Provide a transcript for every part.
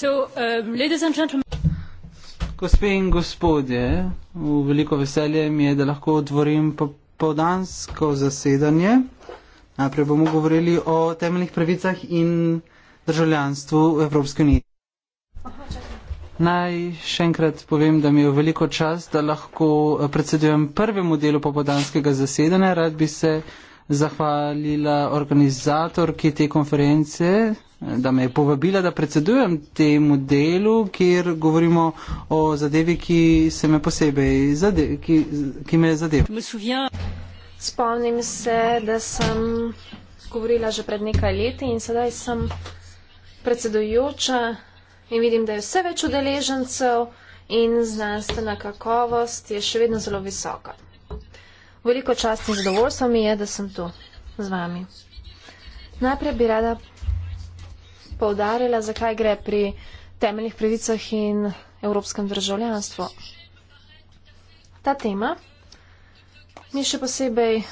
So, uh, Gospe in gospodje, v veliko veselje mi je, da lahko odvorim povdansko zasedanje. Najprej bomo govorili o temeljnih pravicah in državljanstvu v Evropski uniji. Naj še enkrat povem, da mi je veliko čas, da lahko predsedujem prvemu delu popodanskega zasedanja. Rad bi se uh, zahvalila organizatorki te konference, da me je povabila, da predsedujem temu delu, kjer govorimo o zadevi, ki se me posebej zade, ki, ki me zadeva. Spomnim se, da sem govorila že pred nekaj leti in sedaj sem predsedujoča in vidim, da je vse več udeležencev in znanstvena kakovost je še vedno zelo visoka. Veliko čast in zadovoljstvo mi je, da sem tu z vami. Najprej bi rada povdarila, zakaj gre pri temeljnih pravicah in evropskem državljanstvu. Ta tema mi še posebej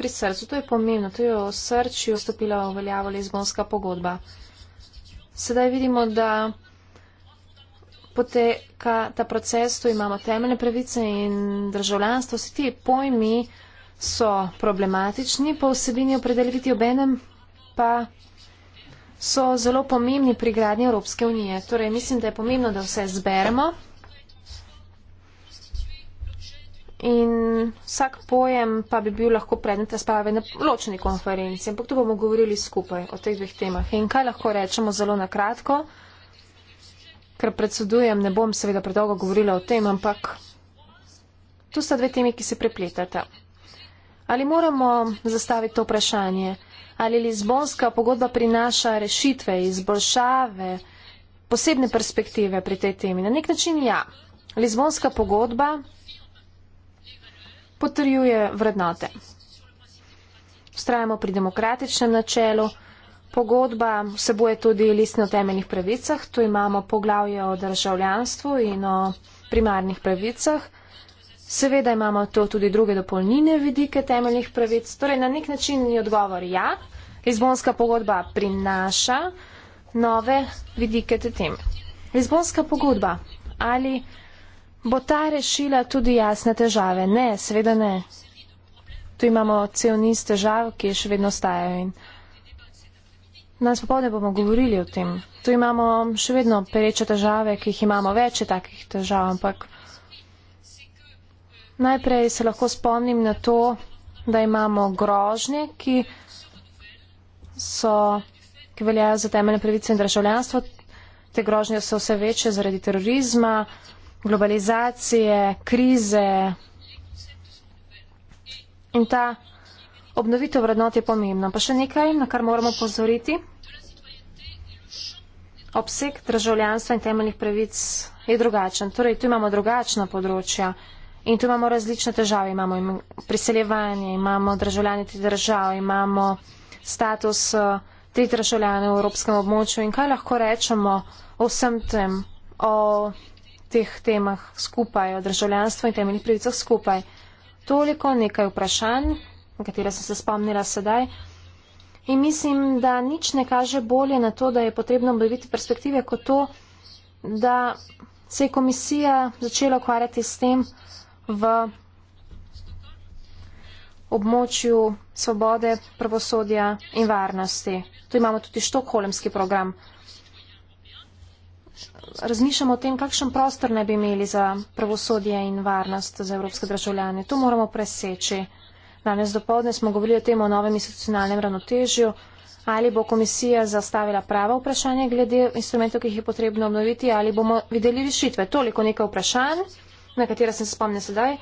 pri srcu, to je pomembno, to je v srčju vstopila v veljavo Lizbonska pogodba. Sedaj vidimo, da poteka ta proces, tu imamo temeljne pravice in državljanstvo, vsi ti pojmi so problematični po vsebini opredeliti obenem, pa so zelo pomembni pri gradnji Evropske unije. Torej, mislim, da je pomembno, da vse zberemo in vsak pojem pa bi bil lahko predmet razprave na ločni konferenci, ampak tu bomo govorili skupaj o teh dveh temah. In kaj lahko rečemo zelo nakratko? kratko? Ker predsedujem, ne bom seveda predolgo govorila o tem, ampak tu sta dve temi, ki se prepletata. Ali moramo zastaviti to vprašanje, ali Lizbonska pogodba prinaša rešitve, izboljšave, posebne perspektive pri tej temi? Na nek način ja. Lizbonska pogodba potrjuje vrednote. Vstrajamo pri demokratičnem načelu. Pogodba vsebuje tudi listne o temeljnih pravicah. Tu imamo poglavje o državljanstvu in o primarnih pravicah. Seveda imamo to tudi druge dopolnine vidike temeljnih pravic. Torej, na nek način je odgovor ja. Lizbonska pogodba prinaša nove vidike te teme. Lizbonska pogodba. Ali bo ta rešila tudi jasne težave? Ne, seveda ne. Tu imamo cel niz težav, ki še vedno stajajo in Danes popovdne bomo govorili o tem. Tu imamo še vedno pereče težave, ki jih imamo več takih težav, ampak najprej se lahko spomnim na to, da imamo grožnje, ki, so, ki veljajo za temeljne pravice in državljanstvo. Te grožnje so vse večje zaradi terorizma, globalizacije, krize. In ta Obnovitev vrednot je pomembna. Pa še nekaj, na kar moramo pozoriti. Obseg državljanstva in temeljnih pravic je drugačen. Torej, tu imamo drugačna področja in tu imamo različne težave. Imamo priseljevanje, imamo državljanje te države, imamo status eh, te državljane v evropskem območju in kaj lahko rečemo o vsem tem, o teh temah skupaj, o državljanstvu in temeljnih pravicah skupaj. Toliko nekaj vprašanj katere sem se spomnila sedaj. In mislim, da nič ne kaže bolje na to, da je potrebno obdaviti perspektive, kot to, da se je komisija začela ukvarjati s tem v območju svobode, pravosodja in varnosti. Tu imamo tudi štokholemski program. Razmišljamo o tem, kakšen prostor ne bi imeli za pravosodje in varnost za evropske državljane. To moramo preseči. Danes dopoledne smo govorili o tem o novem institucionalnem ravnotežju. Ali bo komisija zastavila prava vprašanja glede instrumentov, ki jih je potrebno obnoviti, ali bomo videli rešitve. Toliko nekaj vprašanj, na katera sem se spomnil sedaj.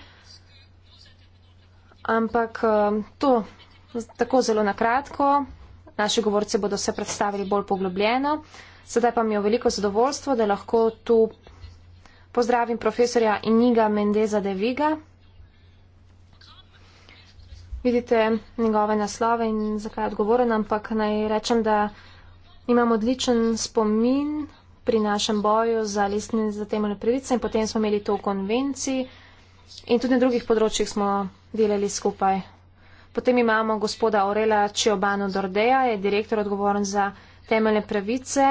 Ampak eh, to tako zelo nakratko. Naši govorci bodo se predstavili bolj poglobljeno. Sedaj pa mi je veliko zadovoljstvo, da lahko tu pozdravim profesorja Iniga Mendeza Deviga vidite njegove naslove in zakaj odgovoren, ampak naj rečem, da imam odličen spomin pri našem boju za listne za temeljne pravice in potem smo imeli to v konvenciji in tudi na drugih področjih smo delali skupaj. Potem imamo gospoda Aurela Čiobano Dordeja, je direktor odgovoren za temeljne pravice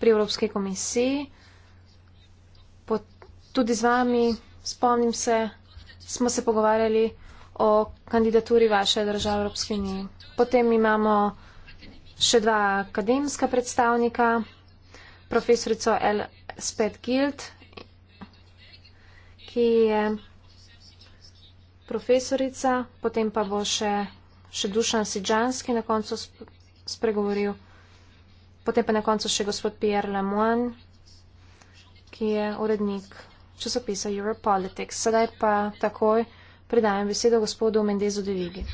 pri Evropski komisiji. Pot, tudi z vami, spomnim se, smo se pogovarjali o kandidaturi vaše države v Evropski uniji. Potem imamo še dva akademska predstavnika, profesorico L. Sped Gild, ki je profesorica, potem pa bo še, še Dušan Sidžanski na koncu spregovoril, potem pa na koncu še gospod Pierre Lemoine, ki je urednik časopisa Europolitics. Sedaj pa takoj. Predajam besedo gospodu Mendezu Devigi.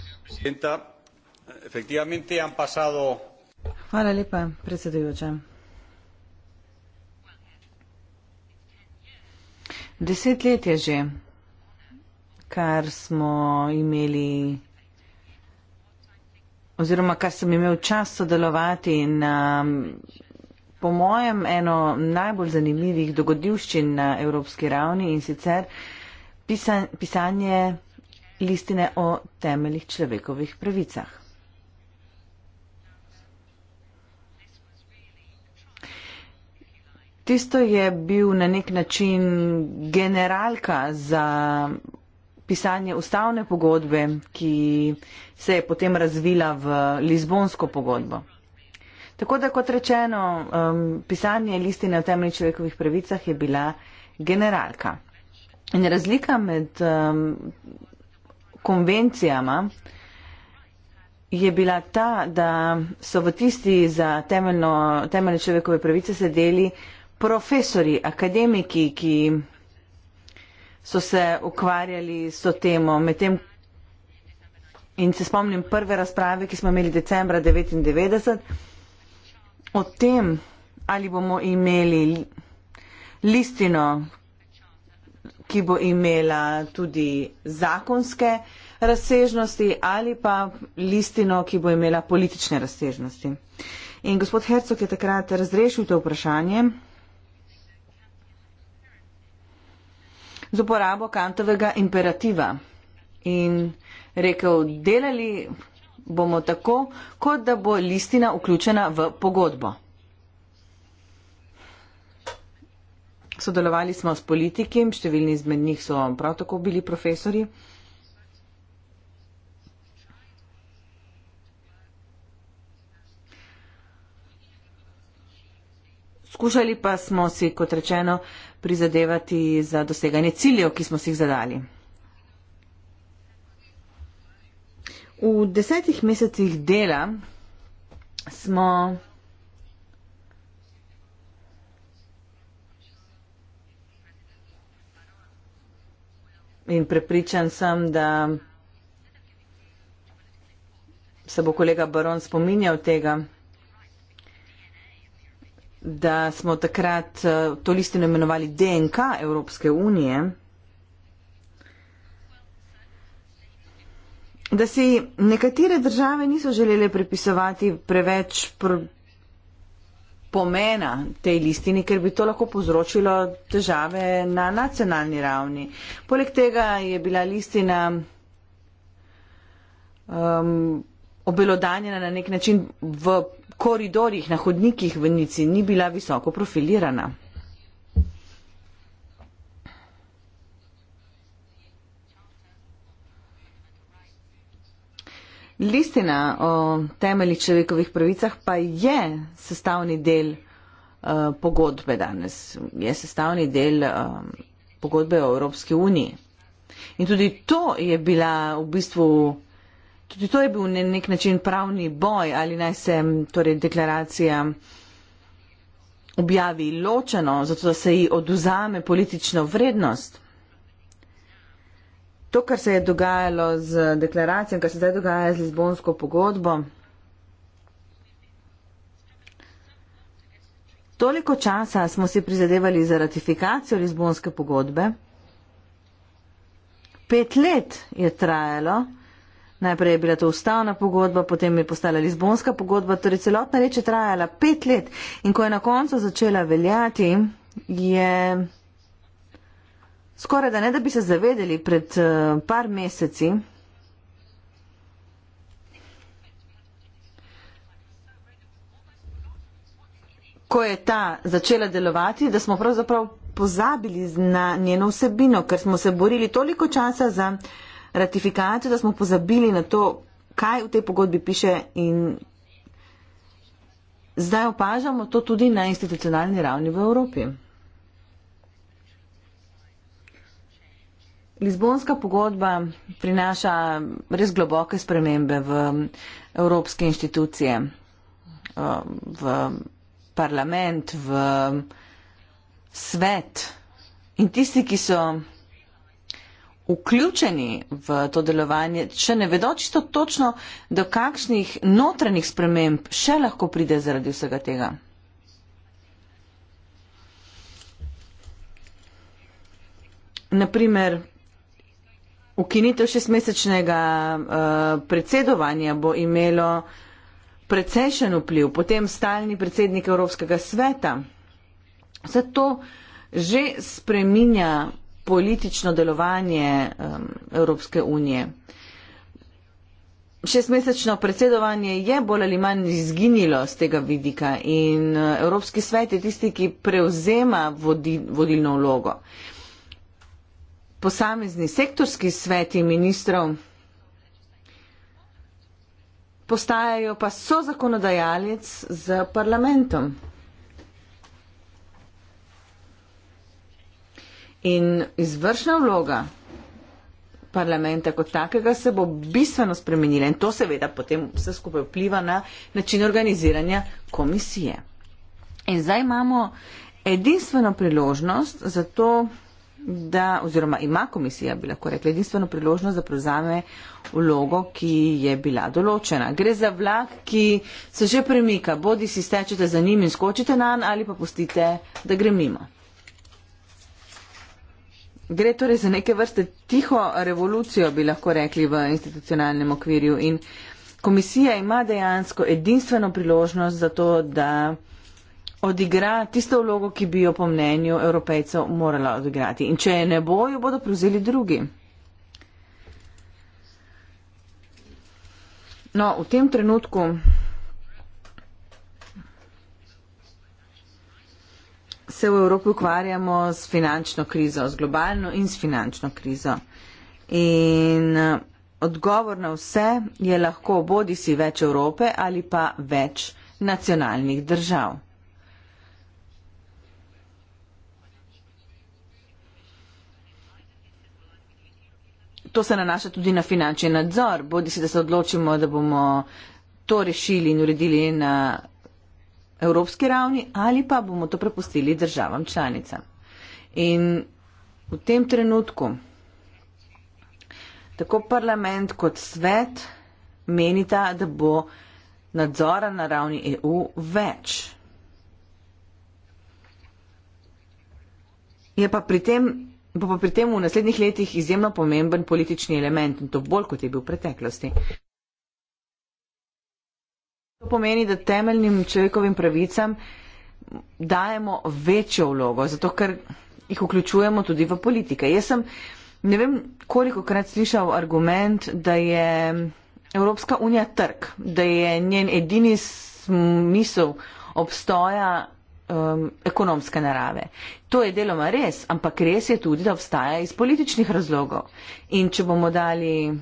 Hvala lepa, predsedujoče. Deset let je že, kar smo imeli oziroma kar sem imel čas sodelovati na, po mojem, eno najbolj zanimivih dogodivščin na evropski ravni in sicer pisanje listine o temeljih človekovih pravicah. Tisto je bil na nek način generalka za pisanje ustavne pogodbe, ki se je potem razvila v Lizbonsko pogodbo. Tako da, kot rečeno, um, pisanje listine o temeljih človekovih pravicah je bila generalka. In razlika med um, konvencijama je bila ta, da so v tisti za temeljno, temeljne človekove pravice sedeli profesori, akademiki, ki so se ukvarjali s to temo. In se spomnim prve razprave, ki smo imeli decembra 1999, o tem, ali bomo imeli listino, ki bo imela tudi zakonske razsežnosti ali pa listino, ki bo imela politične razsežnosti. In gospod Hercog je takrat razrešil to vprašanje z uporabo kantovega imperativa in rekel, delali bomo tako, kot da bo listina vključena v pogodbo. Sodelovali smo s politiki, številni izmed njih so prav tako bili profesori. Skušali pa smo si, kot rečeno, prizadevati za doseganje ciljev, ki smo si jih zadali. V desetih mesecih dela smo In prepričan sem, da se bo kolega Baron spominjal tega, da smo takrat eh, to listino imenovali DNK Evropske unije, da si nekatere države niso želele pripisovati preveč pr pomena tej listini, ker bi to lahko povzročilo težave na nacionalni ravni. Poleg tega je bila listina um, obelodanjena na nek način v koridorjih, na hodnikih v Nici, ni bila visoko profilirana. Listina o temeljih človekovih pravicah pa je sestavni del uh, pogodbe danes, je sestavni del um, pogodbe o Evropski uniji. In tudi to je bila v bistvu, tudi to je bil na nek način pravni boj, ali naj se torej deklaracija objavi ločeno, zato da se ji oduzame politično vrednost to, kar se je dogajalo z deklaracijo, kar se zdaj dogaja z Lizbonsko pogodbo. Toliko časa smo si prizadevali za ratifikacijo Lizbonske pogodbe. Pet let je trajalo. Najprej je bila to ustavna pogodba, potem je postala Lizbonska pogodba. Torej celotna reč je trajala pet let. In ko je na koncu začela veljati, je skoraj da ne, da bi se zavedeli pred uh, par meseci, ko je ta začela delovati, da smo pravzaprav pozabili na njeno vsebino, ker smo se borili toliko časa za ratifikacijo, da smo pozabili na to, kaj v tej pogodbi piše in zdaj opažamo to tudi na institucionalni ravni v Evropi. Lizbonska pogodba prinaša res globoke spremembe v evropske institucije, eh, v parlament, v svet. In tisti, ki so vključeni v to delovanje, še ne vedo čisto točno, do kakšnih notranjih sprememb še lahko pride zaradi vsega tega. Naprimer, Ukinitev šestmesečnega uh, predsedovanja bo imelo precejšen vpliv, potem stalni predsednik Evropskega sveta. Vse to že spreminja politično delovanje um, Evropske unije. Šestmesečno predsedovanje je bolj ali manj izginilo z tega vidika in eh, Evropski svet je tisti, ki prevzema vodi, vodilno vlogo posamezni sektorski sveti ministrov, postajajo pa so zakonodajalec z parlamentom. In izvršna vloga parlamenta kot takega se bo bistveno spremenila in to seveda potem vse skupaj vpliva na način organiziranja komisije. In zdaj imamo edinstveno priložnost za to, da, oziroma ima komisija, bi lahko rekla, edinstveno priložnost, da prevzame vlogo, ki je bila določena. Gre za vlak, ki se že premika, bodi si stečete za njim in skočite na njega ali pa pustite, da gre mimo. Gre torej za neke vrste tiho revolucijo, bi lahko rekli, v institucionalnem okvirju in komisija ima dejansko edinstveno priložnost za to, da odigra tisto vlogo, ki bi jo po mnenju evropejcev morala odigrati. In če je ne bo, jo bodo prevzeli drugi. No, v tem trenutku se v Evropi ukvarjamo s finančno krizo, s globalno in s finančno krizo. In eh, odgovor na vse je lahko bodi si več Evrope ali pa več nacionalnih držav. to se nanaša tudi na finančni nadzor. Bodi si, da se odločimo, da bomo to rešili in uredili na evropski ravni ali pa bomo to prepustili državam članicam. In v tem trenutku tako parlament kot svet menita, da bo nadzora na ravni EU več. Je pa pri tem bo pa pri tem v naslednjih letih izjemno pomemben politični element in to bolj kot je bil v preteklosti. To pomeni, da temeljnim človekovim pravicam dajemo večjo vlogo, zato ker jih vključujemo tudi v politike. Jaz sem ne vem, koliko krat slišal argument, da je Evropska unija trg, da je njen edini smisel obstoja um, ekonomske narave. To je deloma res, ampak res je tudi, da obstaja iz političnih razlogov. In če bomo dali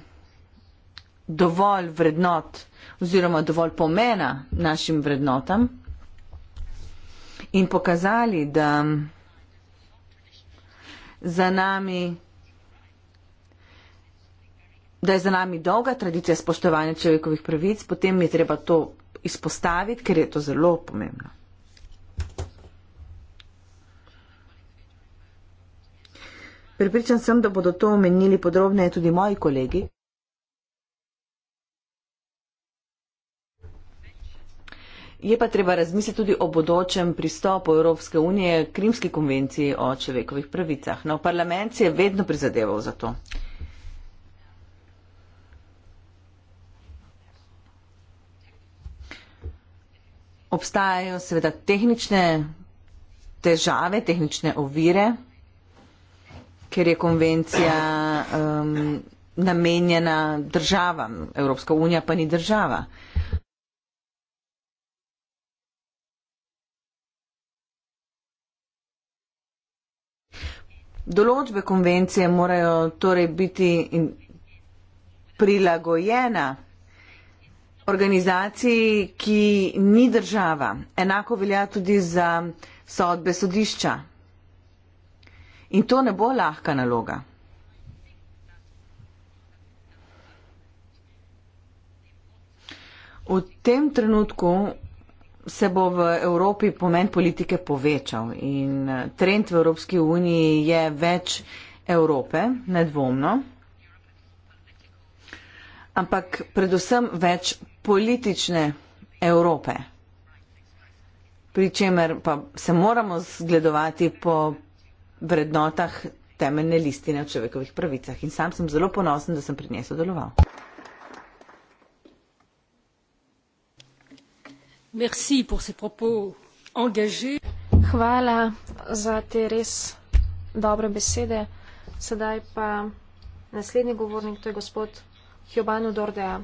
dovolj vrednot oziroma dovolj pomena našim vrednotam in pokazali, da za nami da je za nami dolga tradicija spoštovanja človekovih pravic, potem je treba to izpostaviti, ker je to zelo pomembno. Pripričan sem, da bodo to omenili podrobneje tudi moji kolegi. Je pa treba razmisliti tudi o bodočem pristopu Evropske unije k Krimski konvenciji o človekovih pravicah. No, parlament se je vedno prizadeval za to. Obstajajo seveda tehnične težave, tehnične ovire ker je konvencija um, namenjena državam. Evropska unija pa ni država. Določbe konvencije morajo torej biti prilagojena organizaciji, ki ni država. Enako velja tudi za sodbe sodišča. In to ne bo lahka naloga. V tem trenutku se bo v Evropi pomen politike povečal in eh, trend v Evropski uniji je več Evrope, nedvomno, ampak predvsem več politične Evrope, pri čemer pa se moramo zgledovati po vrednotah temeljne listine o človekovih pravicah. In sam sem zelo ponosen, da sem pri njej sodeloval. Merci pour ces propos engagés. Hvala za te res dobre besede. Sedaj pa naslednji govornik, to je gospod Hjobanu Dordea.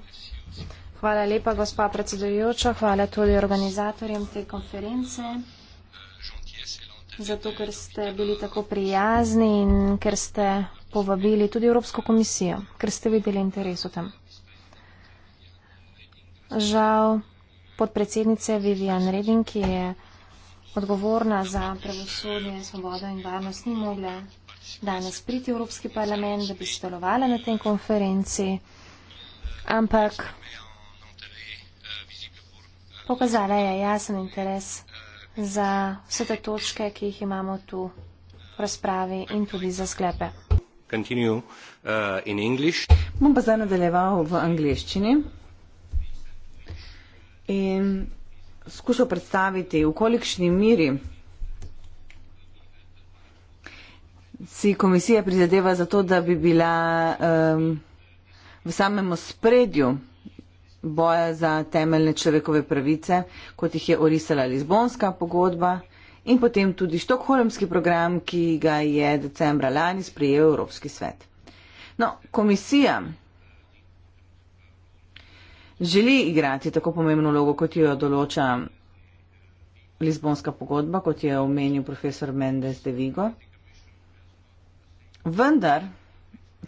Hvala lepa, gospa predsedujoča. Hvala tudi organizatorjem te konference zato ker ste bili tako prijazni in ker ste povabili tudi Evropsko komisijo, ker ste videli interes o tem. Žal podpredsednice Vivian Redin, ki je odgovorna za pravosodje, svobodo in varnost, ni mogla danes priti v Evropski parlament, da bi sodelovala na tej konferenci, ampak pokazala je jasen interes za vse te točke, ki jih imamo tu v razpravi in tudi za sklepe. Continue, uh, in English. Bom pa zdaj nadaljeval v angliščini in skušal predstaviti, v kolikšni miri si komisija prizadeva za to, da bi bila um, v samem ospredju boja za temeljne človekove pravice, kot jih je orisala Lizbonska pogodba in potem tudi Štokholmski program, ki ga je decembra lani sprejel Evropski svet. No, komisija želi igrati tako pomembno vlogo, kot jo določa Lizbonska pogodba, kot je omenil profesor Mendes de Vigo. Vendar,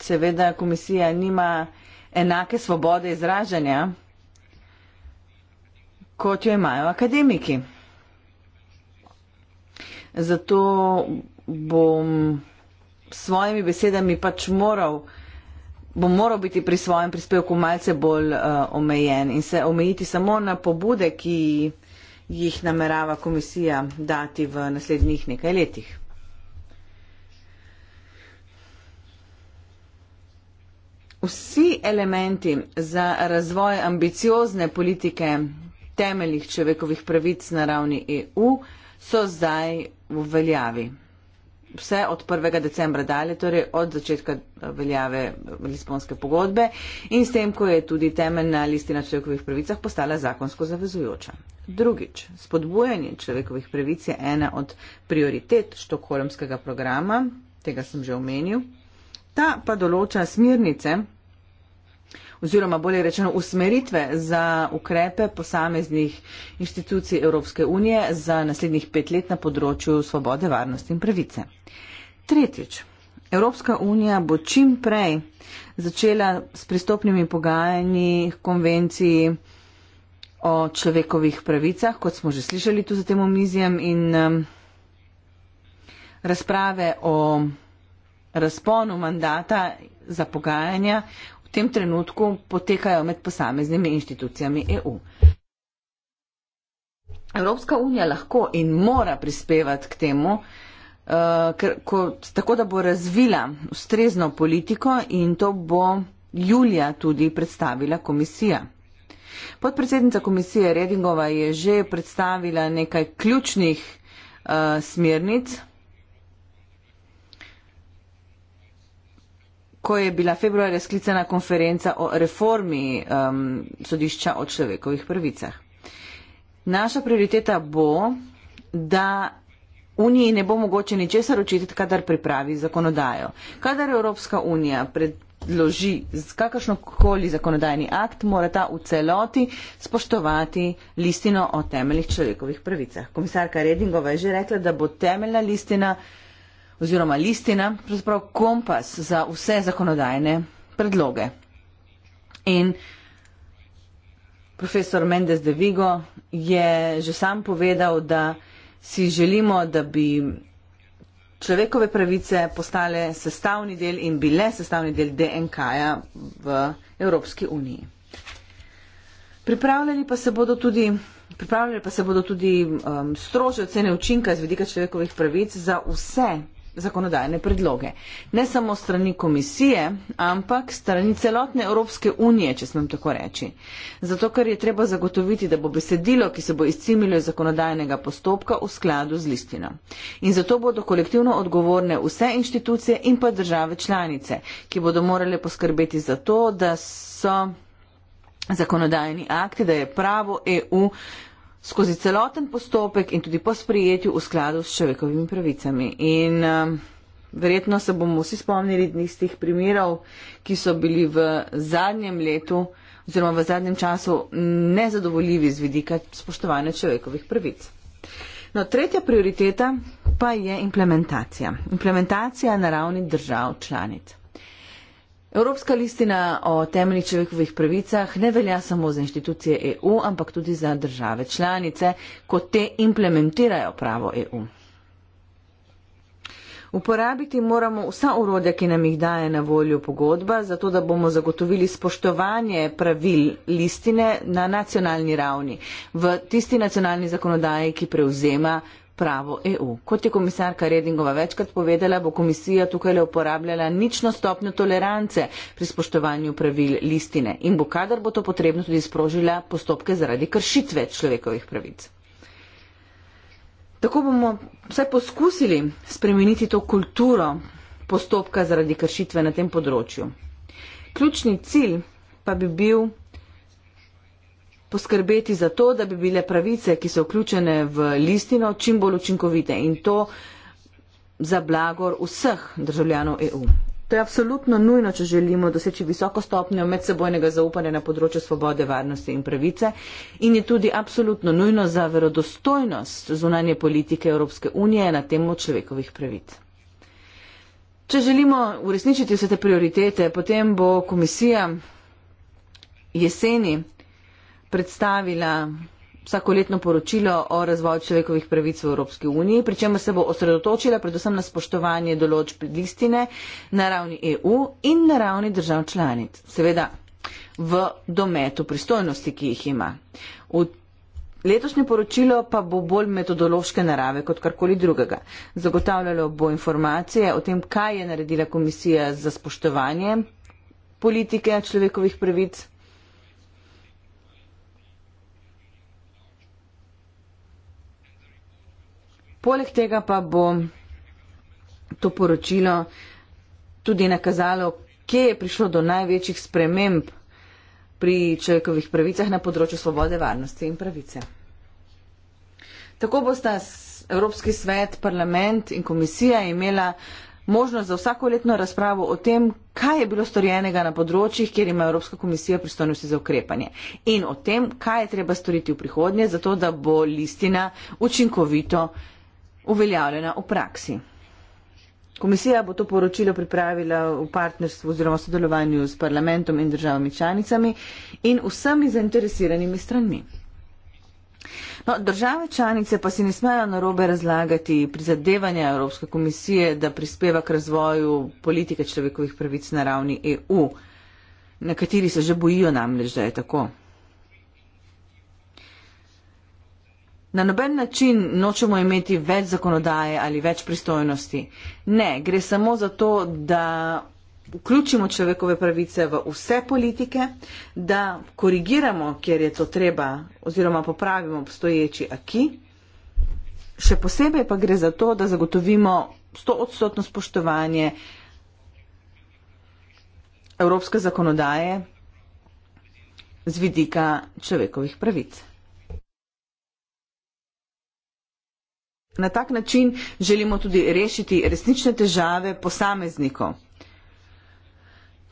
seveda, komisija nima enake svobode izražanja, kot jo imajo akademiki. Zato bom s svojimi besedami pač moral, bom moral biti pri svojem prispevku malce bolj uh, omejen in se omejiti samo na pobude, ki jih namerava komisija dati v naslednjih nekaj letih. vsi elementi za razvoj ambiciozne politike temeljih človekovih pravic na ravni EU so zdaj v veljavi. Vse od 1. decembra dalje, torej od začetka veljave Lisbonske pogodbe in s tem, ko je tudi temeljna listina človekovih pravicah postala zakonsko zavezujoča. Drugič, spodbujanje človekovih pravic je ena od prioritet štokholmskega programa, tega sem že omenil, Ta pa določa smernice oziroma bolje rečeno usmeritve za ukrepe posameznih inštitucij Evropske unije za naslednjih pet let na področju svobode, varnosti in pravice. Tretjič. Evropska unija bo čim prej začela s pristopnimi pogajanji konvenciji o človekovih pravicah, kot smo že slišali tu za tem omizijem in um, razprave o razponu mandata za pogajanja v tem trenutku potekajo med posameznimi inštitucijami EU. Evropska unija lahko in mora prispevati k temu, eh, ker, ko, tako da bo razvila ustrezno politiko in to bo julija tudi predstavila komisija. Podpredsednica komisije Redingova je že predstavila nekaj ključnih uh, smernic, ko je bila februarja sklicana konferenca o reformi um, sodišča o človekovih prvicah. Naša prioriteta bo, da Uniji ne bo mogoče ničesar očititi, kadar pripravi zakonodajo. Kadar Evropska unija predloži kakršnokoli zakonodajni akt, mora ta v celoti spoštovati listino o temeljih človekovih prvicah. Komisarka Redingova je že rekla, da bo temeljna listina oziroma listina, pravzaprav kompas za vse zakonodajne predloge. In profesor Mendes de Vigo je že sam povedal, da si želimo, da bi človekove pravice postale sestavni del in bile sestavni del DNK-ja v Evropski uniji. Pripravljali pa se bodo tudi, pripravljali pa se bodo tudi um, strože ocene učinka z vidika človekovih pravic za vse zakonodajne predloge. Ne samo strani komisije, ampak strani celotne Evropske unije, če smem tako reči. Zato, ker je treba zagotoviti, da bo besedilo, ki se bo izcimilo iz zakonodajnega postopka, v skladu z listino. In zato bodo kolektivno odgovorne vse inštitucije in pa države članice, ki bodo morali poskrbeti za to, da so zakonodajni akti, da je pravo EU skozi celoten postopek in tudi po sprijetju v skladu s človekovimi pravicami. In um, verjetno se bomo vsi spomnili tistih primerov, ki so bili v zadnjem letu oziroma v zadnjem času nezadovoljivi z vidika spoštovanja človekovih pravic. No, tretja prioriteta pa je implementacija. Implementacija na ravni držav članic. Evropska listina o temeljih človekovih pravicah ne velja samo za institucije EU, ampak tudi za države članice, ko te implementirajo pravo EU. Uporabiti moramo vsa urodja, ki nam jih daje na voljo pogodba, zato da bomo zagotovili spoštovanje pravil listine na nacionalni ravni, v tisti nacionalni zakonodaji, ki prevzema pravo EU. Kot je komisarka Redingova večkrat povedala, bo komisija tukaj le uporabljala nično stopnjo tolerance pri spoštovanju pravil listine in bo kadar bo to potrebno tudi sprožila postopke zaradi kršitve človekovih pravic. Tako bomo vsaj poskusili spremeniti to kulturo postopka zaradi kršitve na tem področju. Ključni cilj pa bi bil poskrbeti za to, da bi bile pravice, ki so vključene v listino, čim bolj učinkovite in to za blagor vseh državljanov EU. To je absolutno nujno, če želimo doseči visoko stopnjo medsebojnega zaupanja na področju svobode, varnosti in pravice in je tudi absolutno nujno za verodostojnost zunanje politike Evropske unije na temo človekovih pravic. Če želimo uresničiti vse te prioritete, potem bo komisija jeseni predstavila vsakoletno poročilo o razvoju človekovih pravic v Evropski uniji, pri čemer se bo osredotočila predvsem na spoštovanje določb listine na ravni EU in na ravni držav članic. Seveda v dometu pristojnosti, ki jih ima. V letošnje poročilo pa bo bolj metodološke narave kot karkoli drugega. Zagotavljalo bo informacije o tem, kaj je naredila komisija za spoštovanje politike človekovih pravic Poleg tega pa bo to poročilo tudi nakazalo, kje je prišlo do največjih sprememb pri človekovih pravicah na področju svobode, varnosti in pravice. Tako bosta Evropski svet, parlament in komisija imela možnost za vsakoletno razpravo o tem, kaj je bilo storjenega na področjih, kjer ima Evropska komisija pristojnosti za ukrepanje in o tem, kaj je treba storiti v prihodnje, zato da bo listina učinkovito uveljavljena v praksi. Komisija bo to poročilo pripravila v partnerstvu oziroma sodelovanju s parlamentom in državami članicami in vsemi zainteresiranimi stranmi. No, države članice pa si ne smejo na robe razlagati prizadevanja Evropske komisije, da prispeva k razvoju politike človekovih pravic na ravni EU. Nekateri se že bojijo namreč, da je tako. Na noben način nočemo imeti več zakonodaje ali več pristojnosti. Ne, gre samo za to, da vključimo človekove pravice v vse politike, da korigiramo, kjer je to treba, oziroma popravimo obstoječi aki. Še posebej pa gre za to, da zagotovimo stoodstotno spoštovanje evropske zakonodaje z vidika človekovih pravic. Na tak način želimo tudi rešiti resnične težave posameznikov.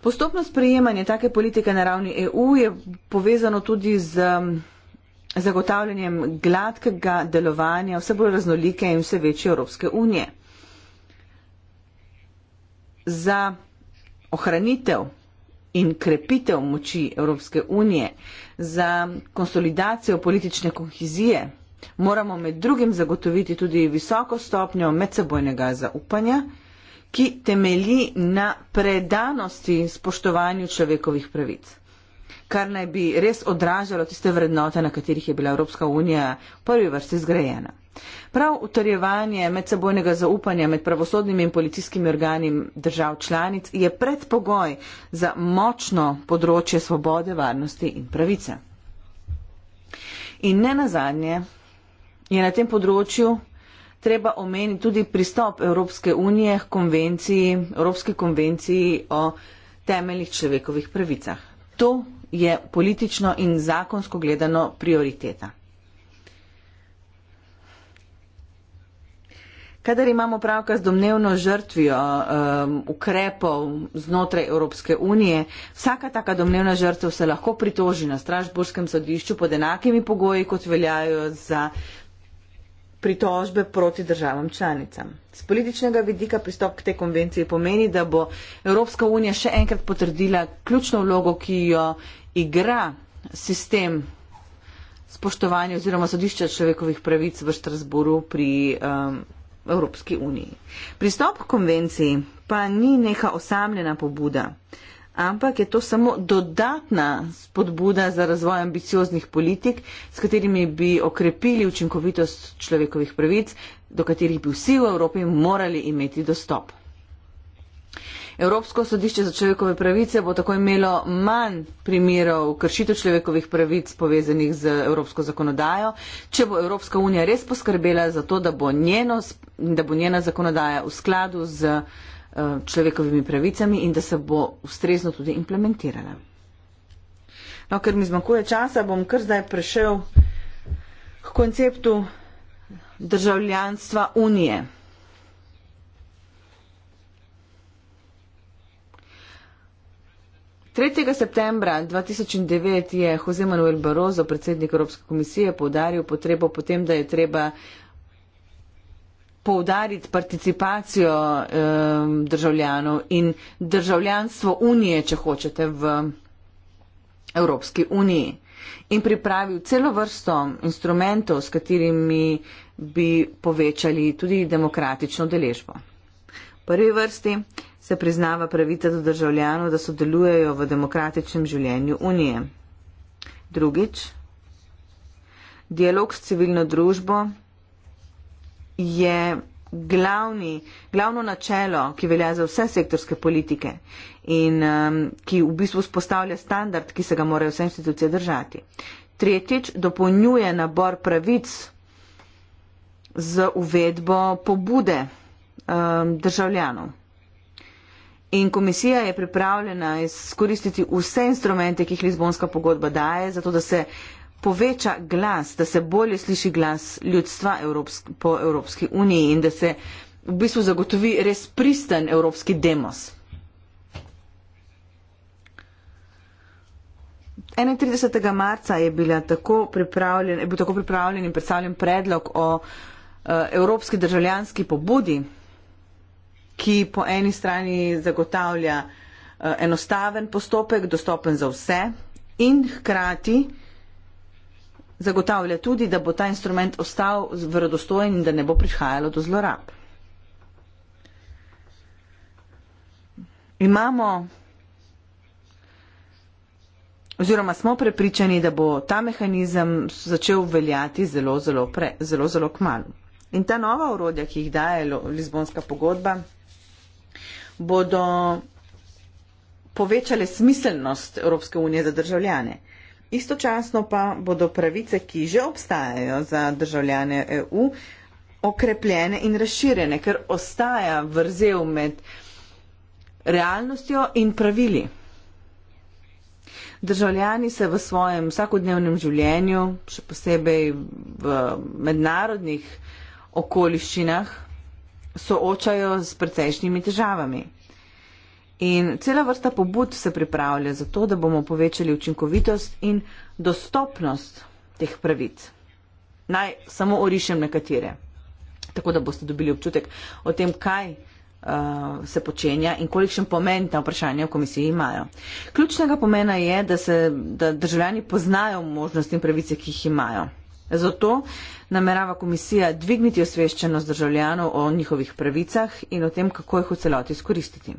Postopno sprejemanje take politike na ravni EU je povezano tudi z zagotavljanjem gladkega delovanja vse bolj raznolike in vse večje Evropske unije. Za ohranitev in krepitev moči Evropske unije, za konsolidacijo politične kohezije moramo med drugim zagotoviti tudi visoko stopnjo medsebojnega zaupanja, ki temelji na predanosti in spoštovanju človekovih pravic, kar naj bi res odražalo tiste vrednote, na katerih je bila Evropska unija v prvi vrsti zgrajena. Prav utrjevanje medsebojnega zaupanja med pravosodnimi in policijskimi organi držav članic je predpogoj za močno področje svobode, varnosti in pravice. In ne nazadnje, je na tem področju treba omeniti tudi pristop Evropske unije k konvenciji, Evropski konvenciji o temeljih človekovih pravicah. To je politično in zakonsko gledano prioriteta. Kadar imamo pravka z domnevno žrtvijo um, ukrepov znotraj Evropske unije, vsaka taka domnevna žrtev se lahko pritoži na Strasburskem sodišču pod enakimi pogoji, kot veljajo za pritožbe proti državam članicam. Z političnega vidika pristop k tej konvenciji pomeni, da bo Evropska unija še enkrat potrdila ključno vlogo, ki jo igra sistem spoštovanja oziroma sodišča človekovih pravic v Štrasburu pri um, Evropski uniji. Pristop k konvenciji pa ni neka osamljena pobuda ampak je to samo dodatna spodbuda za razvoj ambicioznih politik, s katerimi bi okrepili učinkovitost človekovih pravic, do katerih bi vsi v Evropi morali imeti dostop. Evropsko sodišče za človekove pravice bo tako imelo manj primerov kršitev človekovih pravic povezanih z evropsko zakonodajo, če bo Evropska unija res poskrbela za to, da bo, njeno, da bo njena zakonodaja v skladu z. Eh, človekovimi pravicami in da se bo ustrezno tudi implementirala. No, ker mi zmakuje časa, bom kar zdaj prešel k konceptu državljanstva Unije. Tretjega septembra 2009 je Jose Manuel Barozo, predsednik Evropske komisije, povdaril potrebo potem, da je treba uh, poudariti participacijo eh, državljanov in državljanstvo unije, če hočete, v Evropski uniji. In pripravil celo vrsto instrumentov, s katerimi bi povečali tudi demokratično deležbo. V prvi vrsti se priznava pravica do državljanov, da sodelujejo v demokratičnem življenju unije. Drugič, dialog s civilno družbo je glavni, glavno načelo, ki velja za vse sektorske politike in um, ki v bistvu spostavlja standard, ki se ga morajo vse institucije držati. Tretjič, dopolnjuje nabor pravic z uvedbo pobude um, državljanov. In komisija je pripravljena izkoristiti vse instrumente, ki jih Lizbonska pogodba daje, zato da se uh, poveča glas, da se bolje sliši glas ljudstva Evropsk po Evropski uniji in da se v bistvu zagotovi res pristen evropski demos. 31. marca je, tako je bil tako pripravljen in predstavljen predlog o uh, evropski državljanski pobudi, ki po eni strani zagotavlja uh, enostaven postopek, dostopen za vse in hkrati uh, zagotavlja tudi, da bo ta instrument ostal verodostojen in da ne bo prihajalo do zlorab. Imamo oziroma smo prepričani, da bo ta mehanizem začel veljati zelo, zelo, pre, zelo, zelo kmalo. In ta nova urodja, ki jih daje Lizbonska pogodba, bodo povečale smiselnost Evropske unije za državljane. Istočasno pa bodo pravice, ki že obstajajo za državljane EU, okrepljene in razširjene, ker ostaja vrzel med realnostjo in pravili. Državljani se v svojem vsakodnevnem življenju, še posebej v mednarodnih okoliščinah, soočajo s precejšnjimi težavami. In cela vrsta pobud se pripravlja za to, da bomo povečali učinkovitost in dostopnost teh pravic. Naj samo orišem nekatere, tako da boste dobili občutek o tem, kaj uh, se počenja in kolikšen pomen ta vprašanja v komisiji imajo. Ključnega pomena je, da, se, da državljani poznajo možnosti in pravice, ki jih imajo. Zato namerava komisija dvigniti osveščenost državljanov o njihovih pravicah in o tem, kako jih v celoti izkoristiti.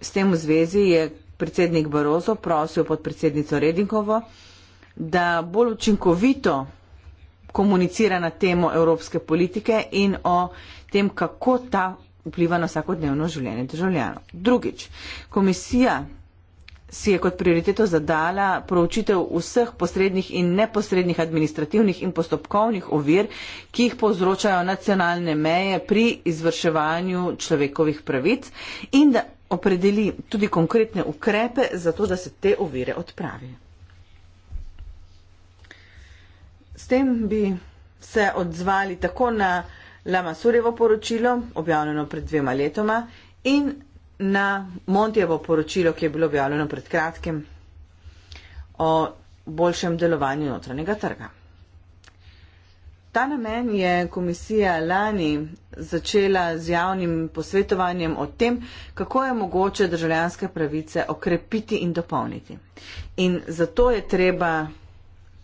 S tem v zvezi je predsednik Barozo prosil podpredsednico Redingovo, da bolj učinkovito komunicira na temo evropske politike in o tem, kako ta vpliva na vsakodnevno življenje državljanov. Drugič, komisija si je kot prioriteto zadala proučitev vseh posrednih in neposrednih administrativnih in postopkovnih ovir, ki jih povzročajo nacionalne meje pri izvrševanju človekovih pravic in da opredeli tudi konkretne ukrepe za to, da se te ovire odpravi. S tem bi se odzvali tako na Lama Surjevo poročilo, objavljeno pred dvema letoma, in na Montijevo poročilo, ki je bilo objavljeno pred kratkim o boljšem delovanju notranjega trga. Ta namen je komisija lani začela z javnim posvetovanjem o tem, kako je mogoče državljanske pravice okrepiti in dopolniti. In zato je treba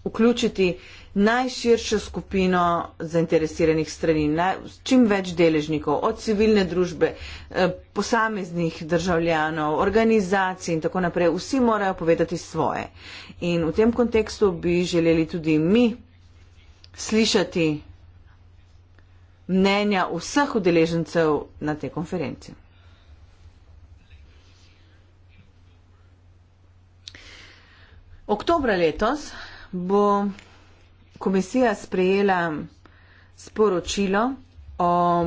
vključiti najširšo skupino zainteresiranih strani, naj, čim več deležnikov, od civilne družbe, eh, posameznih državljanov, organizacij in tako naprej. Vsi morajo povedati svoje. In v tem kontekstu bi želeli tudi mi slišati mnenja vseh udeležencev na tej konferenci. Oktobra letos bo komisija sprejela sporočilo o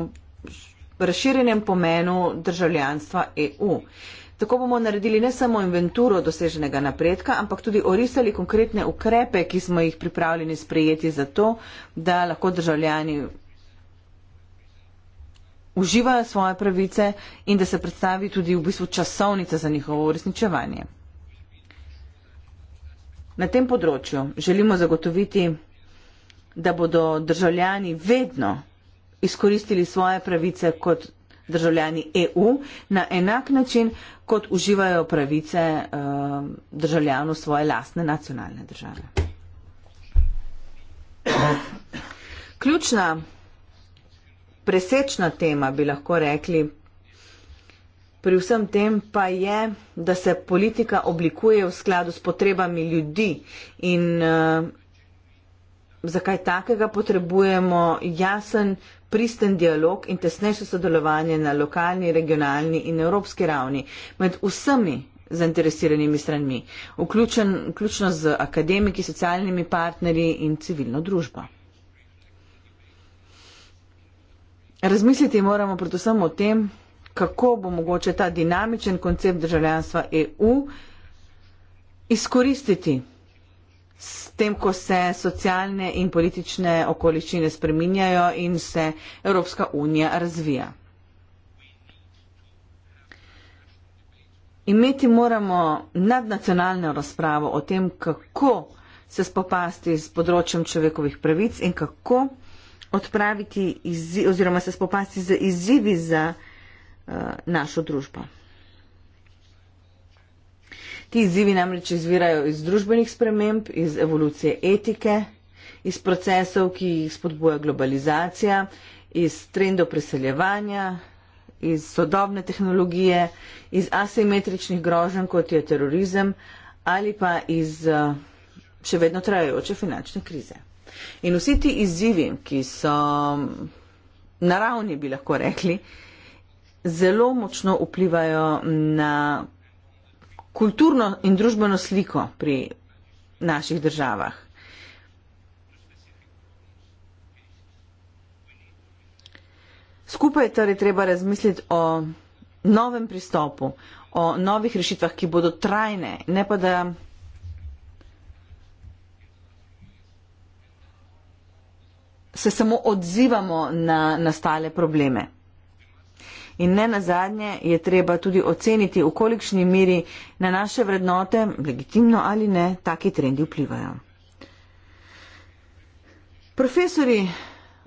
razširjenem pomenu državljanstva EU. Tako bomo naredili ne samo inventuro doseženega napredka, ampak tudi orisali konkretne ukrepe, ki smo jih pripravljeni sprejeti za to, da lahko državljani uživajo svoje pravice in da se predstavi tudi v bistvu časovnica za njihovo uresničevanje. Na tem področju želimo zagotoviti da bodo državljani vedno izkoristili svoje pravice kot državljani EU na enak način, kot uživajo pravice uh, državljanov svoje lastne nacionalne države. Ključna presečna tema bi lahko rekli pri vsem tem pa je, da se politika oblikuje v skladu s potrebami ljudi in uh, zakaj takega potrebujemo jasen, pristen dialog in tesnejše sodelovanje na lokalni, regionalni in evropski ravni med vsemi zainteresiranimi stranmi, vključen, vključno z akademiki, socialnimi partnerji in civilno družbo. Razmisliti moramo predvsem o tem, kako bo mogoče ta dinamičen koncept državljanstva EU izkoristiti S tem, ko se socialne in politične okoličine spreminjajo in se Evropska unija razvija. Imeti moramo nadnacionalno razpravo o tem, kako se spopasti s področjem človekovih pravic in kako odpraviti izzi, oziroma se spopasti z izzivi za uh, našo družbo. Ti izzivi namreč izvirajo iz družbenih sprememb, iz evolucije etike, iz procesov, ki jih spodbuja globalizacija, iz trendov preseljevanja, iz sodobne tehnologije, iz asimetričnih groženj, kot je terorizem ali pa iz eh, še vedno trajajoče finančne krize. In vsi ti izzivi, ki so mm, naravni, bi lahko rekli, zelo močno vplivajo na kulturno in družbeno sliko pri naših državah. Skupaj je torej treba razmisliti o novem pristopu, o novih rešitvah, ki bodo trajne, ne pa da se samo odzivamo na nastale probleme. In ne nazadnje je treba tudi oceniti, v kolikšni meri na naše vrednote, legitimno ali ne, taki trendi vplivajo. Profesori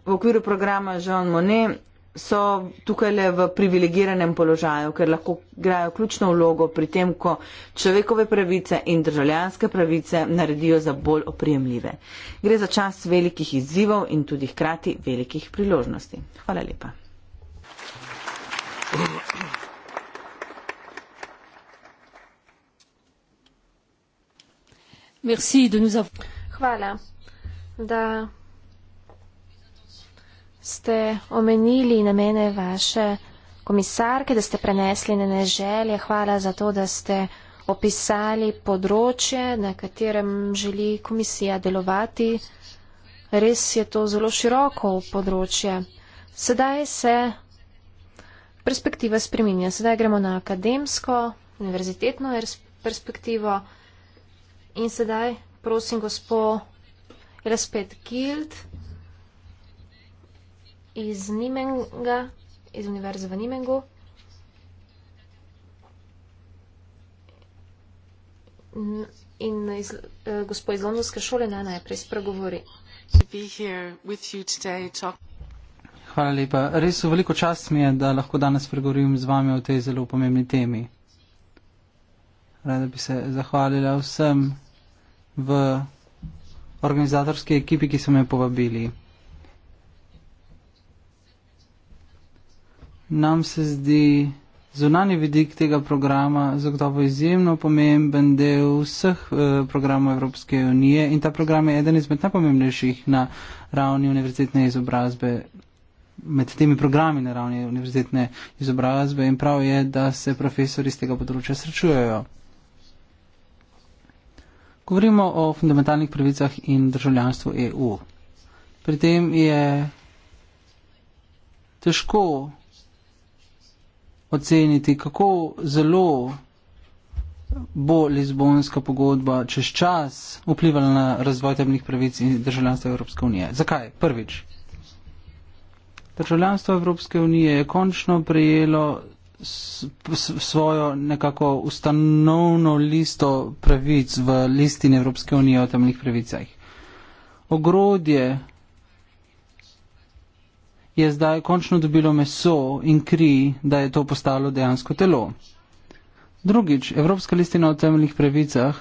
v okviru programa Jean Monnet so tukaj le v privilegiranem položaju, ker lahko grajo ključno vlogo pri tem, ko človekove pravice in državljanske pravice naredijo za bolj oprijemljive. Gre za čas velikih izzivov in tudi hkrati velikih priložnosti. Hvala lepa. Hvala, da ste omenili namene vaše komisarke, da ste prenesli njene želje. Hvala za to, da ste opisali področje, na katerem želi komisija delovati. Res je to zelo široko področje. Sedaj se perspektiva spreminja. Sedaj gremo na akademsko, univerzitetno perspektivo. In sedaj prosim gospod Elspet Gild iz Nimenga, iz univerze v Nimengu. In iz, eh, gospod iz Londonske šole naj najprej spregovori. To be here with you today talk. Hvala lepa. Res veliko čast mi je, da lahko danes pregovorim z vami o tej zelo pomembni temi. Rada bi se zahvalila vsem v organizatorski ekipi, ki so me povabili. Nam se zdi zunani vidik tega programa zagotovo izjemno pomemben del vseh eh, programov Evropske unije in ta program je eden izmed najpomembnejših na ravni univerzitetne izobrazbe med temi programi na ravni univerzitetne izobrazbe in prav je, da se profesori z tega področja srečujejo. Govorimo o fundamentalnih pravicah in državljanstvu EU. Pri tem je težko oceniti, kako zelo bo Lizbonska pogodba čez čas vplivala na razvoj temnih pravic in državljanstva Evropske unije. Zakaj? Prvič državljanstvo Evropske unije je končno prejelo svojo nekako ustanovno listo pravic v listin Evropske unije o temeljnih pravicah. Ogrodje je zdaj končno dobilo meso in kri, da je to postalo dejansko telo. Drugič, Evropska listina o temeljnih pravicah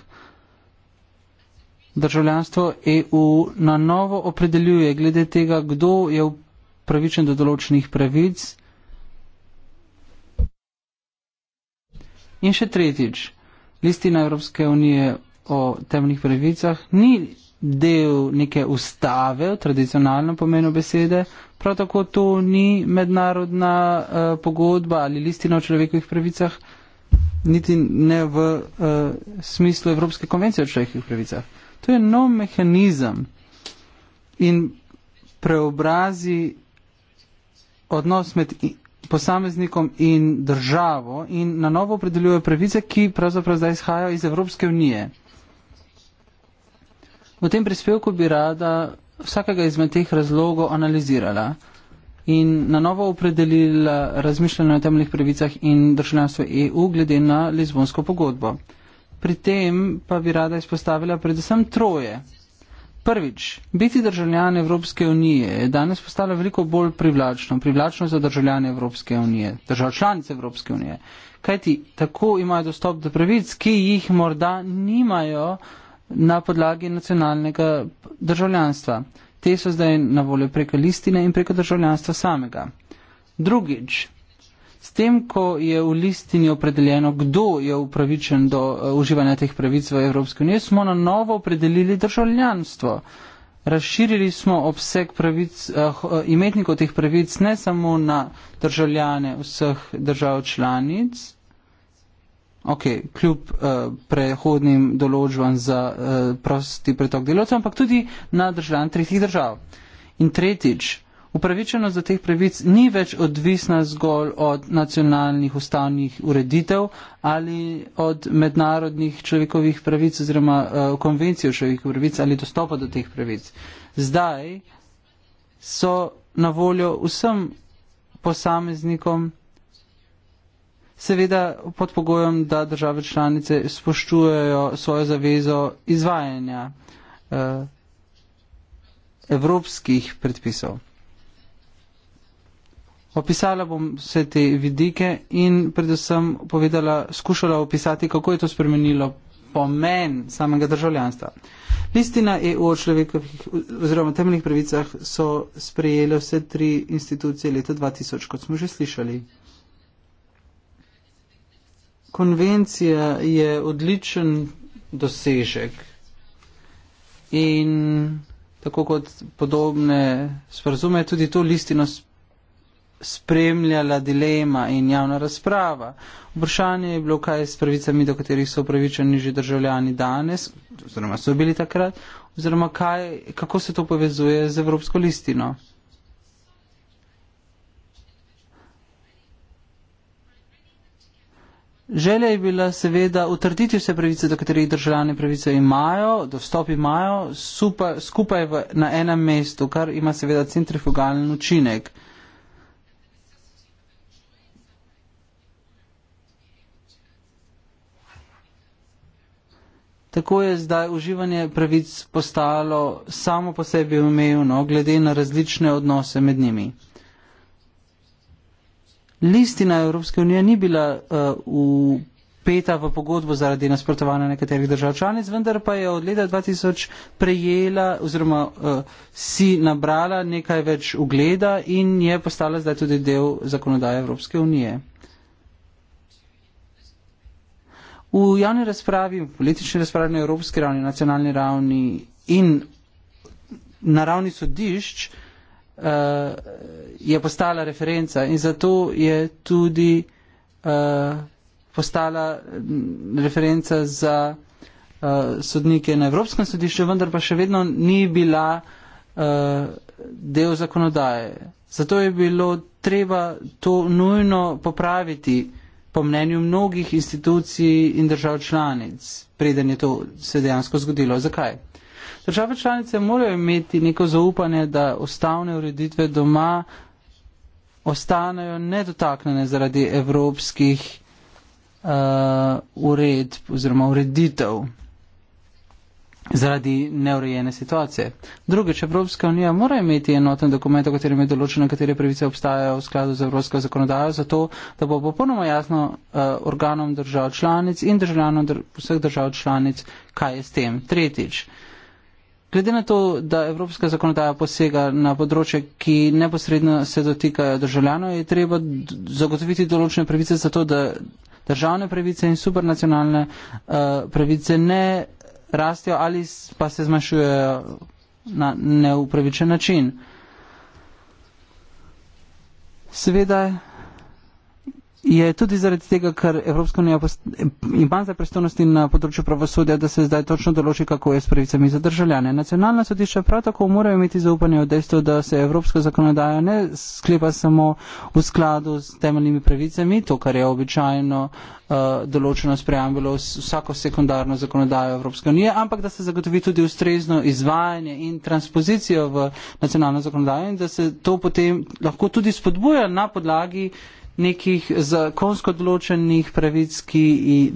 državljanstvo EU na novo opredeljuje glede tega, kdo je v upravičen do določenih pravic. In še tretjič, listina Evropske unije o temnih pravicah ni del neke ustave v tradicionalnem pomenu besede, prav tako to ni mednarodna uh, pogodba ali listina o človekovih pravicah, niti ne v uh, smislu Evropske konvencije o človekovih pravicah. To je nov mehanizem in preobrazi odnos med posameznikom in državo in na novo opredeljuje pravice, ki pravzaprav zdaj izhajajo iz Evropske unije. V tem prispevku bi rada vsakega izmed teh razlogov analizirala in na novo opredelila razmišljanje o temeljnih pravicah in državljanstvu EU glede na Lizbonsko pogodbo. Pri tem pa bi rada izpostavila predvsem troje Prvič, biti državljan Evropske unije je danes postalo veliko bolj privlačno, privlačno za državljane Evropske unije, držav članice Evropske unije, kajti tako imajo dostop do pravic, ki jih morda nimajo na podlagi nacionalnega državljanstva. Te so zdaj na voljo preko listine in preko državljanstva samega. Drugič, S tem, ko je v listini opredeljeno, kdo je upravičen do eh, uživanja teh pravic v Evropski uniji, smo na novo opredelili državljanstvo. Razširili smo obseg pravic, eh, eh, imetnikov teh pravic ne samo na državljane vseh držav članic, ok, kljub eh, prehodnim določbam za eh, prosti pretok delovcev, ampak tudi na državljan tretjih držav. In tretjič, Upravičenost do teh pravic ni več odvisna zgolj od nacionalnih ustavnih ureditev ali od mednarodnih človekovih pravic oziroma uh, eh, konvencij o človekovih pravic ali dostopa do teh pravic. Zdaj so na voljo vsem posameznikom, seveda pod pogojem, da države članice spoščujejo svojo zavezo izvajanja uh, evropskih predpisov. Opisala bom vse te vidike in predvsem povedala, skušala opisati, kako je to spremenilo pomen samega državljanstva. Listina EU o človekovih oziroma temeljnih pravicah so sprejele vse tri institucije leta 2000, kot smo že slišali. Konvencija je odličen dosežek in tako kot podobne sporazume, tudi to listino spremljala dilema in javna razprava. Vprašanje je bilo, kaj s pravicami, do katerih so upravičeni že državljani danes, oziroma so bili takrat, oziroma kaj, kako se to povezuje z Evropsko listino. Želja je bila seveda utrditi vse pravice, do katerih državljane pravice imajo, dostop imajo, super, skupaj v, na enem mestu, kar ima seveda centrifugalen učinek. Tako je zdaj uživanje pravic postalo samo po sebi umevno, glede na različne odnose med njimi. Listina Evropske unije ni bila upeta uh, v pogodbo zaradi nasprotovanja nekaterih držav članic, vendar pa je od leta 2000 prejela oziroma uh, si nabrala nekaj več ugleda in je postala zdaj tudi del zakonodaje Evropske unije. V javni razpravi, v politični razpravi na evropski ravni, nacionalni ravni in na ravni sodišč uh, je postala referenca in zato je tudi uh, postala referenca za uh, sodnike na evropskem sodišču, vendar pa še vedno ni bila uh, del zakonodaje. Zato je bilo treba to nujno popraviti po mnenju mnogih institucij in držav članic, preden je to se dejansko zgodilo. Zakaj? Države članice morajo imeti neko zaupanje, da ustavne ureditve doma ostanejo nedotaknjene zaradi evropskih uh, uredb oziroma ureditev zaradi neurejene situacije. Drugič, Evropska unija mora imeti enoten dokument, v katerem je določeno, katere pravice obstajajo v skladu z evropsko zakonodajo, zato da bo popolnoma jasno uh, organom držav članic in državljanom dr vseh držav članic, kaj je s tem. Tretjič, glede na to, da evropska zakonodaja posega na področje, ki neposredno se dotikajo državljanov, je treba zagotoviti določene pravice, zato da državne pravice in supranacionalne uh, pravice ne rastejo ali pa se zmanjšujejo na neupravičen način. Seveda je tudi zaradi tega, ker Evropska unija ima zdaj pristojnosti na področju pravosodja, da se zdaj točno določi, kako je s pravicami za državljane. Nacionalna sodišča prav tako morajo imeti zaupanje v dejstvo, da se evropska zakonodaja ne sklepa samo v skladu s temeljnimi pravicami, to, kar je običajno uh, določeno s preambulo vsako sekundarno zakonodajo Evropske unije, ampak da se zagotovi tudi ustrezno izvajanje in transpozicijo v nacionalno zakonodajo in da se to potem lahko tudi spodbuja na podlagi uh, nekih zakonsko določenih pravic, ki,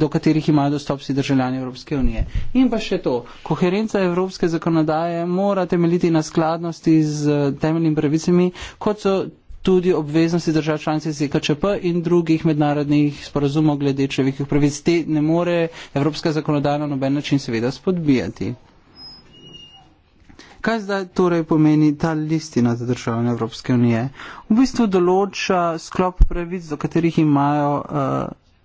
do katerih imajo dostop vsi državljani Evropske unije. In pa še to, koherenca evropske zakonodaje mora temeljiti na skladnosti z eh, temeljnimi pravicami, kot so tudi obveznosti držav članice ZKČP in drugih mednarodnih sporazumov glede človekovih pravic. Te ne more evropska zakonodaja na noben način seveda spodbijati. Kaj zdaj torej pomeni ta listina za državljane Evropske unije? V bistvu določa sklop pravic, do katerih imajo uh,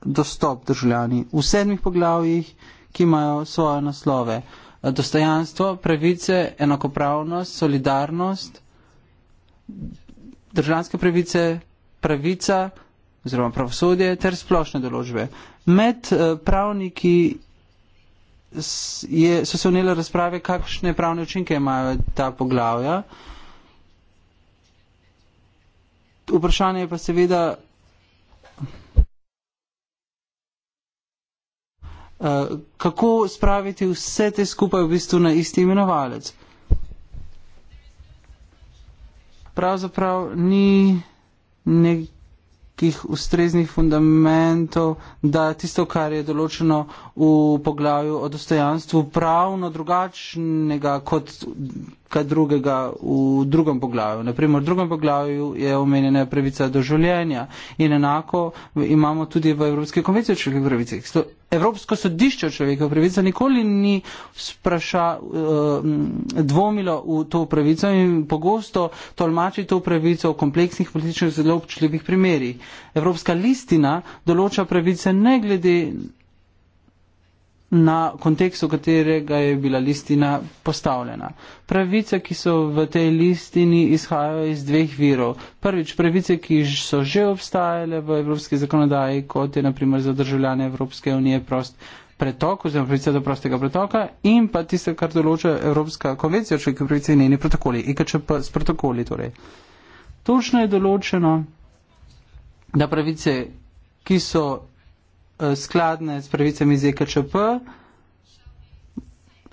dostop državljani v sedmih poglavjih, ki imajo svoje naslove. Eh, dostojanstvo, pravice, enakopravnost, solidarnost, državljanske pravice, pravica oziroma pravosodje ter splošne določbe. Med eh, pravniki je, so se vnele razprave, kakšne pravne učinke imajo ta poglavja. Vprašanje je pa seveda, eh, kako spraviti vse te skupaj v bistvu na isti imenovalec. Pravzaprav ni nekaj nekih ustreznih fundamentov, da tisto, kar je določeno v poglavju o dostojanstvu, pravno drugačnega kot kaj drugega v drugem poglavju. Naprimer, v drugem poglavju je omenjena pravica do življenja in enako imamo tudi v Evropski konvenciji o človekovih pravicah. Evropsko sodišče o človekovih pravicah nikoli ni spraša, eh, dvomilo v to pravico in pogosto tolmači to pravico v kompleksnih političnih zelo občutljivih primerjih. Evropska listina določa pravice ne glede na kontekst, v katerega je bila listina postavljena. Pravice, ki so v tej listini, izhajajo iz dveh virov. Prvič, pravice, ki so že obstajale v evropski zakonodaji, kot je naprimer za državljane Evropske unije prost pretok oziroma pravica do prostega pretoka in pa tiste, kar določa Evropska konvencija o človekovih pravicah in njeni protokoli, IKČP s protokoli. Torej. Točno je določeno, da pravice, ki so Eh, skladne s pravicami iz EKČP,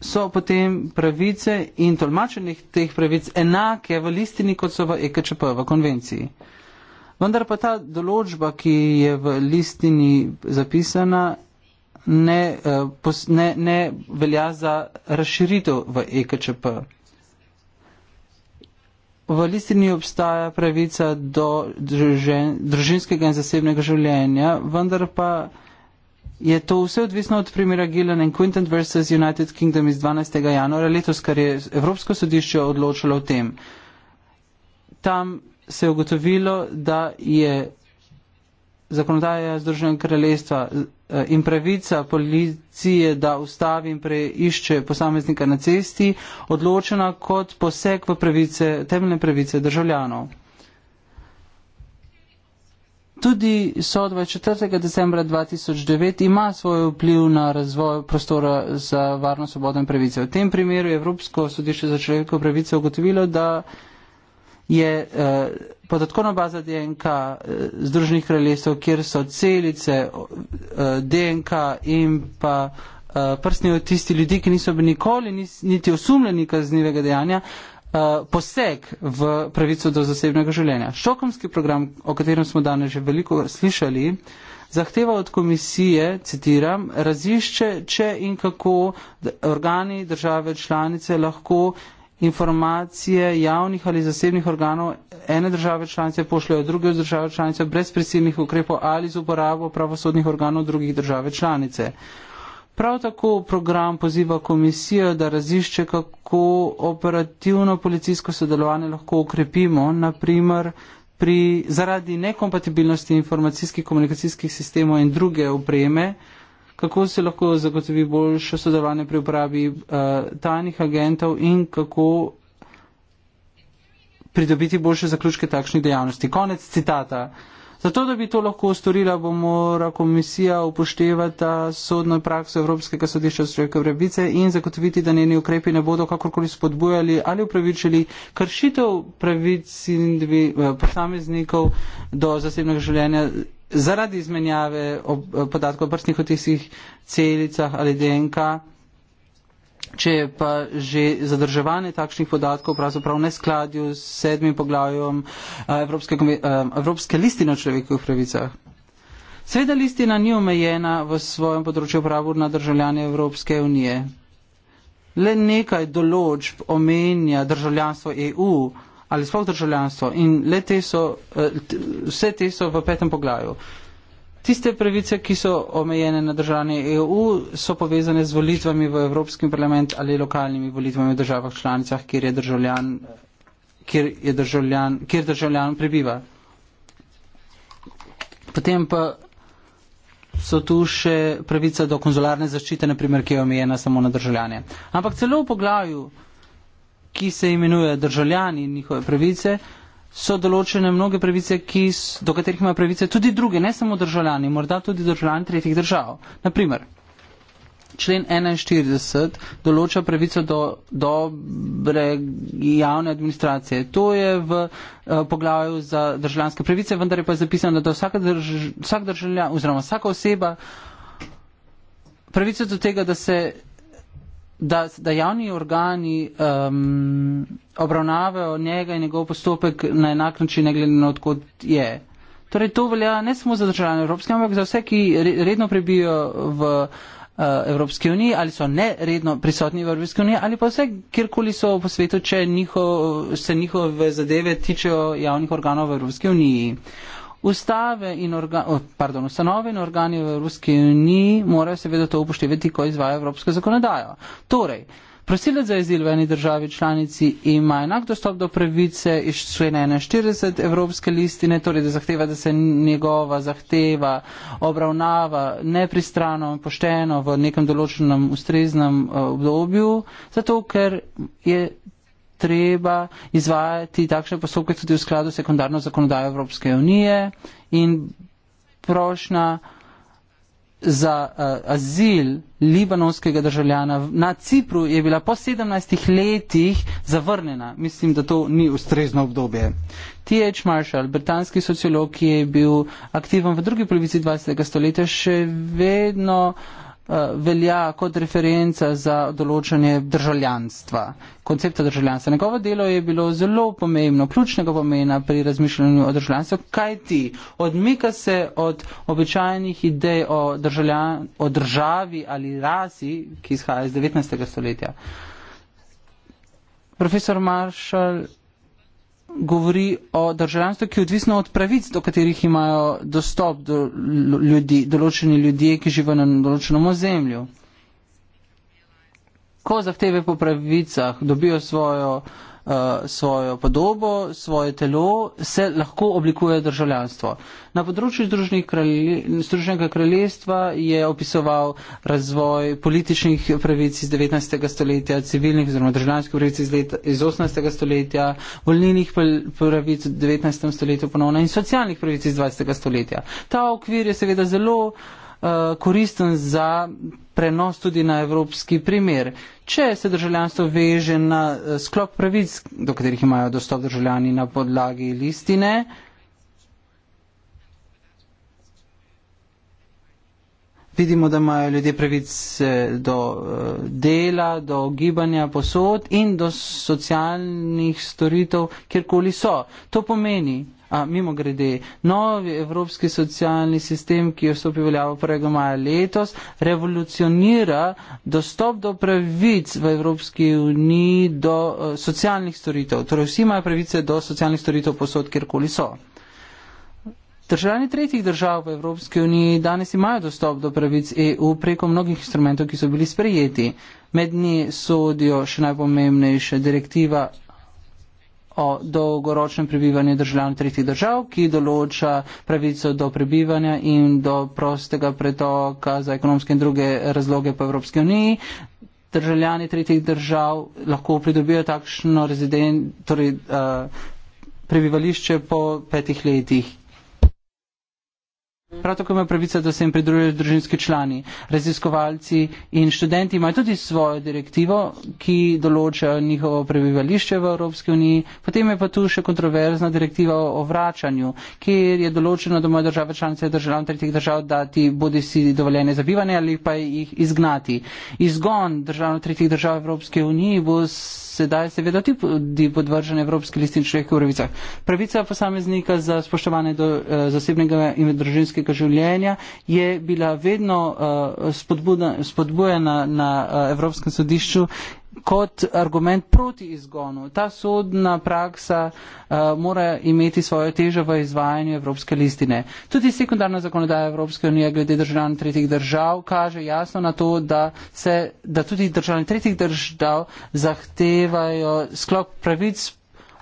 so potem pravice in tolmačenje teh pravic enake v listini, kot so v EKČP, v konvenciji. Vendar pa ta določba, ki je v listini zapisana, ne, eh, ne, ne velja za razširitev v EKČP. V listini obstaja pravica do družen, družinskega in zasebnega življenja, vendar pa je to vse odvisno od primera Gillen and Quinton vs. United Kingdom iz 12. januara letos, kar je Evropsko sodišče odločilo o tem. Tam se je ugotovilo, da je zakonodaja Združenega kraljestva eh, in pravica policije, da ustavi in preišče posameznika na cesti, odločena kot poseg v pravice, temeljne pravice državljanov tudi sodba 4. decembra 2009 ima svoj vpliv na razvoj prostora za varno svobodo in pravice. V tem primeru je Evropsko sodišče za človekove pravice ugotovilo, da je eh, podatkovna baza DNK eh, Združenih kraljestv, kjer so celice eh, DNK in pa eh, prstni odtisti ljudi, ki niso bili nikoli nis, niti osumljeni kaznivega dejanja, eh, Eh, poseg v pravico do zasebnega življenja. Šokomski program, o katerem smo danes že veliko slišali, zahteva od komisije, citiram, razišče, če in kako organi države članice lahko informacije javnih ali zasebnih organov ene države članice pošljajo druge države članice brez prisilnih ukrepov ali z uporabo pravosodnih organov drugih države članice. Prav tako program poziva komisijo, da razišče, kako operativno policijsko sodelovanje lahko ukrepimo, naprimer pri, zaradi nekompatibilnosti informacijskih komunikacijskih sistemov in druge opreme, kako se lahko zagotovi boljše sodelovanje pri uporabi uh, tajnih agentov in kako pridobiti boljše zaključke takšnih dejavnosti. Konec citata. Uh, Zato, da bi to lahko ustorila, bo mora komisija upoštevati sodno prakso Evropskega sodišča za človekove pravice in zagotoviti, da njeni ukrepi ne bodo kakorkoli spodbujali ali upravičili kršitev pravic dvi, eh, posameznikov do zasebnega življenja zaradi izmenjave podatkov o prstnih otiskih, celicah ali DNK. Če je pa že zadrževanje takšnih podatkov pravzaprav v neskladju s sedmim poglavjem eh, Evropske, eh, Evropske listine o človekovih pravicah. Sveda listina ni omejena v svojem področju pravu na državljanje Evropske unije. Le nekaj določb omenja državljanstvo EU ali sploh državljanstvo in le te so, eh, vse te so v petem poglavju. Tiste pravice, ki so omejene na državni EU, so povezane z volitvami v Evropskem parlament ali lokalnimi volitvami v državah članicah, kjer je državljan, kjer je državljan, kjer državljan prebiva. Potem pa so tu še pravica do konzularne zaščite, naprimer, ki je omejena samo na državljane. Ampak celo v poglavju, ki se imenuje državljani in njihove pravice, so določene mnoge pravice, do katerih ima pravice tudi druge, ne samo državljani, morda tudi državljani tretjih držav. Naprimer, člen 41 določa pravico do dobre javne administracije. To je v uh, poglavju za državljanske pravice, vendar je pa zapisano, da do vsaka drž, vsak državljan oziroma vsaka oseba pravico do tega, da se da, da javni organi um, obravnavajo njega in njegov postopek na enak način, ne glede na odkot je. Torej, to velja ne samo za državljane Evropske unije, ampak za vse, ki redno prebijo v uh, Evropski uniji ali so neredno prisotni v Evropski uniji ali pa vse, kjerkoli so po svetu, če njiho, se njihove zadeve tičejo javnih organov v Evropski uniji. Uh, Ustave in orga, pardon, ustanove in organi v Evropski uniji morajo seveda to upoštevati, ko izvajo evropsko zakonodajo. Torej, prosilec za izil v eni državi članici ima enak dostop do pravice iz člena 41 Evropske listine, torej da zahteva, da se njegova zahteva obravnava nepristrano in pošteno v nekem določenem ustreznem eh, obdobju, zato ker je treba izvajati takšne postopke tudi v skladu s sekundarno zakonodajo Evropske unije in prošnja za uh, azil libanonskega državljana na Cipru je bila po 17 letih zavrnjena. Mislim, da to ni ustrezno obdobje. T.H. Marshall, britanski sociolog, ki je bil aktiven v drugi polovici 20. stoletja, še vedno uh, Eh, velja kot referenca za določanje državljanstva, koncepta državljanstva. Njegovo delo je bilo zelo pomembno, ključnega pomena pri razmišljanju o državljanstvu, kaj ti odmika se od običajnih idej o, državljan, o državi ali rasi, ki izhaja iz 19. stoletja. Profesor Marshall govori o državljanstvu, ki je odvisno od pravic, do katerih imajo dostop do ljudi, določeni ljudje, ki živijo na določenem ozemlju. Ko zahteve po pravicah dobijo svojo uh, Eh, svojo podobo, svoje telo, se lahko oblikuje državljanstvo. Na področju Združenega kraljestva je opisoval razvoj političnih pravic iz 19. stoletja, civilnih oziroma državljanskih pravic iz, leta, iz 18. stoletja, volninih pravic v 19. stoletju ponovno in socialnih pravic iz 20. stoletja. Ta okvir je seveda zelo Eh, koristen za prenos tudi na evropski primer. Če se državljanstvo veže na eh, sklop pravic, do katerih imajo dostop državljani na podlagi listine, vidimo, da imajo ljudje pravice do eh, dela, do gibanja posod in do socialnih storitev, kjerkoli so. To pomeni, A, mimo grede, novi evropski socialni sistem, ki je vstopil veljavo 1. maja letos, revolucionira dostop do pravic v Evropski uniji do uh, socialnih storitev. Torej vsi imajo pravice do socialnih storitev posod, kjerkoli so. Državljani tretjih držav v Evropski uniji danes imajo dostop do pravic EU preko mnogih instrumentov, ki so bili sprejeti. Med njimi sodijo še najpomembnejša direktiva o dolgoročnem prebivanju državljanov tretjih držav, ki določa pravico do prebivanja in do prostega pretoka za ekonomske in druge razloge po Evropski uniji. Državljani tretjih držav lahko pridobijo takšno rezident, torej, uh, prebivališče po petih letih Prav tako imajo pravico, da se jim pridružijo družinski člani. Raziskovalci in študenti imajo tudi svojo direktivo, ki določa njihovo prebivališče v Evropski uniji. Potem je pa tu še kontroverzna direktiva o vračanju, kjer je določeno, da morajo države članice državljanom tretjih držav dati bodi si dovoljene za bivanje ali pa jih izgnati. Izgon državljanov tretjih držav Evropske unije bo sedaj seveda tudi podvržen Evropski listin človekovih pravicah. Pravica posameznika za spoštovanje do, eh, zasebnega in družinskega našega življenja, je bila vedno uh, spodbujena na uh, Evropskem sodišču kot argument proti izgonu. Ta sodna praksa uh, mora imeti svojo težo v izvajanju Evropske listine. Tudi sekundarna zakonodaja Evropske unije glede državljan tretjih držav kaže jasno na to, da, se, da tudi državljani tretjih držav zahtevajo sklop pravic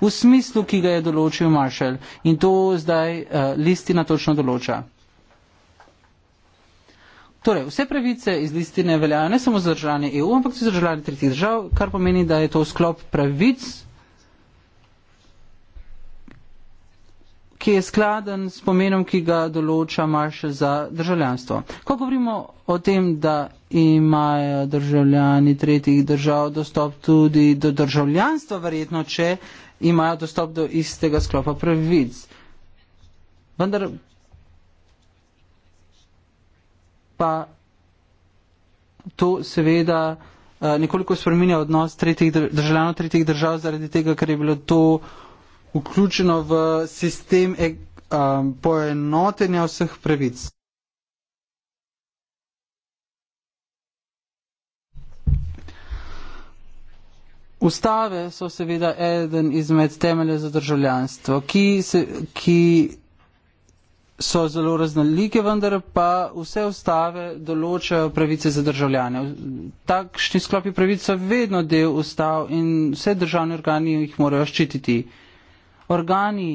v smislu, ki ga je določil Maršal. In to zdaj uh, listina točno določa. Torej, vse pravice iz listine veljajo ne samo za državljane EU, ampak tudi za državljane tretjih držav, kar pomeni, da je to sklop pravic, ki je skladen s pomenom, ki ga določa marš za državljanstvo. Ko govorimo o tem, da imajo državljani tretjih držav dostop tudi do državljanstva, verjetno, če imajo dostop do istega sklopa pravic. Vendar pa to seveda eh, nekoliko spreminja odnos državljanov tretjih držav zaradi tega, ker je bilo to vključeno v sistem e, eh, poenotenja vseh pravic. Ustave so seveda eden izmed temelje za državljanstvo, ki, se, ki so zelo raznolike, vendar pa vse ustave določajo pravice za državljane. Takšni sklopi pravic so vedno del ustav in vse državne organi jih morajo ščititi. Organi,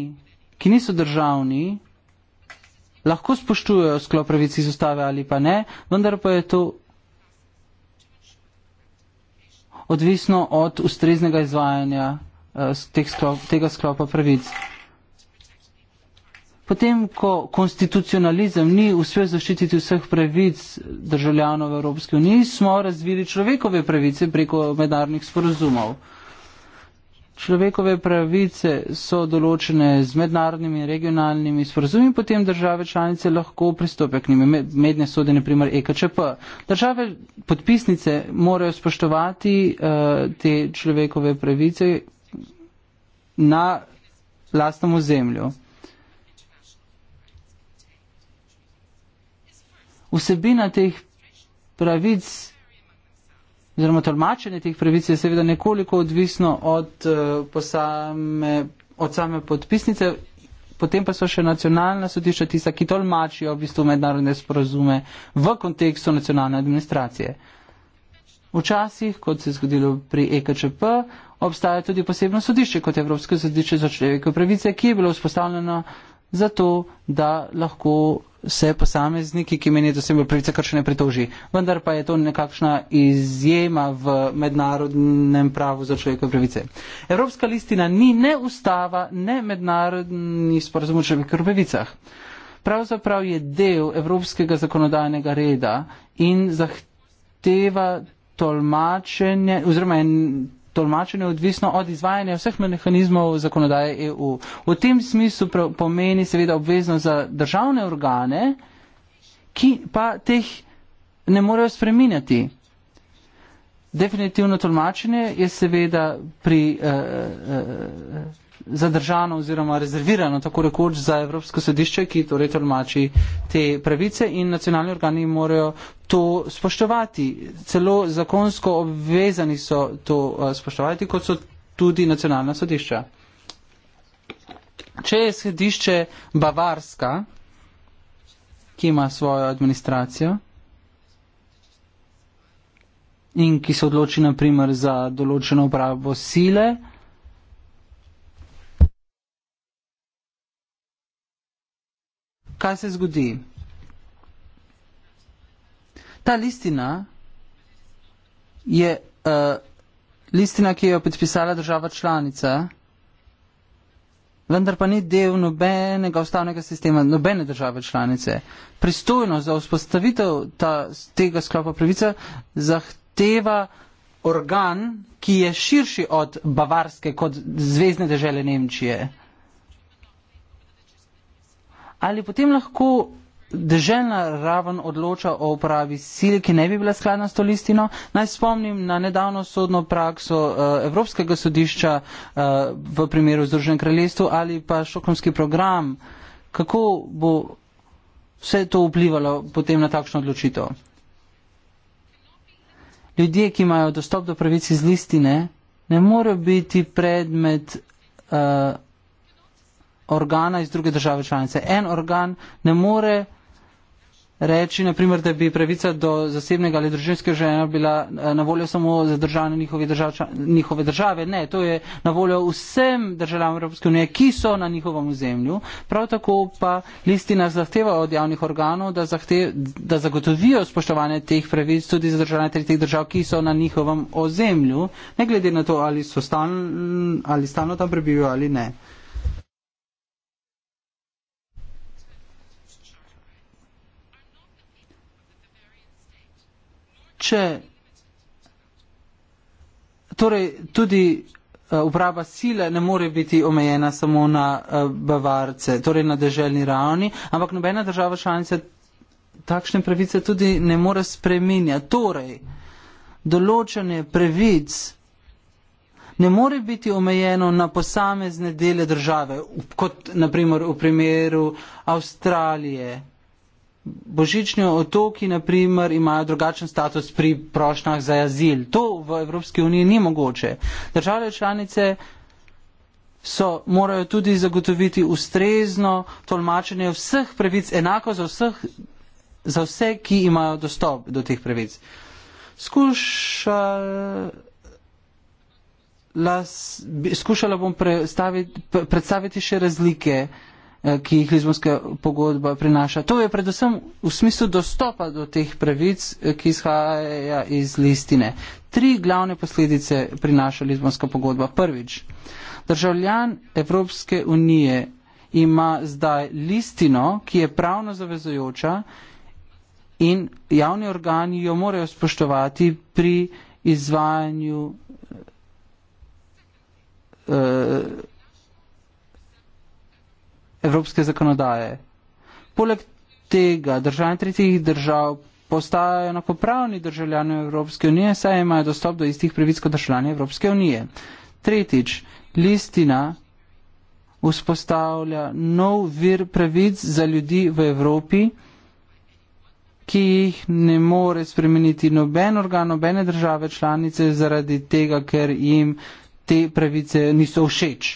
ki niso državni, lahko spoštujejo sklop pravic iz ustave ali pa ne, vendar pa je to odvisno od ustreznega izvajanja eh, sklop, tega sklopa pravic. Potem, ko konstitucionalizem ni uspel zaščititi vseh pravic državljanov v Evropski uniji, smo razvili človekove pravice preko mednarodnih sporozumov. Človekove pravice so določene z mednarodnimi in regionalnimi sporozumi, potem države članice lahko pristopijo k njim. Mednje sodi ne primer EKČP. Države podpisnice morajo spoštovati uh, te človekove pravice na lastnemu zemlju. vsebina teh pravic oziroma tolmačenje teh pravic je seveda nekoliko odvisno od, eh, posame, od same podpisnice, potem pa so še nacionalna sodišča tista, ki tolmačijo v bistvu mednarodne sporazume v kontekstu nacionalne administracije. Včasih, kot se je zgodilo pri EKČP, obstaja tudi posebno sodišče kot Evropsko sodišče za človekove pravice, ki je bilo vzpostavljeno zato da lahko se posamezniki, ki menijo, da se jim pravice kršene pritoži. Vendar pa je to nekakšna izjema v mednarodnem pravu za človekove pravice. Evropska listina ni ne ustava, ne mednarodni sporozum o človekovih pravicah. Pravzaprav je del evropskega zakonodajnega reda in zahteva tolmačenje oziroma en tolmačenje odvisno od izvajanja vseh mehanizmov zakonodaje EU. V tem smislu pomeni seveda obvezno za državne organe, ki pa teh ne morejo spreminjati. Definitivno tolmačenje je seveda pri, eh, eh, zadržano oziroma rezervirano tako rekoč za Evropsko sodišče, ki torej tolmači te pravice in nacionalni organi morajo to spoštovati. Celo zakonsko obvezani so to eh, spoštovati, kot so tudi nacionalna sodišča. Če je sodišče Bavarska, ki ima svojo administracijo in ki se odloči naprimer za določeno upravo sile, kaj se zgodi? Ta listina je uh, listina, ki jo podpisala država članica, vendar pa ni del nobenega ustavnega sistema, nobene države članice. Pristojnost za vzpostavitev ta, tega sklopa pravica zahteva organ, ki je širši od Bavarske kot zvezdne države Nemčije. Ali potem lahko Deželna raven odloča o upravi sil, ki ne bi bila skladna s to listino. Naj spomnim na nedavno sodno prakso eh, Evropskega sodišča eh, v primeru Združenem kraljestvu ali pa šokomski program. Kako bo vse to vplivalo potem na takšno odločitev? Ljudje, ki imajo dostop do pravici z listine, ne morejo biti predmet. Uh, organa iz druge države članice. En organ ne more reči, naprimer, da bi pravica do zasebnega ali družinskega življenja bila eh, na voljo samo za državne njihove, držav, njihove države. Ne, to je na voljo vsem državljanom Evropske unije, ki so na njihovem ozemlju. Prav tako pa listina zahteva od javnih organov, da, zahtev, da zagotovijo spoštovanje teh pravic tudi za državljane tretjih držav, ki so na njihovem ozemlju, ne glede na to, ali so stalno tam prebivali ali ne. če torej tudi eh, uprava sile ne more biti omejena samo na eh, bavarce, torej na deželni ravni, ampak nobena država članica takšne pravice tudi ne more spreminjati. Torej, določanje pravic ne more biti omejeno na posamezne dele države, kot naprimer v primeru Avstralije. Božični otoki, na primer, imajo drugačen status pri prošnjah za azil. To v Evropski uniji ni mogoče. Države članice so, morajo tudi zagotoviti ustrezno tolmačenje vseh pravic, enako za, vseh, za vse, ki imajo dostop do teh pravic. Skušal. Las, skušala bom predstaviti, predstaviti še razlike Eh, ki jih Lizbonska pogodba prinaša. To je predvsem v smislu dostopa do teh pravic, eh, ki izhaja iz listine. Tri glavne posledice prinaša Lizbonska pogodba. Prvič, državljan Evropske unije ima zdaj listino, ki je pravno zavezojoča in javni organi jo morajo spoštovati pri izvajanju. Uh, evropske zakonodaje. Poleg tega državljani tretjih držav postajajo enakopravni državljani Evropske unije, saj imajo dostop do istih pravic kot državljani Evropske unije. Tretjič, listina vzpostavlja nov vir pravic za ljudi v Evropi, ki jih ne more spremeniti noben organ, nobene države članice zaradi tega, ker jim te pravice niso všeč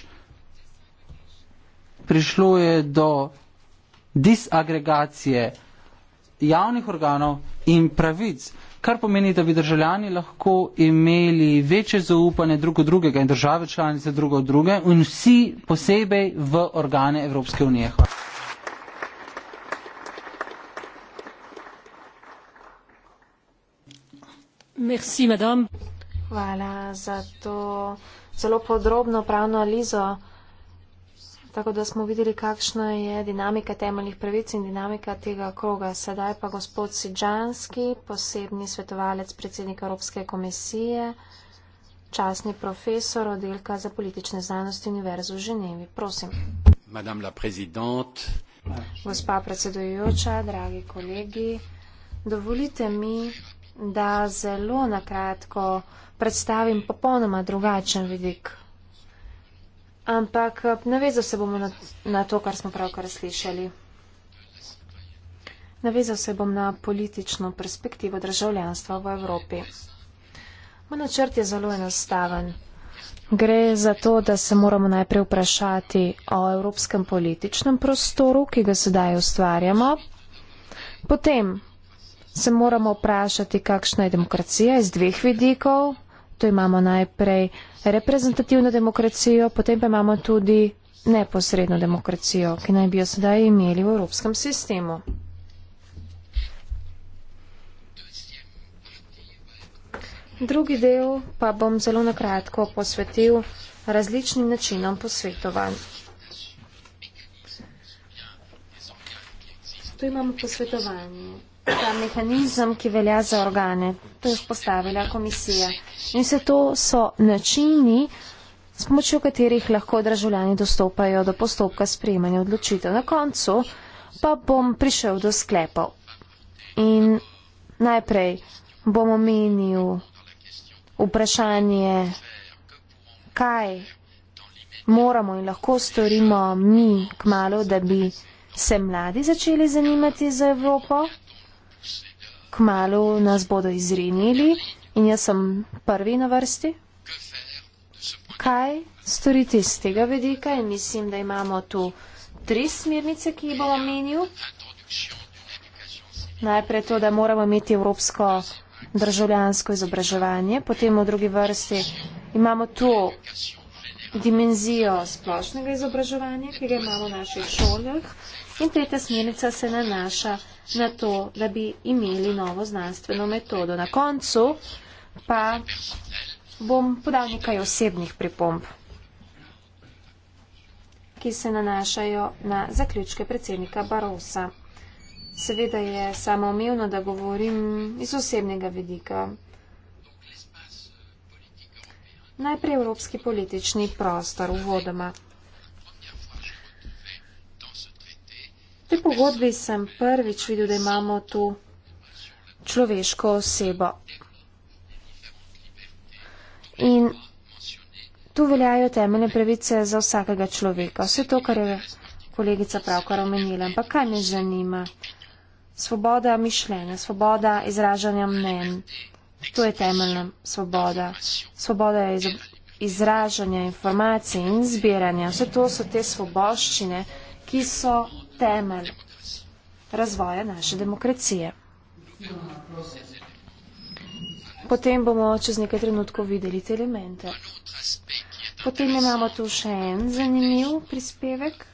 prišlo je do disagregacije javnih organov in pravic, kar pomeni, da bi državljani lahko imeli večje zaupanje drug od drugega in države članice drug od druge in vsi posebej v organe Evropske unije. Hvala. Merci, Hvala za to zelo podrobno pravno analizo. Tako da smo videli, kakšna je dinamika temeljnih pravic in dinamika tega kroga. Sedaj pa gospod Sidžanski, posebni svetovalec predsednika Evropske komisije, časni profesor oddelka za politične znanosti Univerzo v Ženevi. Prosim. Madame la presidente. Gospa predsedujoča, dragi kolegi, dovolite mi, da zelo nakratko predstavim popolnoma drugačen vidik ampak eh, navezal se bom na, na to, kar smo pravkar slišali. Navezal se bom na politično perspektivo državljanstva v Evropi. Moj načrt je zelo enostaven. Gre za to, da se moramo najprej vprašati o evropskem političnem prostoru, ki ga sedaj ustvarjamo. Potem se moramo vprašati, kakšna je demokracija iz dveh vidikov tu imamo najprej reprezentativno demokracijo, potem pa imamo tudi neposredno demokracijo, ki naj bi jo sedaj imeli v evropskem sistemu. Drugi del pa bom zelo nakratko posvetil različnim načinom posvetovanj. Tu imamo posvetovanje ta mehanizem, ki velja za organe. To je vzpostavila komisija. In vse to so načini, s pomočjo katerih lahko državljani dostopajo do postopka sprejemanja odločitev. Na koncu pa bom prišel do sklepov. In najprej bom omenil vprašanje, kaj moramo in lahko storimo mi k malu, da bi se mladi začeli zanimati za Evropo kmalo nas bodo izrinili in jaz sem prvi na vrsti. Kaj storiti z tega vedika in mislim, da imamo tu tri smernice, ki jih bom omenil. Najprej to, da moramo imeti evropsko državljansko izobraževanje, potem v drugi vrsti imamo tu dimenzijo splošnega izobraževanja, ki ga imamo v naših šolah in tretja smernica se nanaša na na to, da bi imeli novo znanstveno metodo. Na koncu pa bom podal nekaj osebnih pripomb, ki se nanašajo na zaključke predsednika Barosa. Seveda je samo omevno, da govorim iz osebnega vidika. Najprej evropski politični prostor uvodoma. tej pogodbi sem prvič videl, da imamo tu človeško osebo. In tu veljajo temeljne pravice za vsakega človeka. Vse to, kar je kolegica pravkar omenila. Ampak kaj me zanima? Svoboda mišljenja, svoboda izražanja mnen. To je temeljna svoboda. Svoboda iz, izražanja informacij in zbiranja. Vse to so te svoboščine, ki so temelj razvoja naše demokracije. Potem bomo čez nekaj trenutkov videli te elemente. Potem imamo tu še en zanimiv prispevek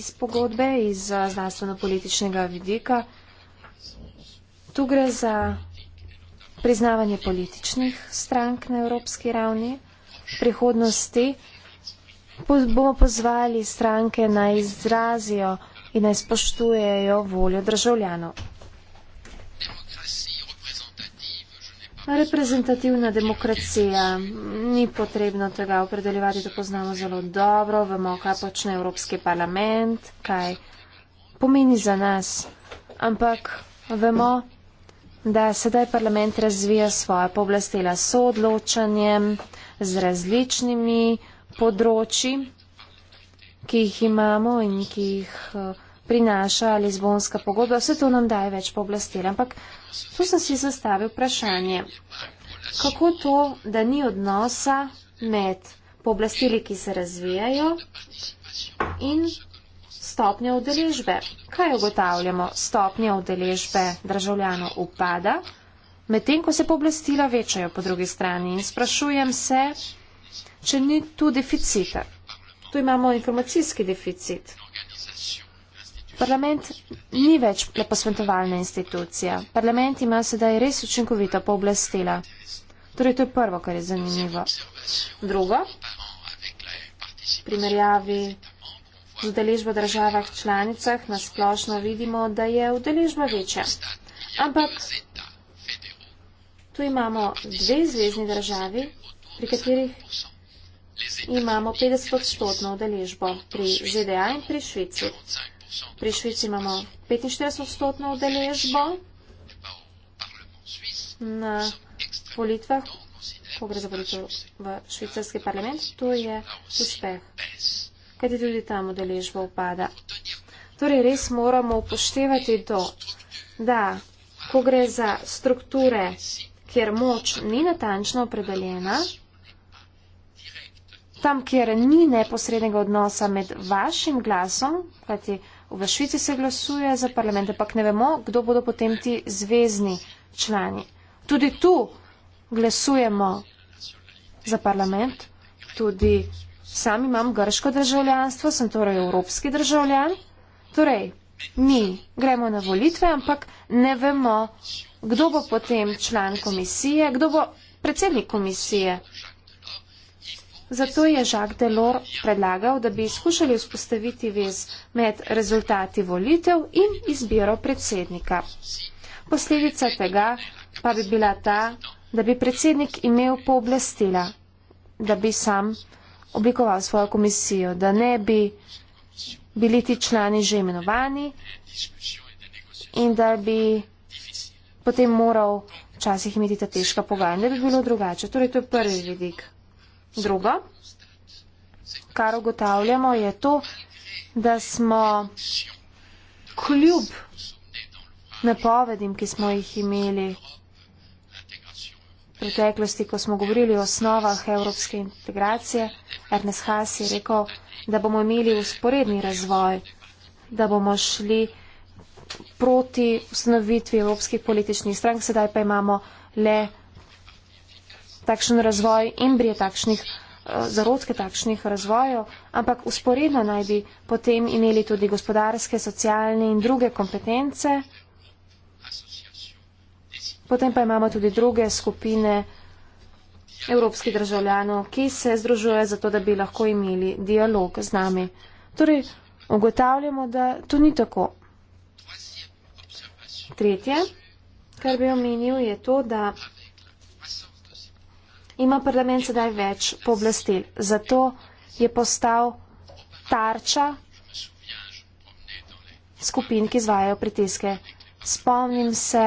iz pogodbe, iz znanstveno-političnega vidika. Tu gre za priznavanje političnih strank na evropski ravni. V prihodnosti bomo pozvali stranke na izrazijo in naj spoštujejo voljo državljanov. Reprezentativna demokracija ni potrebno tega opredeljevati, da poznamo zelo dobro, vemo, kaj počne Evropski parlament, kaj pomeni za nas, ampak vemo, da sedaj parlament razvija svoje pooblastila s odločanjem, z različnimi področji ki jih imamo in ki jih eh, prinaša Lizbonska pogodba, vse to nam daje več pooblastil. Ampak tu sem si zastavil vprašanje, kako to, da ni odnosa med pooblastili, ki se razvijajo in stopnja udeležbe. Kaj ugotavljamo? Stopnja udeležbe državljanov upada, medtem ko se pooblastila večajo po drugi strani. In sprašujem se, če ni tu deficita. Tu imamo informacijski deficit. Parlament ni več posvetovalna institucija. Parlament ima sedaj res učinkovita pooblastila. Torej, to je prvo, kar je zanimivo. Drugo, primerjavi z udeležbo državah članicah na splošno vidimo, da je udeležba večja. Ampak tu imamo dve zvezdni državi, pri katerih imamo 50-odstotno udeležbo pri ZDA in pri Švici. Pri Švici imamo 45-odstotno udeležbo na volitvah, ko gre za volitev v švicarski parlament, to je uspeh, kajti tudi tam udeležba upada. Torej, res moramo upoštevati to, da ko gre za strukture, kjer moč ni natančno opredeljena, tam, kjer ni neposrednega odnosa med vašim glasom, kajti v Švici se glasuje za parlament, ampak ne vemo, kdo bodo potem ti zvezni člani. Tudi tu glasujemo za parlament, tudi sam imam grško državljanstvo, sem torej evropski državljan. Torej, mi gremo na volitve, ampak ne vemo, kdo bo potem član komisije, kdo bo predsednik komisije. Zato je Jacques Delors predlagal, da bi skušali vzpostaviti vez med rezultati volitev in izbiro predsednika. Posledica tega pa bi bila ta, da bi predsednik imel pooblastila, da bi sam oblikoval svojo komisijo, da ne bi bili ti člani že imenovani in da bi potem moral včasih imeti ta težka pogajanja, da bi bilo drugače. Torej, to je prvi vidik. Drugo, kar ugotavljamo, je to, da smo kljub napovedim, ki smo jih imeli v preteklosti, ko smo govorili o osnovah evropske integracije, Ernest Haas je rekel, da bomo imeli usporedni razvoj, da bomo šli proti ustanovitvi evropskih političnih strank, sedaj pa imamo le takšen razvoj embrije takšnih, eh, zarodke takšnih razvojev, ampak usporedno naj bi potem imeli tudi gospodarske, socialne in druge kompetence. Potem pa imamo tudi druge skupine evropskih državljanov, ki se združujejo zato, da bi lahko imeli dialog z nami. Torej, ugotavljamo, da to ni tako. Tretje, kar bi omenil, je to, da ima parlament sedaj več pooblastil. Zato je postal tarča skupin, ki izvajajo pritiske. Spomnim se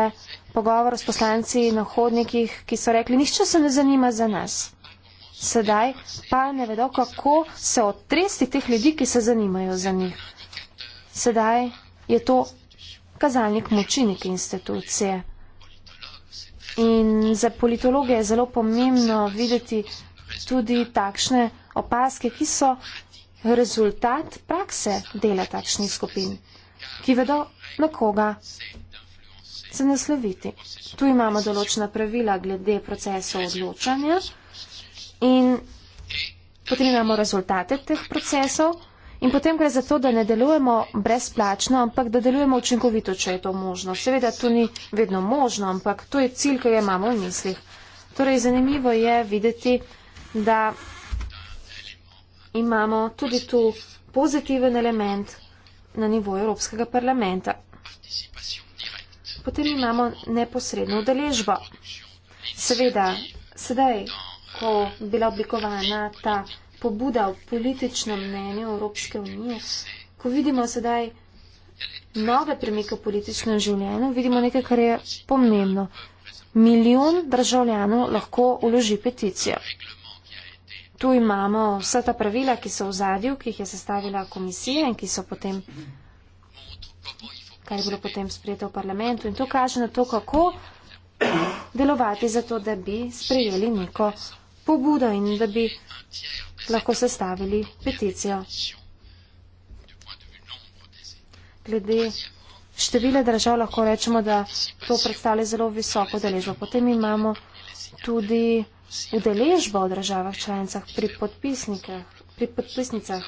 pogovor s poslanci na hodnikih, ki so rekli, nišče se ne zanima za nas. Sedaj pa ne vedo, kako se otresti teh ljudi, ki se zanimajo za njih. Sedaj je to kazalnik moči neke institucije. In za politologe je zelo pomembno videti tudi takšne opaske, ki so rezultat prakse dela takšnih skupin, ki vedo, na koga se nasloviti. Tu imamo določena pravila glede procesov odločanja in potem imamo rezultate teh procesov. In potem gre za to, da ne delujemo brezplačno, ampak da delujemo učinkovito, če je to možno. Seveda, to ni vedno možno, ampak to je cilj, ki ga imamo v mislih. Torej, zanimivo je videti, da imamo tudi tu pozitiven element na nivoju Evropskega parlamenta. Potem imamo neposredno udeležbo. Seveda, sedaj, ko bila oblikovana ta pobuda v političnem mnenju Evropske unije. Ko vidimo sedaj nove premike v političnem življenju, vidimo nekaj, kar je pomembno. Milijon državljanov lahko uloži peticijo. Tu imamo vsa ta pravila, ki so v zadju, ki jih je sestavila komisija in ki so potem, kar je bilo potem sprejeto v parlamentu. In to kaže na to, kako delovati za to, da bi sprejeli neko pobudo in da bi lahko sestavili peticijo. Glede števila držav lahko rečemo, da to predstavlja zelo visoko deležbo. Potem imamo tudi udeležbo v državah članicah pri, pri podpisnicah.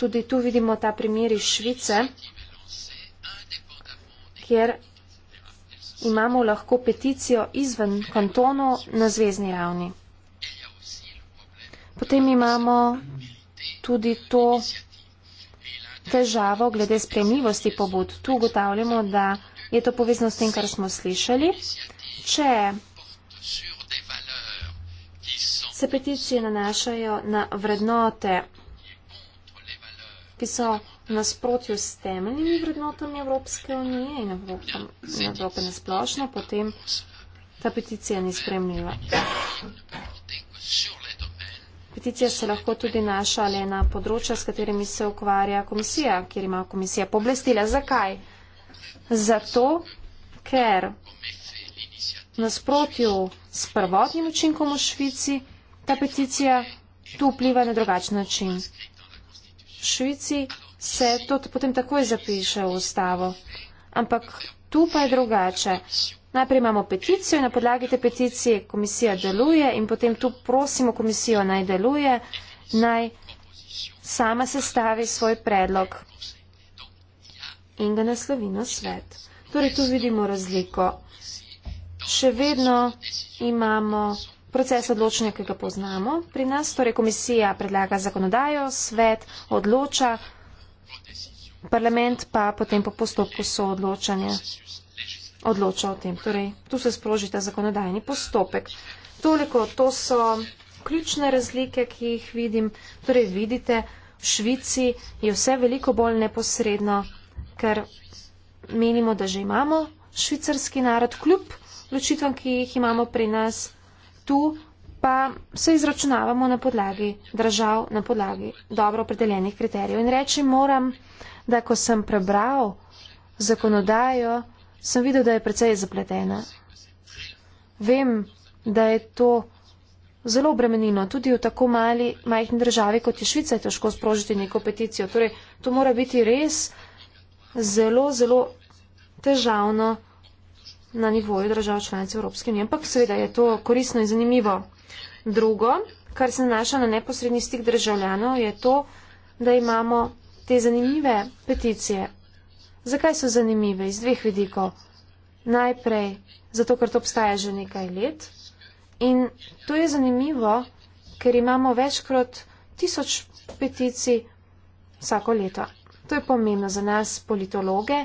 Tudi tu vidimo ta primer iz Švice, kjer imamo lahko peticijo izven kantonov na zvezdni ravni. Potem imamo tudi to težavo glede spremljivosti pobud. Tu ugotavljamo, da je to povezano s tem, kar smo slišali. Če se peticije nanašajo na vrednote, ki so nasprotju s temeljnimi vrednotami Evropske unije in Evrope na splošno, potem ta peticija ni spremljiva investicije se lahko tudi naša ali na področja, s katerimi se ukvarja komisija, kjer ima komisija poblestila. Zakaj? Zato, ker nasprotju s prvotnim učinkom v Švici ta peticija tu vpliva na drugačen način. V Švici se to potem takoj zapiše v ustavo. Ampak tu pa je drugače. Najprej imamo peticijo in na podlagi te peticije komisija deluje in potem tu prosimo komisijo naj deluje, naj sama sestavi svoj predlog in ga naslovi na svet. Torej tu vidimo razliko. Še vedno imamo proces odločanja, ki ga poznamo pri nas, torej komisija predlaga zakonodajo, svet odloča, parlament pa potem po postopku soodločanja odloča o tem. Torej, tu se sproži ta zakonodajni postopek. Toliko, to so ključne razlike, ki jih vidim. Torej, vidite, v Švici je vse veliko bolj neposredno, ker menimo, da že imamo švicarski narod, kljub ločitvam, ki jih imamo pri nas. Tu pa se izračunavamo na podlagi držav, na podlagi dobro opredeljenih kriterijev. In reči moram, da ko sem prebral zakonodajo, sem videl, da je precej zapletena. Vem, da je to zelo obremenjeno. Tudi v tako mali, majhni državi, kot je Švica, je težko sprožiti neko peticijo. Torej, to mora biti res zelo, zelo težavno na nivoju držav članic Evropske unije. Ampak seveda je to korisno in zanimivo. Drugo, kar se nanaša na neposredni stik državljanov, je to, da imamo te zanimive peticije Zakaj so zanimive? Iz dveh vidikov. Najprej, zato ker to obstaja že nekaj let. In to je zanimivo, ker imamo večkrat tisoč peticij vsako leto. To je pomembno za nas, politologe,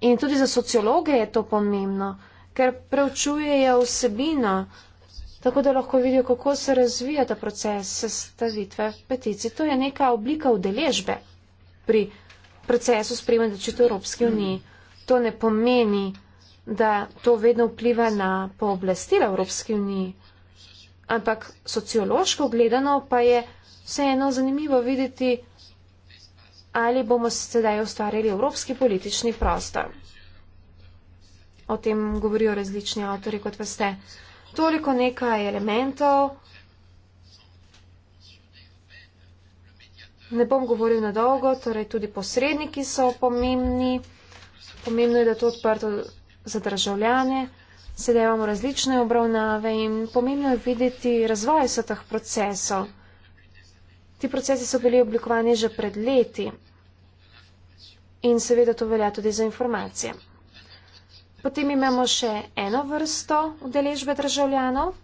in tudi za sociologe je to pomembno, ker preučujejo vsebino, tako da lahko vidijo, kako se razvija ta proces sestavitve peticij. To je neka oblika udeležbe pri procesu spremljanja čito Evropske unije, to ne pomeni, da to vedno vpliva na pooblastila Evropske unije, ampak sociološko gledano pa je vseeno zanimivo videti, ali bomo sedaj ustvarjali evropski politični prostor. O tem govorijo različni avtori, kot veste. Toliko nekaj elementov, ne bom govoril na dolgo, torej tudi posredniki so pomembni. Pomembno je, da je to odprto za državljane, sedaj imamo različne obravnave in pomembno je videti razvoj vseh teh procesov. Ti procesi so bili oblikovani že pred leti in seveda to velja tudi za informacije. Potem imamo še eno vrsto udeležbe državljanov.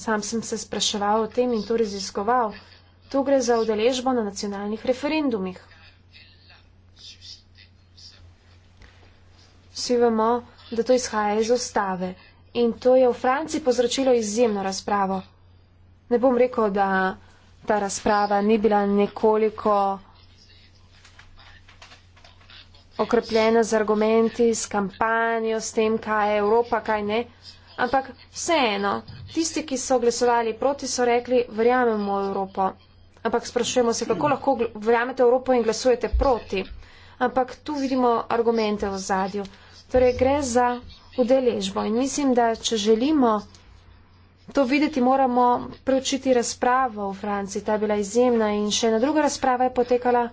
Sam sem se spraševal o tem in to raziskoval. Tu gre za udeležbo na nacionalnih referendumih. Vsi vemo, da to izhaja iz ustave in to je v Franciji povzročilo izjemno razpravo. Ne bom rekel, da ta razprava ni bila nekoliko okrepljena z argumenti, s kampanjo, s tem, kaj je Evropa, kaj ne, ampak vseeno, tisti, ki so glasovali proti, so rekli, verjamemo v Evropo, Ampak sprašujemo se, kako lahko verjamete Evropo in glasujete proti. Ampak tu vidimo argumente v zadju. Torej, gre za udeležbo in mislim, da če želimo to videti, moramo preučiti razpravo v Franciji. Ta je bila izjemna in še ena druga razprava je potekala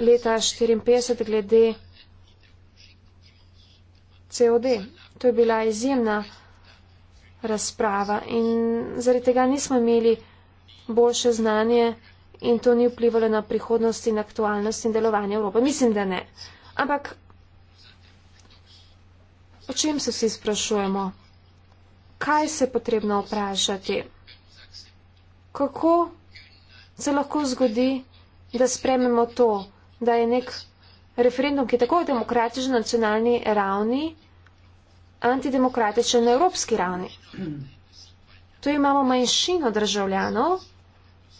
leta 54 glede COD. To je bila izjemna razprava in zaradi tega nismo imeli boljše znanje in to ni vplivalo na prihodnost in aktualnost in delovanje Evrope. Mislim, da ne. Ampak o čem se vsi sprašujemo? Kaj se je potrebno vprašati? Kako se lahko zgodi, da sprememo to, da je nek referendum, ki je tako demokratičen na nacionalni ravni, antidemokratičen na evropski ravni? Tu imamo manjšino državljanov,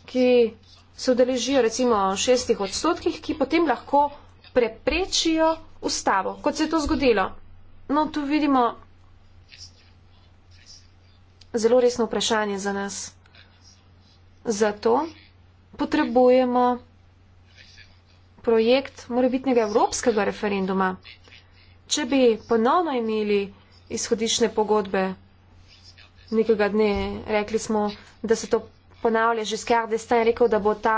ki se udeležijo recimo v šestih odstotkih, ki potem lahko preprečijo ustavo, kot se je to zgodilo. No, tu vidimo zelo resno vprašanje za nas. Zato potrebujemo projekt morebitnega evropskega referenduma. Če bi ponovno imeli izhodišne pogodbe, nekega dne rekli smo, da se to ponavlja Žiskar Destin, je rekel, da bo ta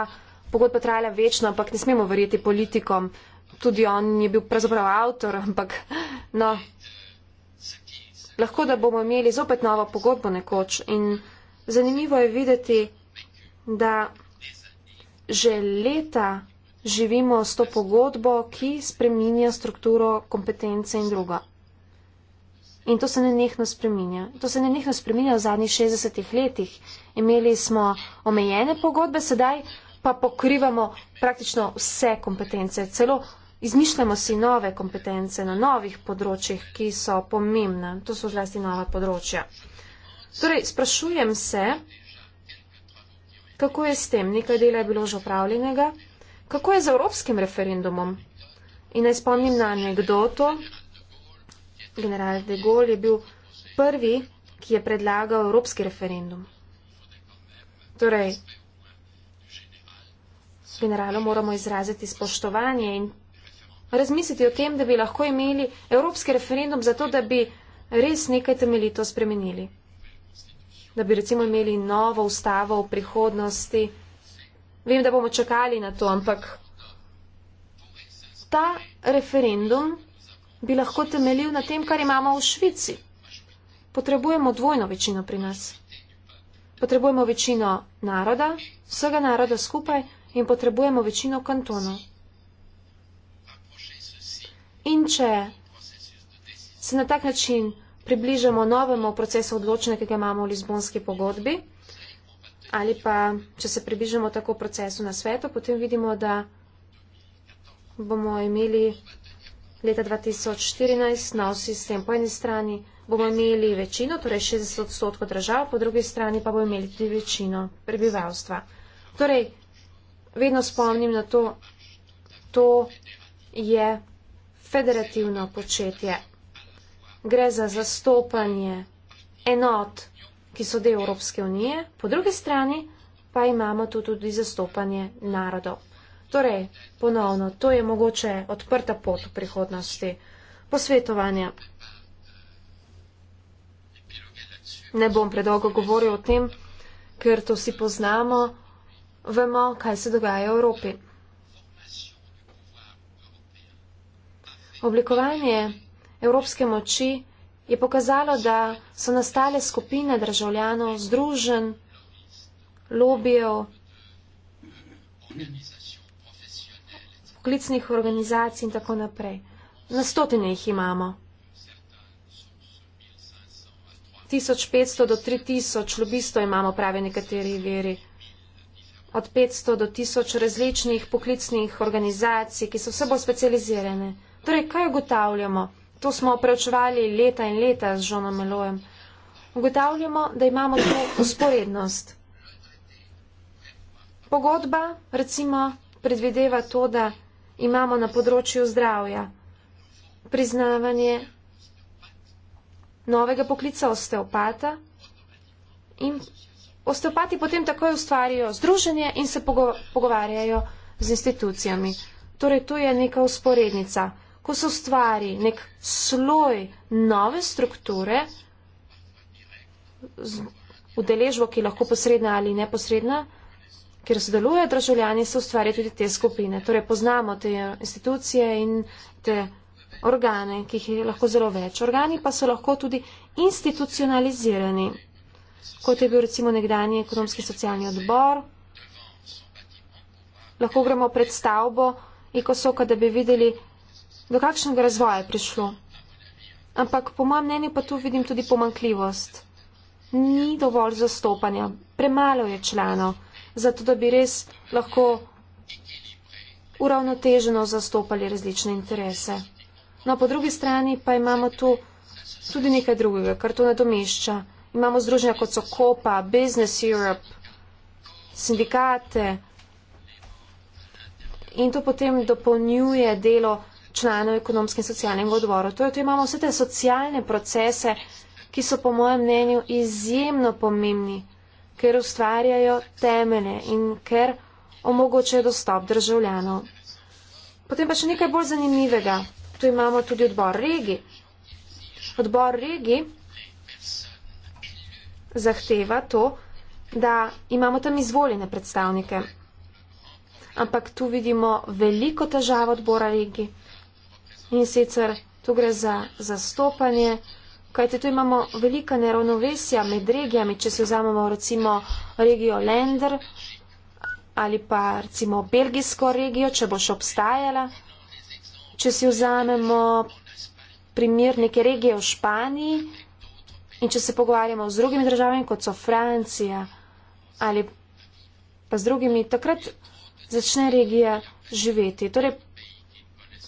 pogodba trajala večno, ampak ne smemo verjeti politikom. Tudi on je bil pravzaprav avtor, ampak no, lahko da bomo imeli zopet novo pogodbo nekoč. In zanimivo je videti, da že leta živimo s to pogodbo, ki spreminja strukturo kompetence in drugo. In to se ne nehno spreminja. To se ne nehno spreminja v zadnjih 60 letih. Imeli smo omejene pogodbe, sedaj pa pokrivamo praktično vse kompetence. Celo izmišljamo si nove kompetence na novih področjih, ki so pomembna. To so zlasti nova področja. Torej, sprašujem se, kako je s tem? Nekaj dela je bilo že opravljenega. Kako je z evropskim referendumom? In naj spomnim na anegdoto, general de Gaulle je bil prvi, ki je predlagal evropski referendum. Torej, generalo moramo izraziti spoštovanje in razmisliti o tem, da bi lahko imeli evropski referendum zato, da bi res nekaj temeljito spremenili. Da bi recimo imeli novo ustavo v prihodnosti. Vem, da bomo čakali na to, ampak ta referendum bi lahko temeljil na tem, kar imamo v Švici. Potrebujemo dvojno večino pri nas. Potrebujemo večino naroda, vsega naroda skupaj in potrebujemo večino kantonov. In če se na tak način približamo novemu procesu odločanja, ki ga imamo v Lizbonski pogodbi, ali pa če se približamo tako procesu na svetu, potem vidimo, da bomo imeli leta 2014 nosi s tem po eni strani, bomo imeli večino, torej 60 odstotkov držav, po drugi strani pa bomo imeli tudi večino prebivalstva. Torej, vedno spomnim na to, to je federativno početje. Gre za zastopanje enot, ki so del Evropske unije, po drugi strani pa imamo tu tudi zastopanje narodov. Torej, ponovno, to je mogoče odprta pot v prihodnosti. Posvetovanje. Ne bom predolgo govoril o tem, ker to si poznamo, vemo, kaj se dogaja v Evropi. Oblikovanje evropske moči je pokazalo, da so nastale skupine državljanov, združen, lobijev, poklicnih organizacij in tako naprej. Na stotine jih imamo. 1500 do 3000 lobistov imamo, pravi nekateri veri. Od 500 do 1000 različnih poklicnih organizacij, ki so vse bolj specializirane. Torej, kaj ugotavljamo? To smo preučevali leta in leta z žonom Melojem. Ugotavljamo, da imamo to usporednost. Pogodba, recimo, predvideva to, da imamo na področju zdravja. Priznavanje novega poklica osteopata in osteopati potem takoj ustvarijo združenje in se pogovarjajo z institucijami. Torej, to je neka usporednica. Ko se ustvari nek sloj nove strukture, udeležbo, ki je lahko posredna ali neposredna, kjer sodelujejo državljani, se ustvarja tudi te skupine. Torej poznamo te institucije in te organe, ki jih je lahko zelo več. Organi pa so lahko tudi institucionalizirani, kot je bil recimo nekdani ekonomski socialni odbor. Lahko gremo pred stavbo ekosoka, da bi videli, do kakšnega razvoja je prišlo. Ampak po mojem mnenju pa tu vidim tudi pomankljivost. Ni dovolj zastopanja, premalo je članov zato da bi res lahko uravnoteženo zastopali različne interese. No, po drugi strani pa imamo tu tudi nekaj drugega, kar to nadomešča. Imamo združenja kot so COPA, Business Europe, sindikate in to potem dopolnjuje delo članov ekonomskem in socialnem odboru. Torej, tu imamo vse te socialne procese, ki so po mojem mnenju izjemno pomembni ker ustvarjajo temene in ker omogočajo dostop državljanov. Potem pa še nekaj bolj zanimivega. Tu imamo tudi odbor regi. Odbor regi zahteva to, da imamo tam izvoljene predstavnike. Ampak tu vidimo veliko težavo odbora regi. In sicer tu gre za zastopanje Kajte, tu imamo velika neravnovesja med regijami, če se vzamemo recimo regijo Lender ali pa recimo belgijsko regijo, če bo še obstajala. Če si vzamemo primer neke regije v Španiji in če se pogovarjamo z drugimi državami, kot so Francija ali pa z drugimi, takrat začne regija živeti. Torej,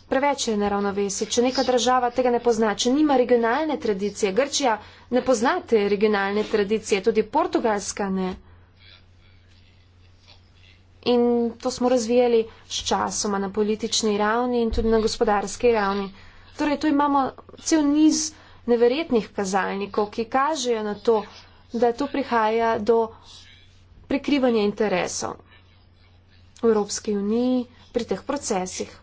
preveč je neravnovesje. Če neka država tega ne pozna, če nima regionalne tradicije, Grčija ne pozna te regionalne tradicije, tudi Portugalska ne. In to smo razvijali s časoma na politični ravni in tudi na gospodarski ravni. Torej, tu imamo cel niz neverjetnih kazalnikov, ki kažejo na to, da tu prihaja do prikrivanja interesov v Evropski uniji pri teh procesih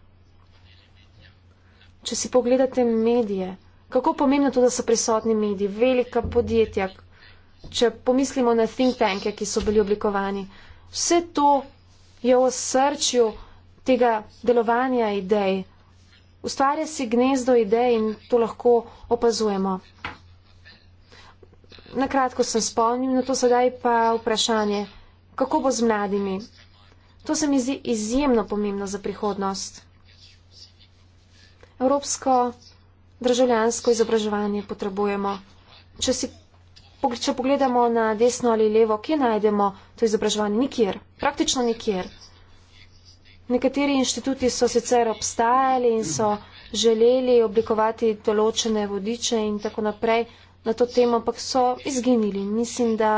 če si pogledate medije, kako pomembno je to, da so prisotni mediji, velika podjetja, če pomislimo na think tanke, ki so bili oblikovani, vse to je v srčju tega delovanja idej. Ustvarja si gnezdo idej in to lahko opazujemo. Na kratko sem spomnil, na to sedaj pa vprašanje, kako bo z mladimi. To se mi zdi izjemno pomembno za prihodnost evropsko državljansko izobraževanje potrebujemo. Če, si, če pogledamo na desno ali levo, kje najdemo to izobraževanje? Nikjer, praktično nikjer. Nekateri inštituti so sicer obstajali in so želeli oblikovati določene vodiče in tako naprej na to temo, ampak so izginili. Mislim, da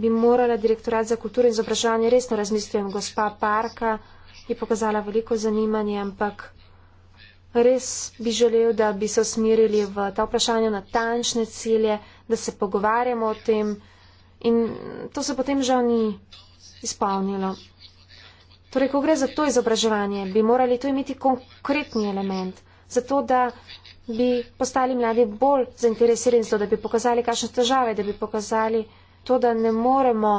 bi morala direktorat za kulturo in izobraževanje resno razmisliti, gospa Parka, je pokazala veliko zanimanja, ampak res bi želel, da bi se usmerili v ta vprašanja na tančne cilje, da se pogovarjamo o tem in to se potem žal ni izpolnilo. Torej, ko gre za to izobraževanje, bi morali to imeti konkretni element, zato da bi postali mladi bolj zainteresirani, zato da bi pokazali, kakšne težave, da bi pokazali to, da ne moremo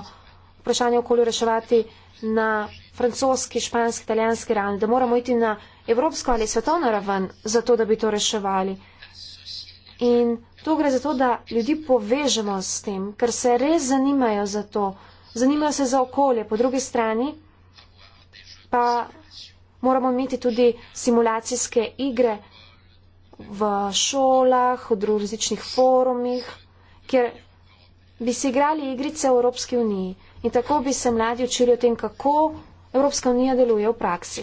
vprašanje okolju reševati na francoski, španski, italijanski ravni, da moramo iti na evropsko ali svetovno raven, zato da bi to reševali. In to gre za to, da ljudi povežemo s tem, ker se res zanimajo za to, zanimajo se za okolje, po drugi strani pa moramo imeti tudi simulacijske igre v šolah, v različnih forumih, kjer bi se igrali igrice v Evropski uniji. In tako bi se mladi učili o tem, kako Evropska unija deluje v praksi.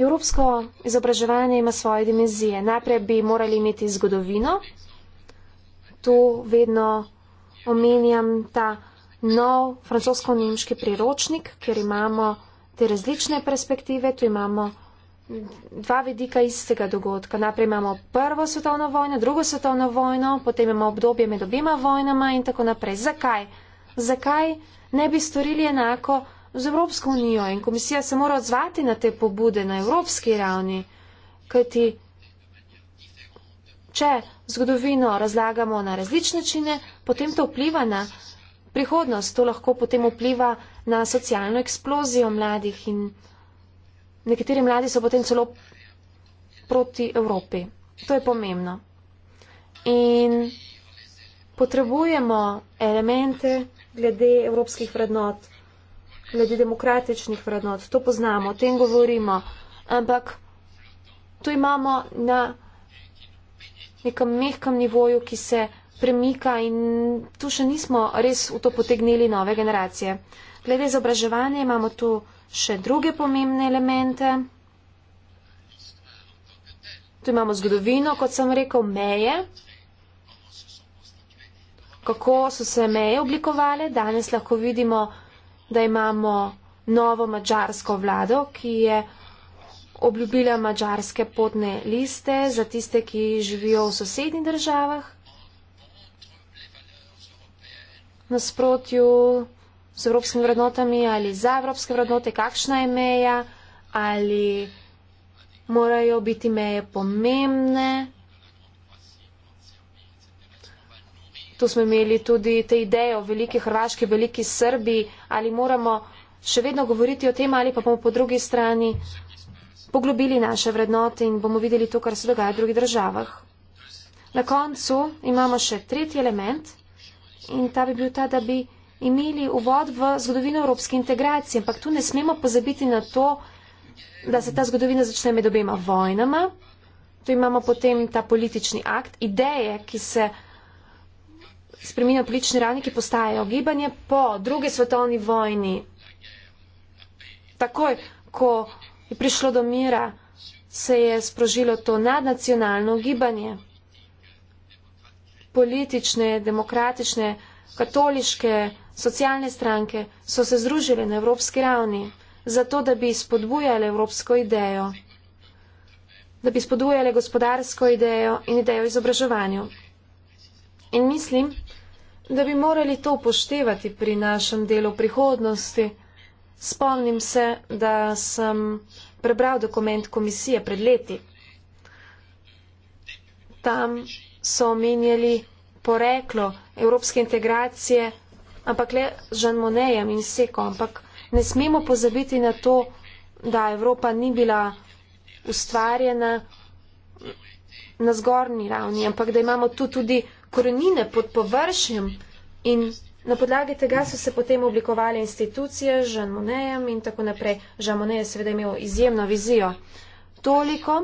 Evropsko izobraževanje ima svoje dimenzije. Najprej bi morali imeti zgodovino. Tu vedno omenjam ta nov francosko-nemški priročnik, ker imamo te različne perspektive. Tu imamo dva vidika istega dogodka. Najprej imamo prvo svetovno vojno, drugo svetovno vojno, potem imamo obdobje med obima vojnama in tako naprej. Zakaj? zakaj ne bi storili enako z Evropsko unijo in komisija se mora odzvati na te pobude na evropski ravni, kajti če zgodovino razlagamo na različne načine, potem to vpliva na prihodnost, to lahko potem vpliva na socialno eksplozijo mladih in nekateri mladi so potem celo proti Evropi. To je pomembno. In potrebujemo elemente, glede evropskih vrednot, glede demokratičnih vrednot. To poznamo, o tem govorimo. Ampak to imamo na nekem mehkem nivoju, ki se premika in tu še nismo res v to potegnili nove generacije. Glede izobraževanja imamo tu še druge pomembne elemente. Tu imamo zgodovino, kot sem rekel, meje kako so se meje oblikovale. Danes lahko vidimo, da imamo novo mačarsko vlado, ki je obljubila mačarske potne liste za tiste, ki živijo v sosednjih državah. Nasprotju z evropskimi vrednotami ali za evropske vrednote, kakšna je meja ali morajo biti meje pomembne. tu smo imeli tudi te ideje o veliki Hrvaški, veliki Srbiji, ali moramo še vedno govoriti o tem, ali pa bomo po drugi strani poglobili naše vrednote in bomo videli to, kar se dogaja v drugih državah. Na koncu imamo še tretji element in ta bi bil ta, da bi imeli uvod v zgodovino evropske integracije, ampak tu ne smemo pozabiti na to, da se ta zgodovina začne med obema vojnama. Tu imamo potem ta politični akt, ideje, ki se spreminjajo politični ravni, ki postajajo gibanje po druge svetovni vojni. Takoj, ko je prišlo do mira, se je sprožilo to nadnacionalno gibanje. Politične, demokratične, katoliške, socialne stranke so se združile na evropski ravni, zato da bi spodbujale evropsko idejo, da bi spodbujale gospodarsko idejo in idejo izobraževanju. In mislim, da bi morali to upoštevati pri našem delu prihodnosti. Spomnim se, da sem prebral dokument komisije pred leti. Tam so omenjali poreklo evropske integracije, ampak le Žan Monejem in Seko, ampak ne smemo pozabiti na to, da Evropa ni bila ustvarjena na zgornji ravni, ampak da imamo tu tudi korenine pod površjem in na podlagi tega so se potem oblikovali institucije z Jean Monnetom in tako naprej. Jean Monnet je seveda imel izjemno vizijo. Toliko,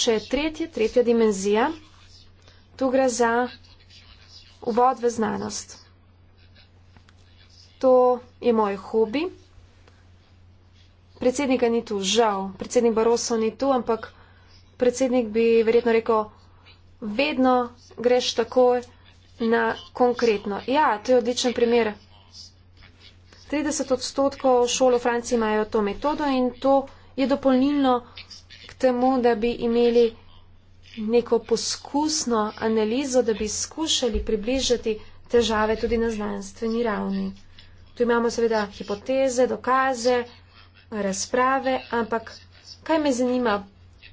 še tretje, tretja dimenzija. Tu gre za uvod v znanost. To je moj hobi. Predsednika ni tu, žal. Predsednik Barroso ni tu, ampak predsednik bi verjetno rekel, vedno greš takoj na konkretno. Ja, to je odličen primer. 30 odstotkov šol v Franciji imajo to metodo in to je dopolnilno k temu, da bi imeli neko poskusno analizo, da bi skušali približati težave tudi na znanstveni ravni. Tu imamo seveda hipoteze, dokaze, razprave, ampak kaj me zanima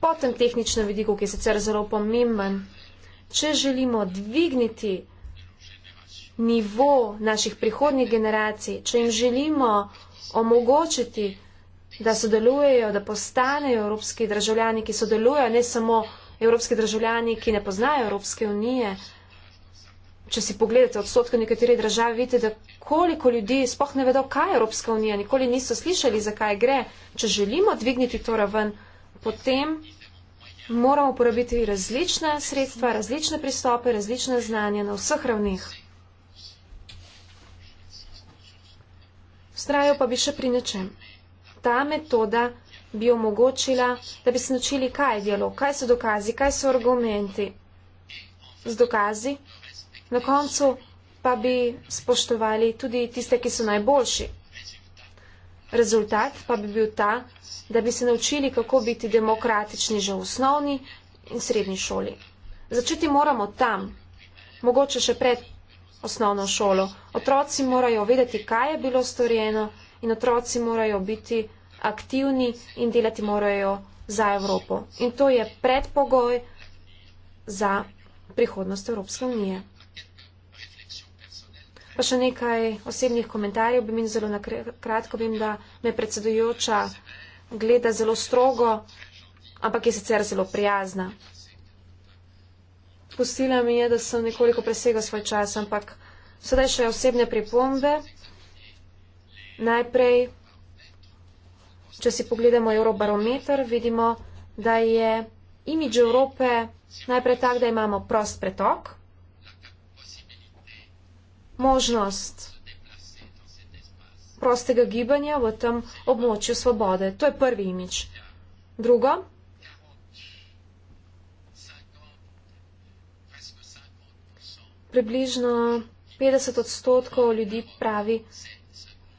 po tem tehničnem vidiku, ki je sicer zelo pomemben če želimo dvigniti nivo naših prihodnjih generacij, če jim želimo omogočiti, da sodelujejo, da postanejo evropski državljani, ki sodelujejo, ne samo evropski državljani, ki ne poznajo Evropske unije. Če si pogledate odstotke v nekateri državi, vidite, da koliko ljudi spoh ne vedo, kaj je Evropska unija, nikoli niso slišali, zakaj gre. Če želimo dvigniti to raven, potem moramo uporabiti različna sredstva, različne pristope, različne znanja na vseh ravneh. Vztrajal pa bi še pri nečem. Ta metoda bi omogočila, da bi se naučili, kaj je dialog, kaj so dokazi, kaj so argumenti z dokazi, na koncu pa bi spoštovali tudi tiste, ki so najboljši. Rezultat pa bi bil ta, da bi se naučili, kako biti demokratični že v osnovni in srednji šoli. Začeti moramo tam, mogoče še pred osnovno šolo. Otroci morajo vedeti, kaj je bilo storjeno in otroci morajo biti aktivni in delati morajo za Evropo. In to je predpogoj za prihodnost Evropske unije. Pa še nekaj osebnih komentarjev bi mi zelo nakratko. Vem, da me predsedujoča gleda zelo strogo, ampak je sicer zelo prijazna. Pustila mi je, da sem nekoliko presegla svoj čas, ampak sedaj še osebne pripombe. Najprej, če si pogledamo Eurobarometer, vidimo, da je imidž Evrope najprej tak, da imamo prost pretok, možnost prostega gibanja v tem območju svobode. To je prvi imič. Drugo, približno 50 odstotkov ljudi pravi,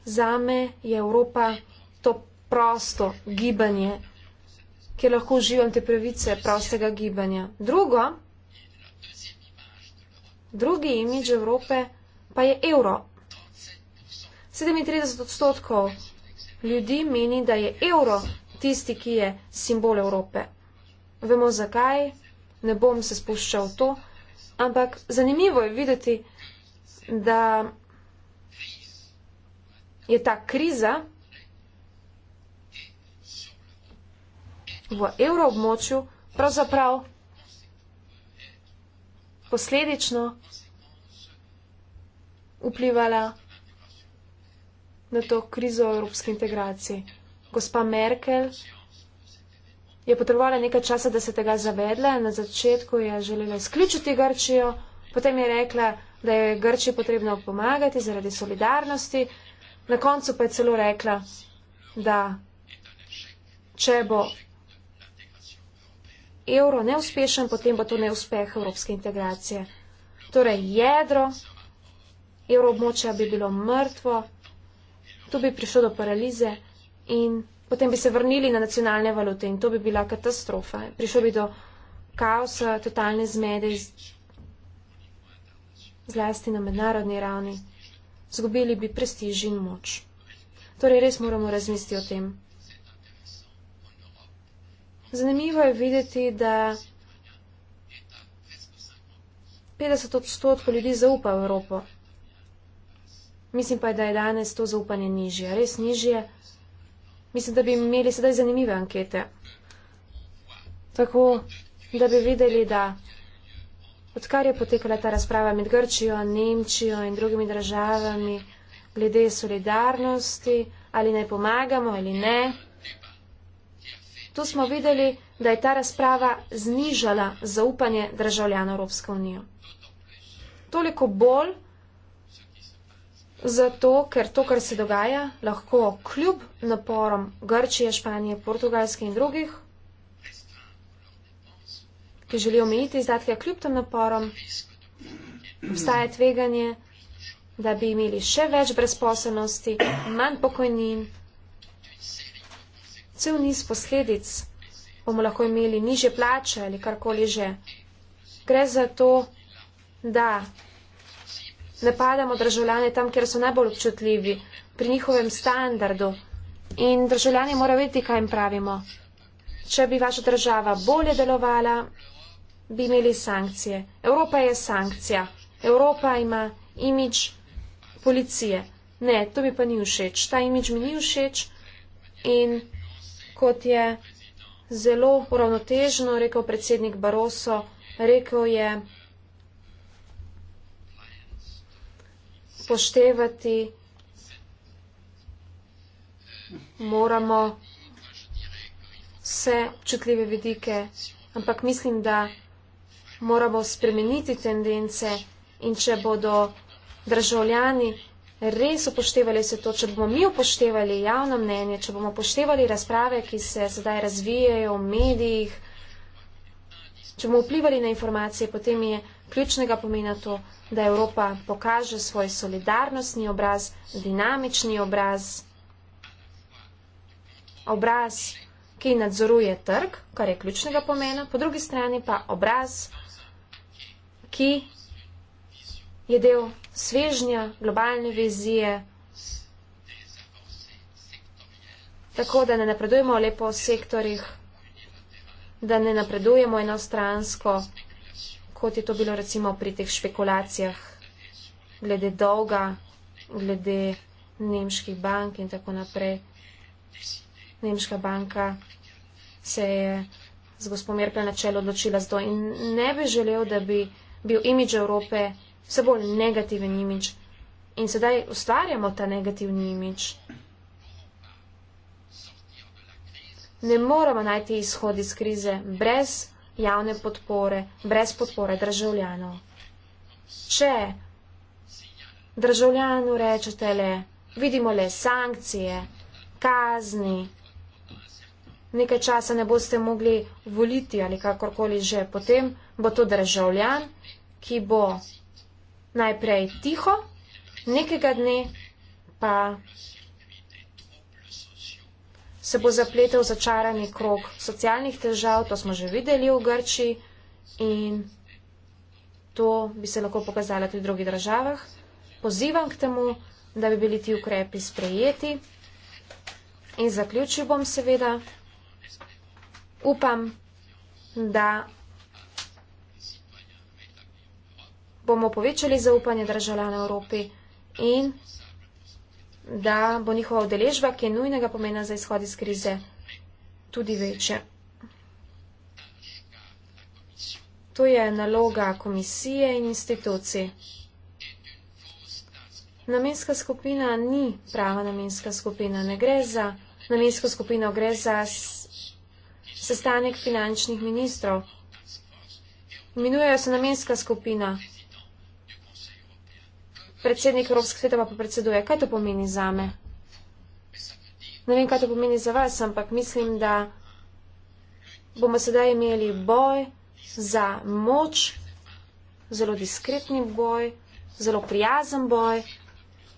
zame je Evropa to prosto gibanje, kjer lahko uživam te pravice prostega gibanja. Drugo, drugi imič Evrope je, pa je evro. 37 odstotkov ljudi meni, da je evro tisti, ki je simbol Evrope. Vemo zakaj, ne bom se spuščal v to, ampak zanimivo je videti, da je ta kriza v evroobmočju pravzaprav posledično vplivala na to krizo evropske integracije. Gospa Merkel je potrebovala nekaj časa, da se tega zavedla. Na začetku je želela izključiti Grčijo, potem je rekla, da je Grčiji potrebno pomagati zaradi solidarnosti. Na koncu pa je celo rekla, da če bo evro neuspešen, potem bo to neuspeh evropske integracije. Torej, jedro evroobmočja bi bilo mrtvo, tu bi prišlo do paralize in potem bi se vrnili na nacionalne valute in to bi bila katastrofa. Prišlo bi do kaosa, totalne zmede, zlasti na mednarodni ravni. Zgubili bi prestiž in moč. Torej res moramo razmisliti o tem. Zanimivo je videti, da 50 odstotkov ljudi zaupa v Evropo. Mislim pa, da je danes to zaupanje nižje, res nižje. Mislim, da bi imeli sedaj zanimive ankete. Tako, da bi videli, da odkar je potekala ta razprava med Grčijo, Nemčijo in drugimi državami glede solidarnosti, ali naj pomagamo ali ne, tu smo videli, da je ta razprava znižala zaupanje državljanov Evropske unije. Toliko bolj, Zato, ker to, kar se dogaja, lahko kljub naporom Grčije, Španije, Portugalske in drugih, ki želijo omejiti izdatke, kljub tem naporom, obstaja tveganje, da bi imeli še več brezposobnosti, manj pokojnin, cel niz posledic bomo lahko imeli nižje plače ali karkoli že. Gre za to, da napadamo državljane tam, kjer so najbolj občutljivi, pri njihovem standardu. In državljani morajo vedeti, kaj jim pravimo. Če bi vaša država bolje delovala, bi imeli sankcije. Evropa je sankcija. Evropa ima imič policije. Ne, to mi pa ni všeč. Ta imič mi ni všeč. In kot je zelo uravnotežno rekel predsednik Baroso, rekel je, spoštevati, moramo vse občutljive vidike, ampak mislim, da moramo spremeniti tendence in če bodo državljani res upoštevali vse to, če bomo mi upoštevali javno mnenje, če bomo upoštevali razprave, ki se sedaj razvijajo v medijih, če bomo vplivali na informacije, potem je ključnega pomena to, da Evropa pokaže svoj solidarnostni obraz, dinamični obraz, obraz, ki nadzoruje trg, kar je ključnega pomena, po drugi strani pa obraz, ki je del svežnja globalne vizije, tako da ne napredujemo lepo v sektorih, da ne napredujemo enostransko, kot je to bilo recimo pri teh špekulacijah glede dolga, glede nemških bank in tako naprej. Nemška banka se je z gospod Merkel na čelu odločila zdaj in ne bi želel, da bi bil imidž Evrope vse bolj negativen imidž. In sedaj ustvarjamo ta negativni imidž. Ne moramo najti izhod iz krize brez javne podpore, brez podpore državljanov. Če državljanu rečete le, vidimo le sankcije, kazni, nekaj časa ne boste mogli voliti ali kakorkoli že, potem bo to državljan, ki bo najprej tiho, nekega dne pa se bo zapletel začarani krok socialnih težav, to smo že videli v Grčiji in to bi se lahko pokazalo tudi v drugih državah. Pozivam k temu, da bi bili ti ukrepi sprejeti in zaključil bom seveda. Upam, da bomo povečali zaupanje državljanov Evropi in da bo njihova udeležba, ki je nujnega pomena za izhod iz krize, tudi večja. To je naloga komisije in institucij. Namenska skupina ni prava namenska skupina. Ne gre za namensko skupino, gre za sestanek finančnih ministrov. Minujejo se namenska skupina predsednik Evropskega sveta pa predseduje. Kaj to pomeni za me? Ne vem, kaj to pomeni za vas, ampak mislim, da bomo sedaj imeli boj za moč, zelo diskretni boj, zelo prijazen boj,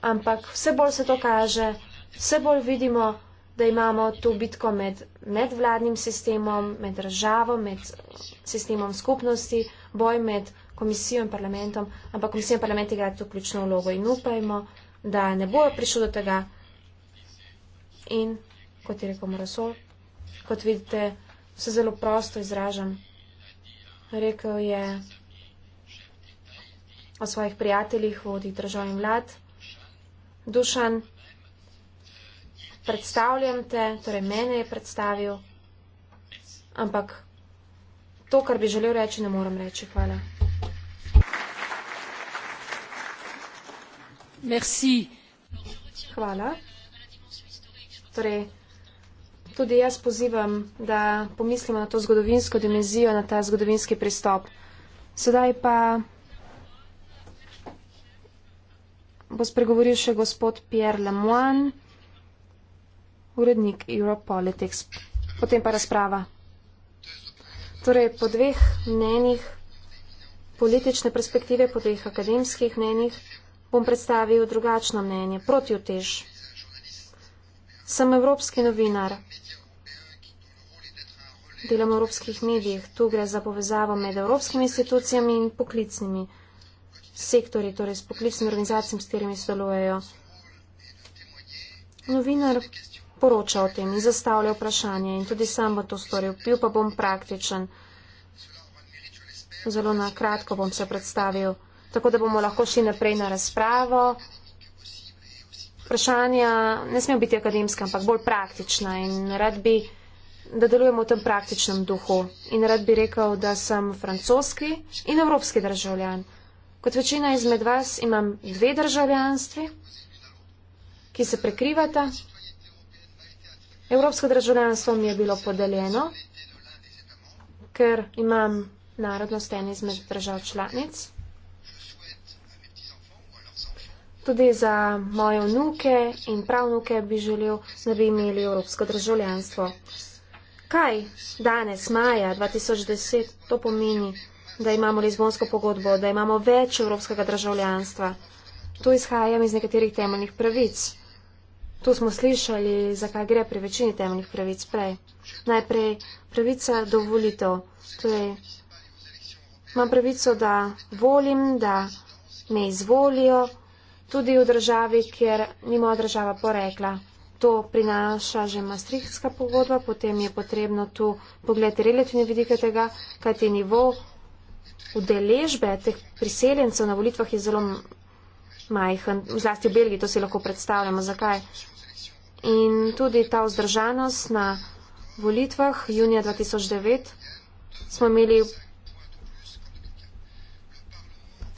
ampak vse bolj se to kaže, vse bolj vidimo, da imamo tu bitko med medvladnim sistemom, med državo, med sistemom skupnosti, boj med komisijo in parlamentom, ampak komisija in parlament igrajo to ključno vlogo in upajmo, da ne bo prišlo do tega. In kot je rekel Moraso, kot vidite, se zelo prosto izražam. Rekel je o svojih prijateljih, vodih držav in vlad. Dušan, predstavljam te, torej mene je predstavil, ampak to, kar bi želel reči, ne morem reči. Hvala. Merci. Hvala. Torej, tudi jaz pozivam, da pomislimo na to zgodovinsko dimenzijo, na ta zgodovinski pristop. Sedaj pa bo spregovoril še gospod Pierre Lemoine, urednik Europolitics. Potem pa razprava. Torej, po dveh mnenjih, politične perspektive, po dveh akademskih mnenjih bom predstavil drugačno mnenje, protivtež. Sem evropski novinar. Delam v evropskih medijih. Tu gre za povezavo med evropskimi institucijami in poklicnimi sektori, torej s poklicnimi organizacijami, s katerimi sodelujejo. Novinar poroča o tem in zastavlja vprašanje in tudi sam bo to storil. Pil pa bom praktičen. Zelo na kratko bom se predstavil tako da bomo lahko šli naprej na razpravo. Vprašanja ne smejo biti akademska, ampak bolj praktična in rad bi, da delujemo v tem praktičnem duhu. In rad bi rekel, da sem francoski in evropski državljan. Kot večina izmed vas imam dve državljanstvi, ki se prekrivata. Evropsko državljanstvo mi je bilo podeljeno, ker imam narodnost ene izmed držav članic. Tudi za moje vnuke in pravnuke bi želel, da bi imeli evropsko državljanstvo. Kaj danes, maja 2010, to pomeni, da imamo lizbonsko pogodbo, da imamo več evropskega državljanstva? To izhajam iz nekaterih temeljnih pravic. To smo slišali, zakaj gre pri večini temeljnih pravic prej. Najprej pravica do volitev. Torej, imam pravico, da volim, da me izvolijo tudi v državi, kjer nima država porekla. To prinaša že Maastrichtska pogodba, potem je potrebno tu pogledati relativne vidike tega, kajti nivo udeležbe teh priseljencev na volitvah je zelo majhen, zlasti v Belgiji, to si lahko predstavljamo, zakaj. In tudi ta vzdržanost na volitvah junija 2009 smo imeli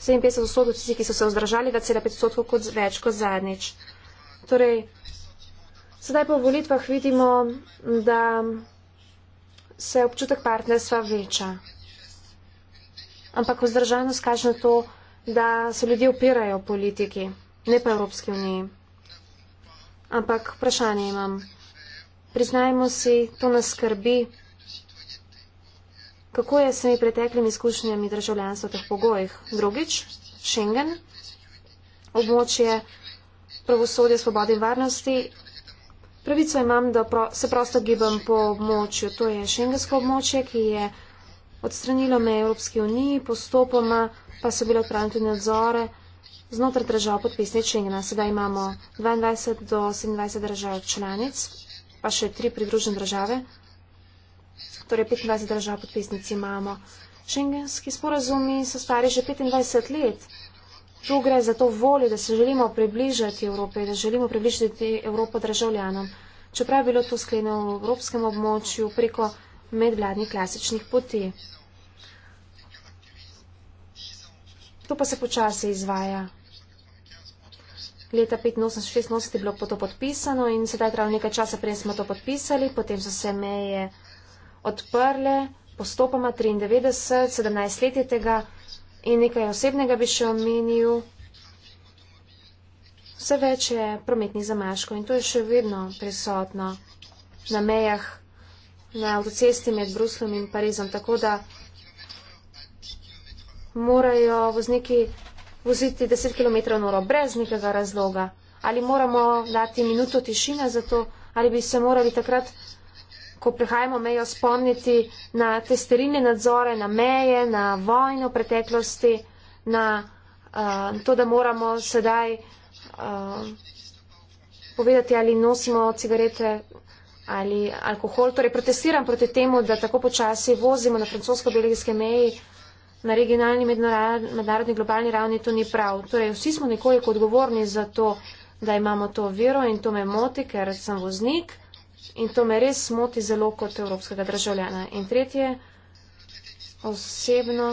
57 odstotkov tistih, ki so se vzdržali, 2,5 odstotkov kot več kot zadnjič. Torej, sedaj po volitvah vidimo, da se občutek partnerstva veča. Ampak vzdržanost kaže na to, da se ljudje upirajo politiki, ne pa Evropski uniji. Ampak vprašanje imam. Priznajmo si, to nas skrbi, kako je s temi preteklimi izkušnjami državljanstva v teh pogojih. Drugič, Schengen, območje pravosodja, svobode in varnosti. Pravico imam, da se prosto gibam po območju. To je šengensko območje, ki je odstranilo me Evropski uniji, postopoma pa so bile odpravljene nadzore znotraj držav podpisnih šengena. Sedaj imamo 22 do 27 držav članic, pa še tri pridružene države torej 25 držav podpisnici imamo. Šengenski sporazumi so stari že 25 let. Tu gre za to voljo, da se želimo približati Evropi, da želimo približati Evropo državljanom. Čeprav je bilo to sklenjeno v evropskem območju preko medvladnih klasičnih poti. To pa se počasi izvaja. Leta 1586 je bilo to podpisano in sedaj je trajalo nekaj časa, preden smo to podpisali, potem so se meje odprle postopoma 93, 17 let je tega in nekaj osebnega bi še omenil. Vse več je prometnih zamaškov in to je še vedno prisotno na mejah, na avtocesti med Bruslom in Parizom, tako da morajo vozniki voziti 10 km na uro brez nekega razloga. Ali moramo dati minuto tišine za to, ali bi se morali takrat ko prihajamo mejo, spomniti na te sterilne nadzore, na meje, na vojno preteklosti, na uh, to, da moramo sedaj uh, povedati, ali nosimo cigarete ali alkohol. Torej, protestiram proti temu, da tako počasi vozimo na francosko-belgijske meji na regionalni mednarodni globalni ravni, to ni prav. Torej, vsi smo nekoliko odgovorni za to, da imamo to vero in to me moti, ker sem voznik. In to me res moti zelo kot evropskega državljana. In tretje, osebno,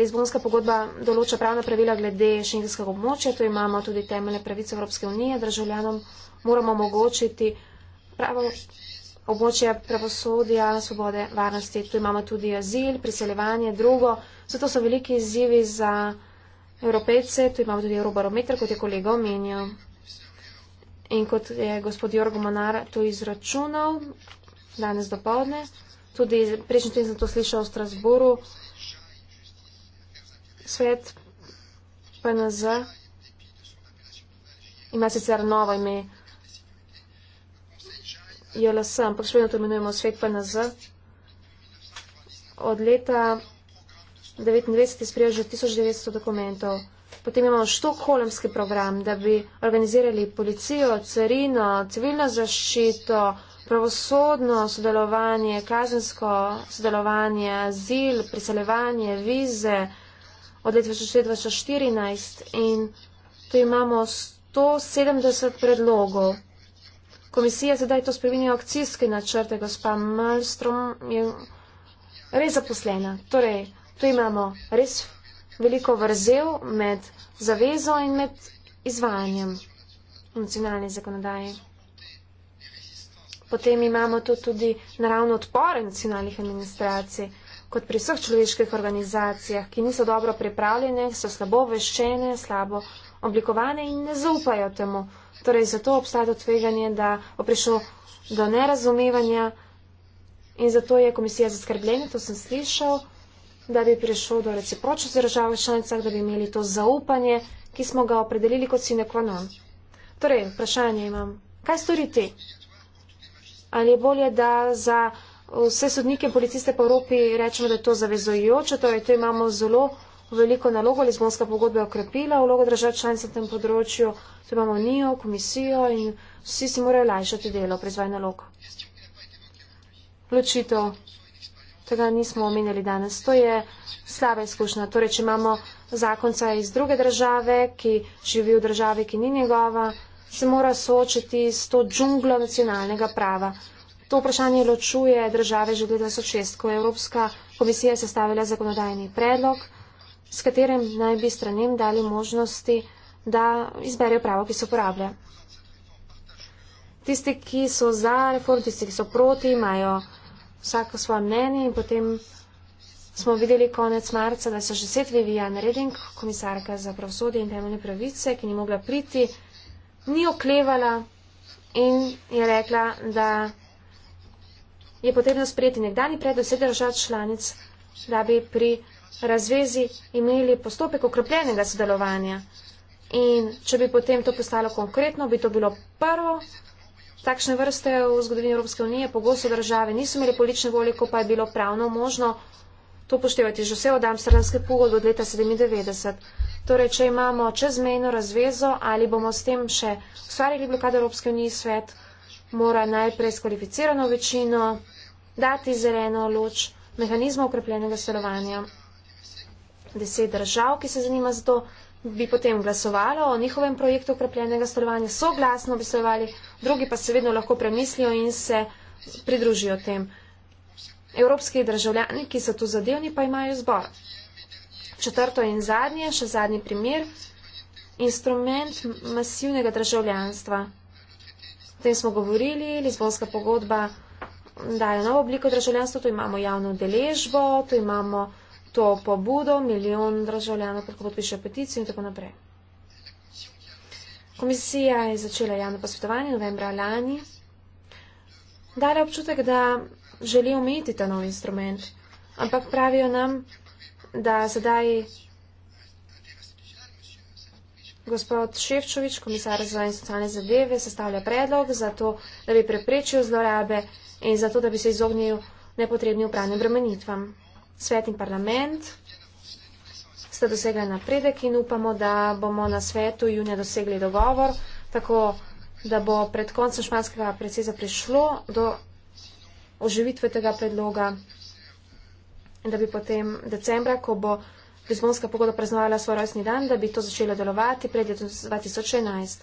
Lizbonska pogodba določa pravna pravila glede šengenskega območja, tu imamo tudi temeljne pravice Evropske unije, državljanom moramo omogočiti pravo območje pravosodja, svobode, varnosti, tu imamo tudi azil, priseljevanje, drugo. Zato so veliki izzivi za evropejce, tu imamo tudi Eurobarometer, kot je kolega omenjal. In kot je gospod Jorgo Manar to izračunal danes do povdne, tudi prejšnji teden sem to slišal v Strasboru, svet PNZ ima sicer novo ime JLS, ampak še vedno to imenujemo svet PNZ. Od leta 1999 je sprejel že 1900 dokumentov. Potem imamo štokholmski program, da bi organizirali policijo, carino, civilno zaščito, pravosodno sodelovanje, kazensko sodelovanje, azil, priseljevanje, vize od leta 2014 in tu imamo 170 predlogov. Komisija sedaj to spremenja v akcijske načrte, gospa Malmström je res zaposlena. Torej, tu imamo res veliko vrzel med zavezo in med izvajanjem nacionalne zakonodaje. Potem imamo tu tudi naravno odpore nacionalnih administracij, kot pri vseh človeških organizacijah, ki niso dobro pripravljene, so slabo veščene, slabo oblikovane in ne zaupajo temu. Torej, zato obstaja to tveganje, da bo prišlo do nerazumevanja in zato je komisija zaskrbljena, to sem slišal da bi prišlo do recipročnosti države članicah, da bi imeli to zaupanje, ki smo ga opredelili kot sine qua non. Torej, vprašanje imam, kaj storiti? Ali je bolje, da za vse sodnike in policiste po Evropi rečemo, da je to zavezojoče, torej to imamo zelo veliko nalogo, Lizbonska pogodba je okrepila vlogo držav članic na tem področju, tu imamo NIO, komisijo in vsi si morajo lajšati delo pri zvaj nalog. Ločitev tega nismo omenjali danes. To je slaba izkušnja. Torej, če imamo zakonca iz druge države, ki živi v državi, ki ni njegova, se mora soočiti s to džunglo nacionalnega prava. To vprašanje ločuje države že 2006, ko je Evropska komisija sestavila zakonodajni predlog, s katerim naj bi stranem dali možnosti, da izberejo pravo, ki se uporablja. Tisti, ki so za reform, tisti, ki so proti, imajo vsako svoje mnenje in potem smo videli konec marca, da so že set Vivija Nreding, komisarka za pravosodje in temeljne pravice, ki ni mogla priti, ni oklevala in je rekla, da je potrebno sprejeti nekdani predlog vse držav članic, da bi pri razvezi imeli postopek okrepljenega sodelovanja. In če bi potem to postalo konkretno, bi to bilo prvo Takšne vrste v zgodovini Evropske unije pogosto države niso imeli politične volje, ko pa je bilo pravno možno to poštevati že vse od Amsterdamske pogodbe od leta 1997. Torej, če imamo čezmejno razvezo ali bomo s tem še ustvarili blokado Evropske unije, svet mora najprej skvalificirano večino dati zeleno luč mehanizmov ukrepljenega sodelovanja. Deset držav, ki se zanima za to, bi potem glasovalo o njihovem projektu ukrepljenega sodelovanja, soglasno bi sodelovali drugi pa se vedno lahko premislijo in se pridružijo tem. Evropski državljani, ki so tu zadevni, pa imajo zbor. Četrto in zadnje, še zadnji primer, instrument masivnega državljanstva. O tem smo govorili, Lizbonska pogodba daje novo obliko državljanstva, tu imamo javno deležbo, tu imamo to pobudo, milijon državljanov, tako podpišejo peticijo in tako naprej. Komisija je začela javno posvetovanje novembra lani. Dala je občutek, da želijo imeti ta nov instrument, ampak pravijo nam, da sedaj gospod Ševčovič, komisar za zdravje in socialne zadeve, sestavlja predlog za to, da bi preprečil zlorabe in za to, da bi se izognil nepotrebnim upravnim bremenitvam. Svet in parlament sta dosegla napredek in upamo, da bomo na svetu junija dosegli dogovor, tako da bo pred koncem španskega predseza prišlo do oživitve tega predloga in da bi potem decembra, ko bo Lizbonska pogodba praznovala svoj rojstni dan, da bi to začelo delovati pred letom 2011.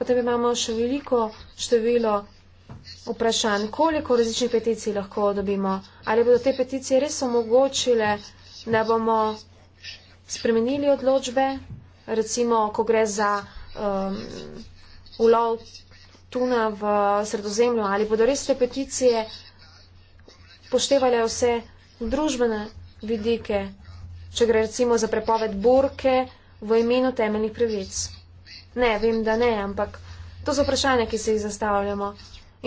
Potem imamo še veliko število vprašanj, koliko različnih peticij lahko dobimo, ali bodo te peticije res omogočile, da bomo spremenili odločbe, recimo, ko gre za um, ulov tuna v sredozemlju, ali bodo res te peticije poštevale vse družbene vidike, če gre recimo za prepoved burke v imenu temeljnih pravic. Ne, vem, da ne, ampak to so vprašanja, ki se jih zastavljamo.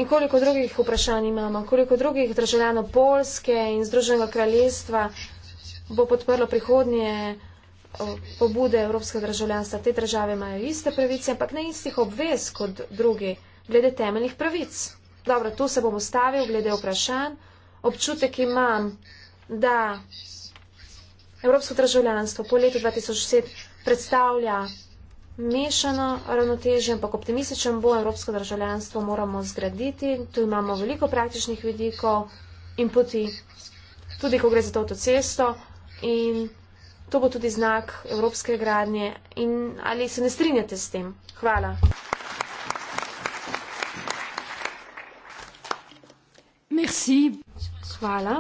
In koliko drugih vprašanj imamo, koliko drugih državljanov Polske in Združenega kraljestva bo podprlo prihodnje pobude evropskega državljanstva. Te države imajo iste pravice, ampak ne istih obvez kot drugi, glede temeljnih pravic. Dobro, tu se bom ustavil, glede vprašanj. Občutek imam, da evropsko državljanstvo po letu 2010 predstavlja mešano ravnotežje, ampak optimističen bo evropsko državljanstvo moramo zgraditi. Tu imamo veliko praktičnih vidikov in poti, tudi ko gre za to avtocesto. In to bo tudi znak evropske gradnje. In ali se ne strinjate s tem? Hvala. Merci. Hvala.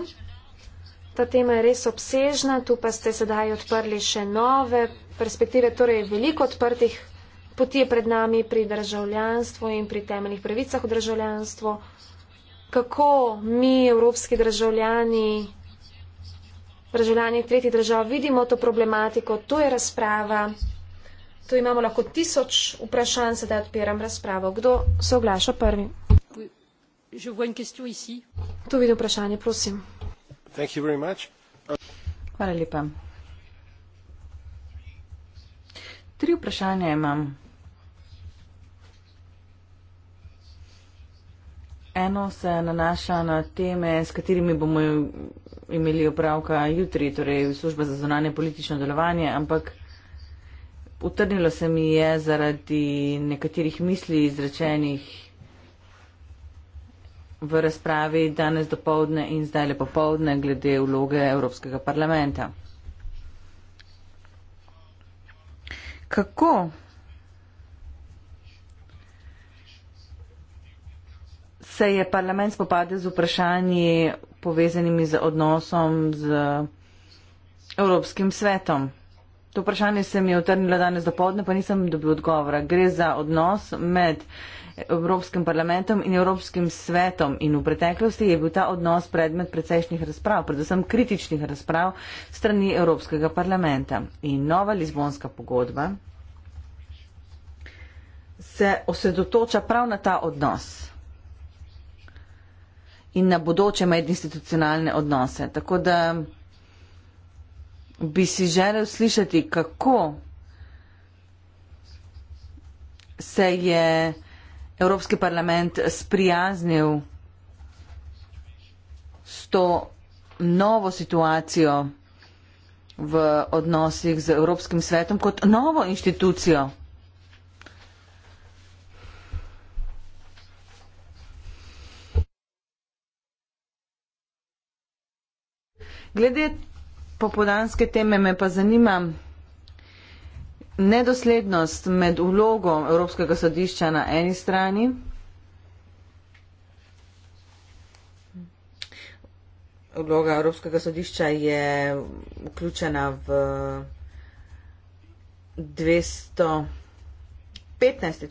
Ta tema je res obsežna, tu pa ste sedaj odprli še nove perspektive, torej veliko odprtih poti je pred nami pri državljanstvu in pri temeljnih pravicah v državljanstvu. Kako mi, evropski državljani, državljani tretjih držav vidimo to problematiko, to je razprava, tu imamo lahko tisoč vprašanj, sedaj odpiram razpravo. Kdo se oglaša prvi? Tu vidim vprašanje, prosim. Hvala lepa. Tri vprašanja imam. Eno se nanaša na teme, s katerimi bomo imeli opravka jutri, torej služba za zonanje politično delovanje, ampak utrnilo se mi je zaradi nekaterih misli izrečenih v razpravi danes dopovdne in zdaj le popovdne glede vloge Evropskega parlamenta. Kako? Se je parlament spopadel z vprašanji povezanimi z odnosom z Evropskim svetom. To vprašanje se mi je utrnilo danes do podne, pa nisem dobil odgovora. Gre za odnos med Evropskim parlamentom in Evropskim svetom. In v preteklosti je bil ta odnos predmet precejšnjih razprav, predvsem kritičnih razprav strani Evropskega parlamenta. In nova Lizbonska pogodba se osredotoča prav na ta odnos in na bodoče medinstitucionalne odnose. Tako da bi si želel slišati, kako se je Evropski parlament sprijaznil s to novo situacijo v odnosih z Evropskim svetom kot novo inštitucijo. Glede popodanske teme me pa zanima nedoslednost med vlogo Evropskega sodišča na eni strani. Vloga Evropskega sodišča je vključena v 215.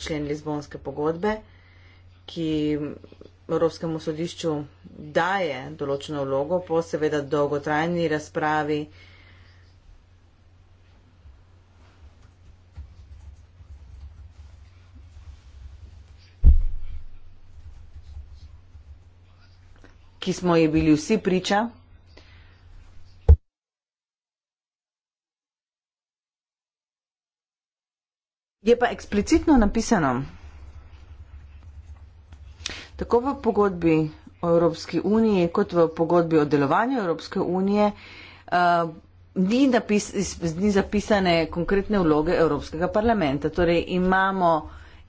člen Lizbonske pogodbe, ki Evropskemu sodišču daje določeno vlogo po seveda dolgotrajni razpravi. ki smo ji bili vsi priča. Je pa eksplicitno napisano, Tako v pogodbi o Evropski uniji, kot v pogodbi o delovanju Evropske unije, uh, ni, napis, ni zapisane konkretne vloge Evropskega parlamenta. Torej imamo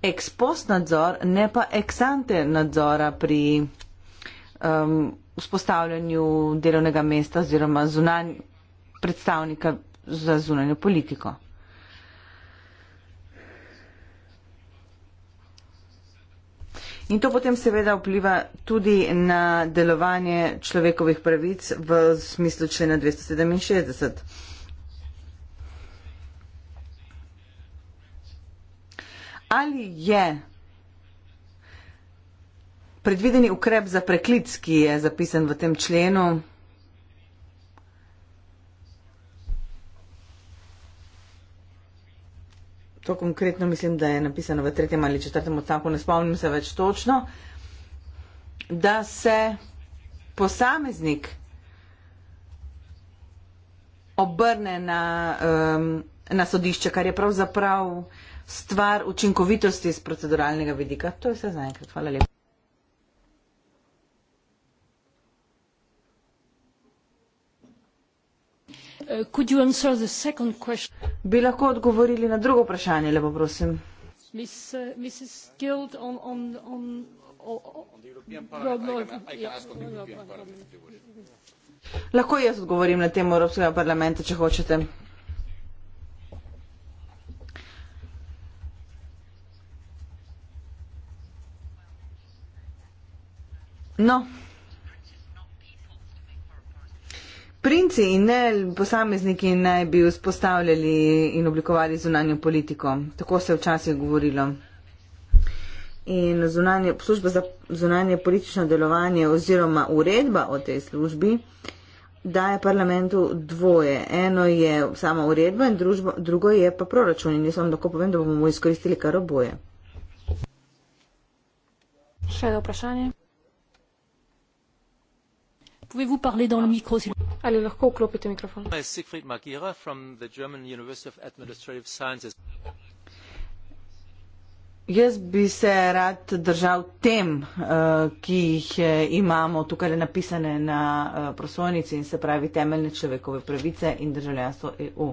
ex post nadzor, ne pa ex ante nadzora pri um, vzpostavljanju delovnega mesta oziroma zunanj, predstavnika za zunanjo politiko. In to potem seveda vpliva tudi na delovanje človekovih pravic v smislu člena 267. Ali je predvideni ukrep za preklic, ki je zapisan v tem členu, to konkretno mislim, da je napisano v tretjem ali četrtem odstavku, ne spomnim se več točno, da se posameznik obrne na, um, na sodišče, kar je pravzaprav stvar učinkovitosti iz proceduralnega vidika. To je vse zaenkrat. Hvala lepa. Uh, Bi lahko odgovorili na drugo vprašanje, lepo prosim? Uh, lahko jaz odgovorim na temo Evropskega parlamenta, če hočete. No. princi in ne posamezniki naj bi vzpostavljali in oblikovali zunanjo politiko. Tako se je včasih govorilo. In zunanje, služba za zunanje politično delovanje oziroma uredba o tej službi daje parlamentu dvoje. Eno je sama uredba in družbo, drugo je pa proračun. In jaz vam lahko povem, da bomo izkoristili kar oboje. Še eno vprašanje. Pouvez-vous parler dans le ah. micro, s'il vous plaît Allez, lahko vklopite mikrofon. Jaz bi se rad držal tem, eh, ki jih eh, imamo tukaj napisane na eh, prosojnici in se pravi temeljne človekove pravice in državljanstvo EU.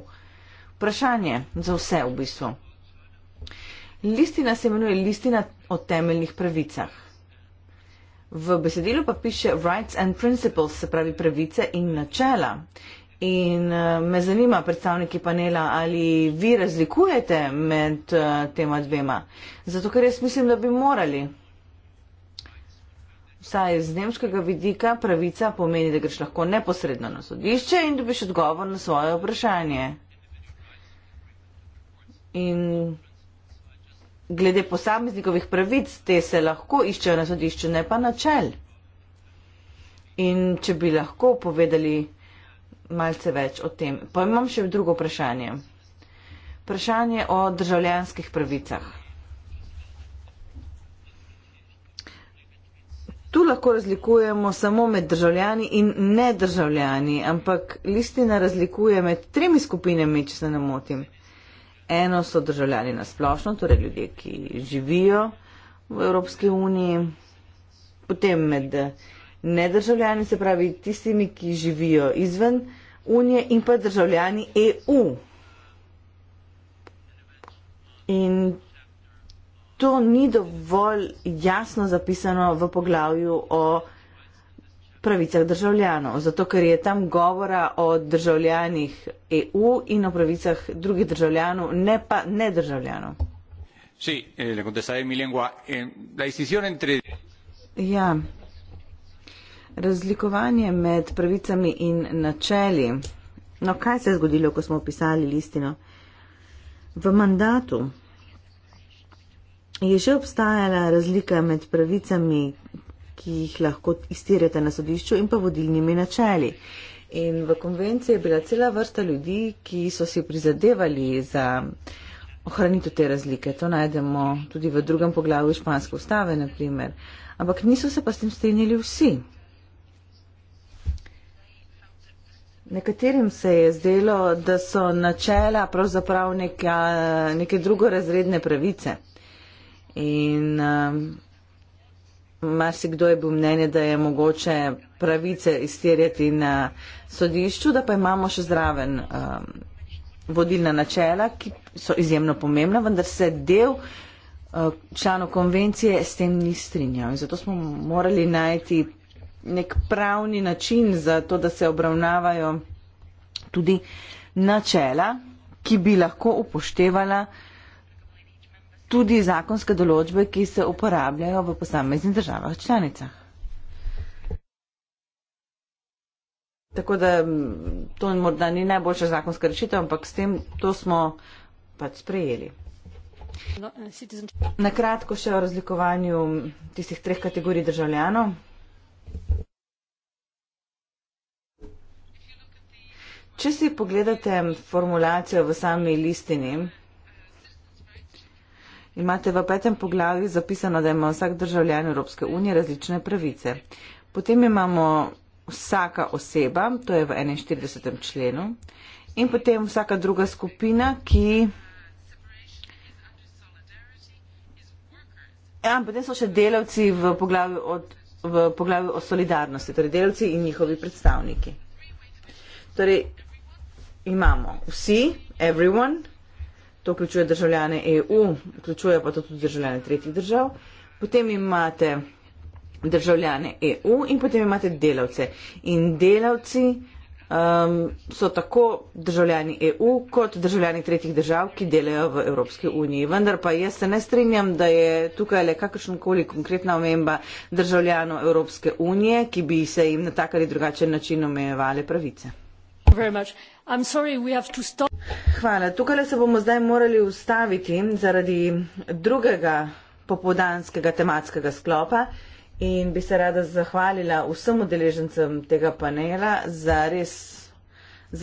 Vprašanje za vse v bistvu. Listina se imenuje listina o temeljnih pravicah. V besedilu pa piše rights and principles, se pravi pravice in načela. In eh, me zanima, predstavniki panela, ali vi razlikujete med eh, tema dvema? Zato, ker jaz mislim, da bi morali. Vsaj z nemškega vidika pravica pomeni, da greš lahko neposredno na sodišče in dobiš odgovor na svoje vprašanje. In glede posameznikovih pravic, te se lahko iščejo na sodišču, ne pa načel. In če bi lahko povedali malce več o tem. Pa imam še drugo vprašanje. Vprašanje o državljanskih pravicah. Tu lahko razlikujemo samo med državljani in nedržavljani, ampak listina razlikuje med tremi skupinami, če se ne motim. Eno so državljani nasplošno, torej ljudje, ki živijo v Evropski uniji, potem med nedržavljani, se pravi tistimi, ki živijo izven unije in pa državljani EU. In to ni dovolj jasno zapisano v poglavju o pravicah državljanov, zato ker je tam govora o državljanih EU in o pravicah drugih državljanov, ne pa nedržavljanov. Sí, eh, eh, entre... Ja, razlikovanje med pravicami in načeli. No, kaj se je zgodilo, ko smo opisali listino? V mandatu je že obstajala razlika med pravicami, ki jih lahko iztirjate na sodišču in pa vodilnimi načeli. In v konvenciji je bila cela vrsta ljudi, ki so si prizadevali za ohranitev te razlike. To najdemo tudi v drugem poglavju španske ustave, naprimer. Ampak niso se pa s tem strinjali vsi. Nekaterim se je zdelo, da so načela pravzaprav neka, neke drugorazredne pravice. In um, marsikdo je bil mnenje, da je mogoče pravice izterjati na sodišču, da pa imamo še zraven um, vodilna načela, ki so izjemno pomembna, vendar se del uh, članov konvencije s tem ni strinjal. Zato smo morali najti nek pravni način za to, da se obravnavajo tudi načela, ki bi lahko upoštevala uh, tudi zakonske določbe, ki se uporabljajo v posameznih državah članicah. Tako da to morda ni najboljša zakonska rešitev, ampak s tem to smo pač sprejeli. Na kratko še o razlikovanju tistih treh kategorij državljanov. Če si pogledate formulacijo v sami listini, Imate v petem poglavju zapisano, da ima vsak državljan Evropske unije različne pravice. Potem imamo vsaka oseba, to je v 41. členu, in potem vsaka druga skupina, ki. Ja, potem so še delavci v poglavju, od, v poglavju o solidarnosti, torej delavci in njihovi predstavniki. Torej, imamo vsi, everyone, To vključuje državljane EU, vključuje pa to tudi državljane tretjih držav. Potem imate državljane EU in potem imate delavce. In delavci um, so tako državljani EU kot državljani tretjih držav, ki delajo v Evropski uniji. Vendar pa jaz se ne strinjam, da je tukaj le kakršnakoli konkretna omemba državljanov Evropske unije, ki bi se jim na tak ali drugačen način omejevali pravice. Hvala. Tukaj se bomo zdaj morali ustaviti zaradi drugega popodanskega tematskega sklopa in bi se rada zahvalila vsem udeležencem tega panela za res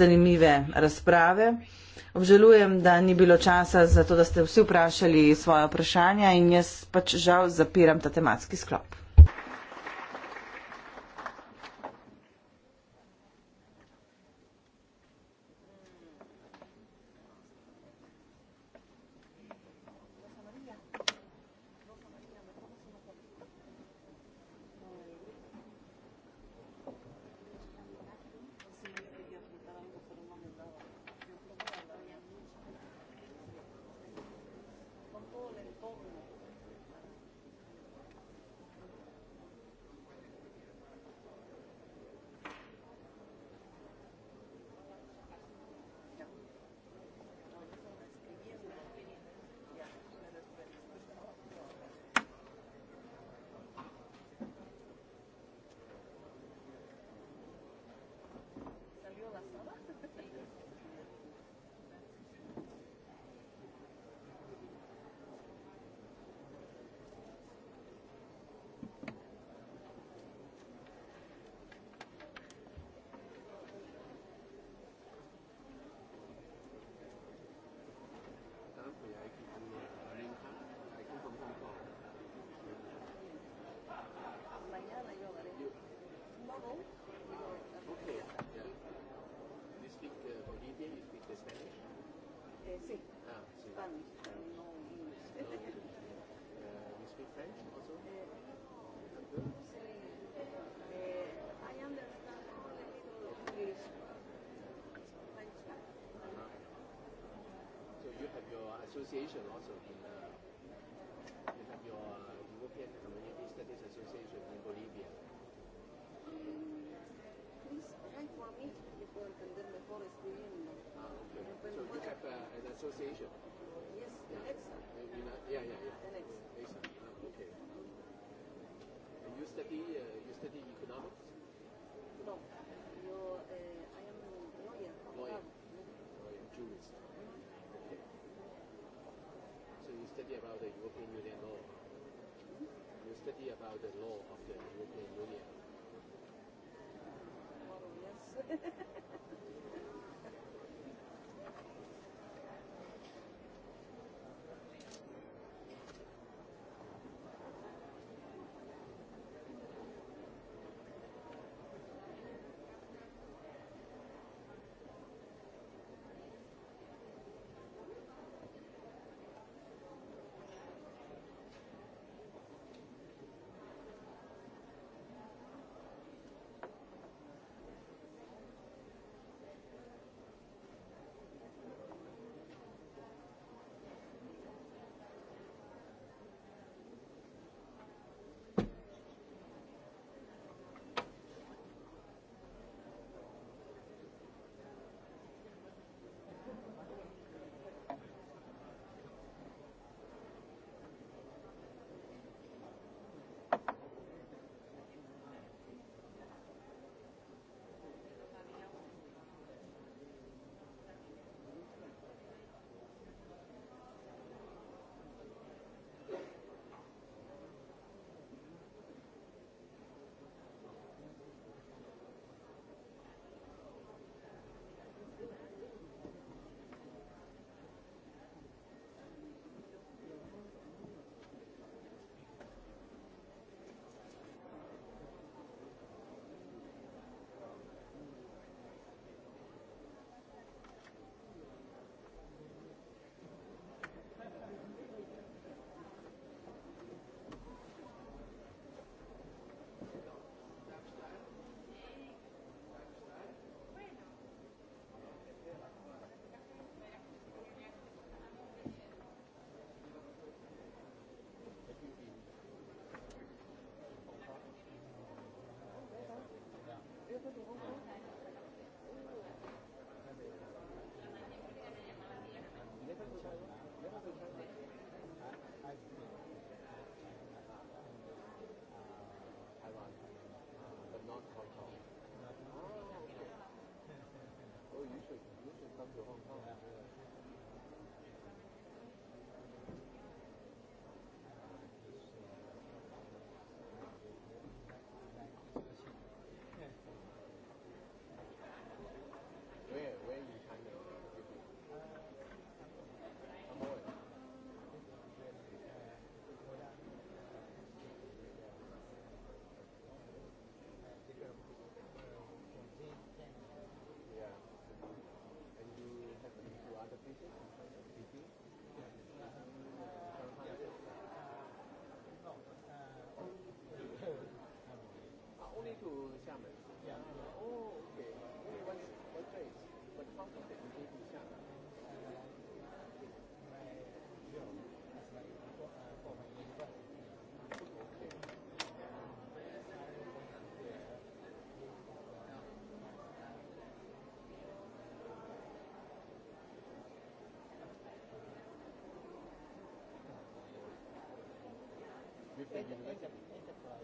zanimive razprave. Obžalujem, da ni bilo časa za to, da ste vsi vprašali svoje vprašanja in jaz pač žal zapiram ta tematski sklop. Association also in, uh, you have your uh, European Community Studies Association in Bolivia. Please write for me before before ah, Okay. So you have uh, an association. Yes, the EXA. Uh, yeah, yeah, yeah. The EXA. Uh, okay. And you study uh, you study economics. No, you. Uh, eh, I am lawyer. Lawyer. Lawyer. Jurist. study about the European Union law. You study about the law of the European Union. Oh, yes.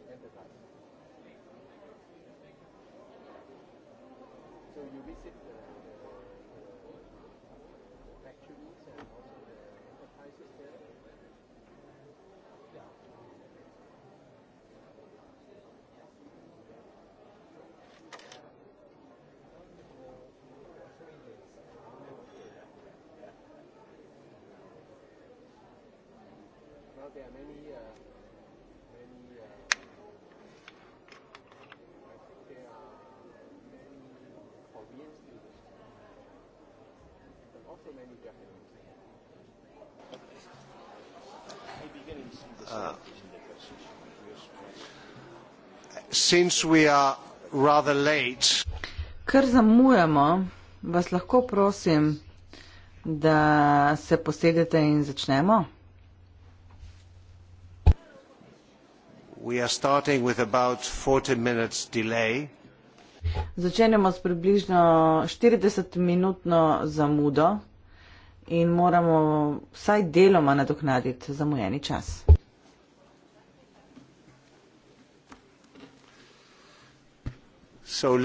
Enterprise. So you visit the there are many, uh, many, uh, I think there are many Korean students, but also many Japanese. I begin to see the Since we are rather late. Ker zamujamo, vas lahko prosim, da se posedete in začnemo. we are starting with about 40 minutes delay. Začenjamo s približno 40-minutno zamudo in moramo vsaj deloma nadoknaditi zamujeni čas. So,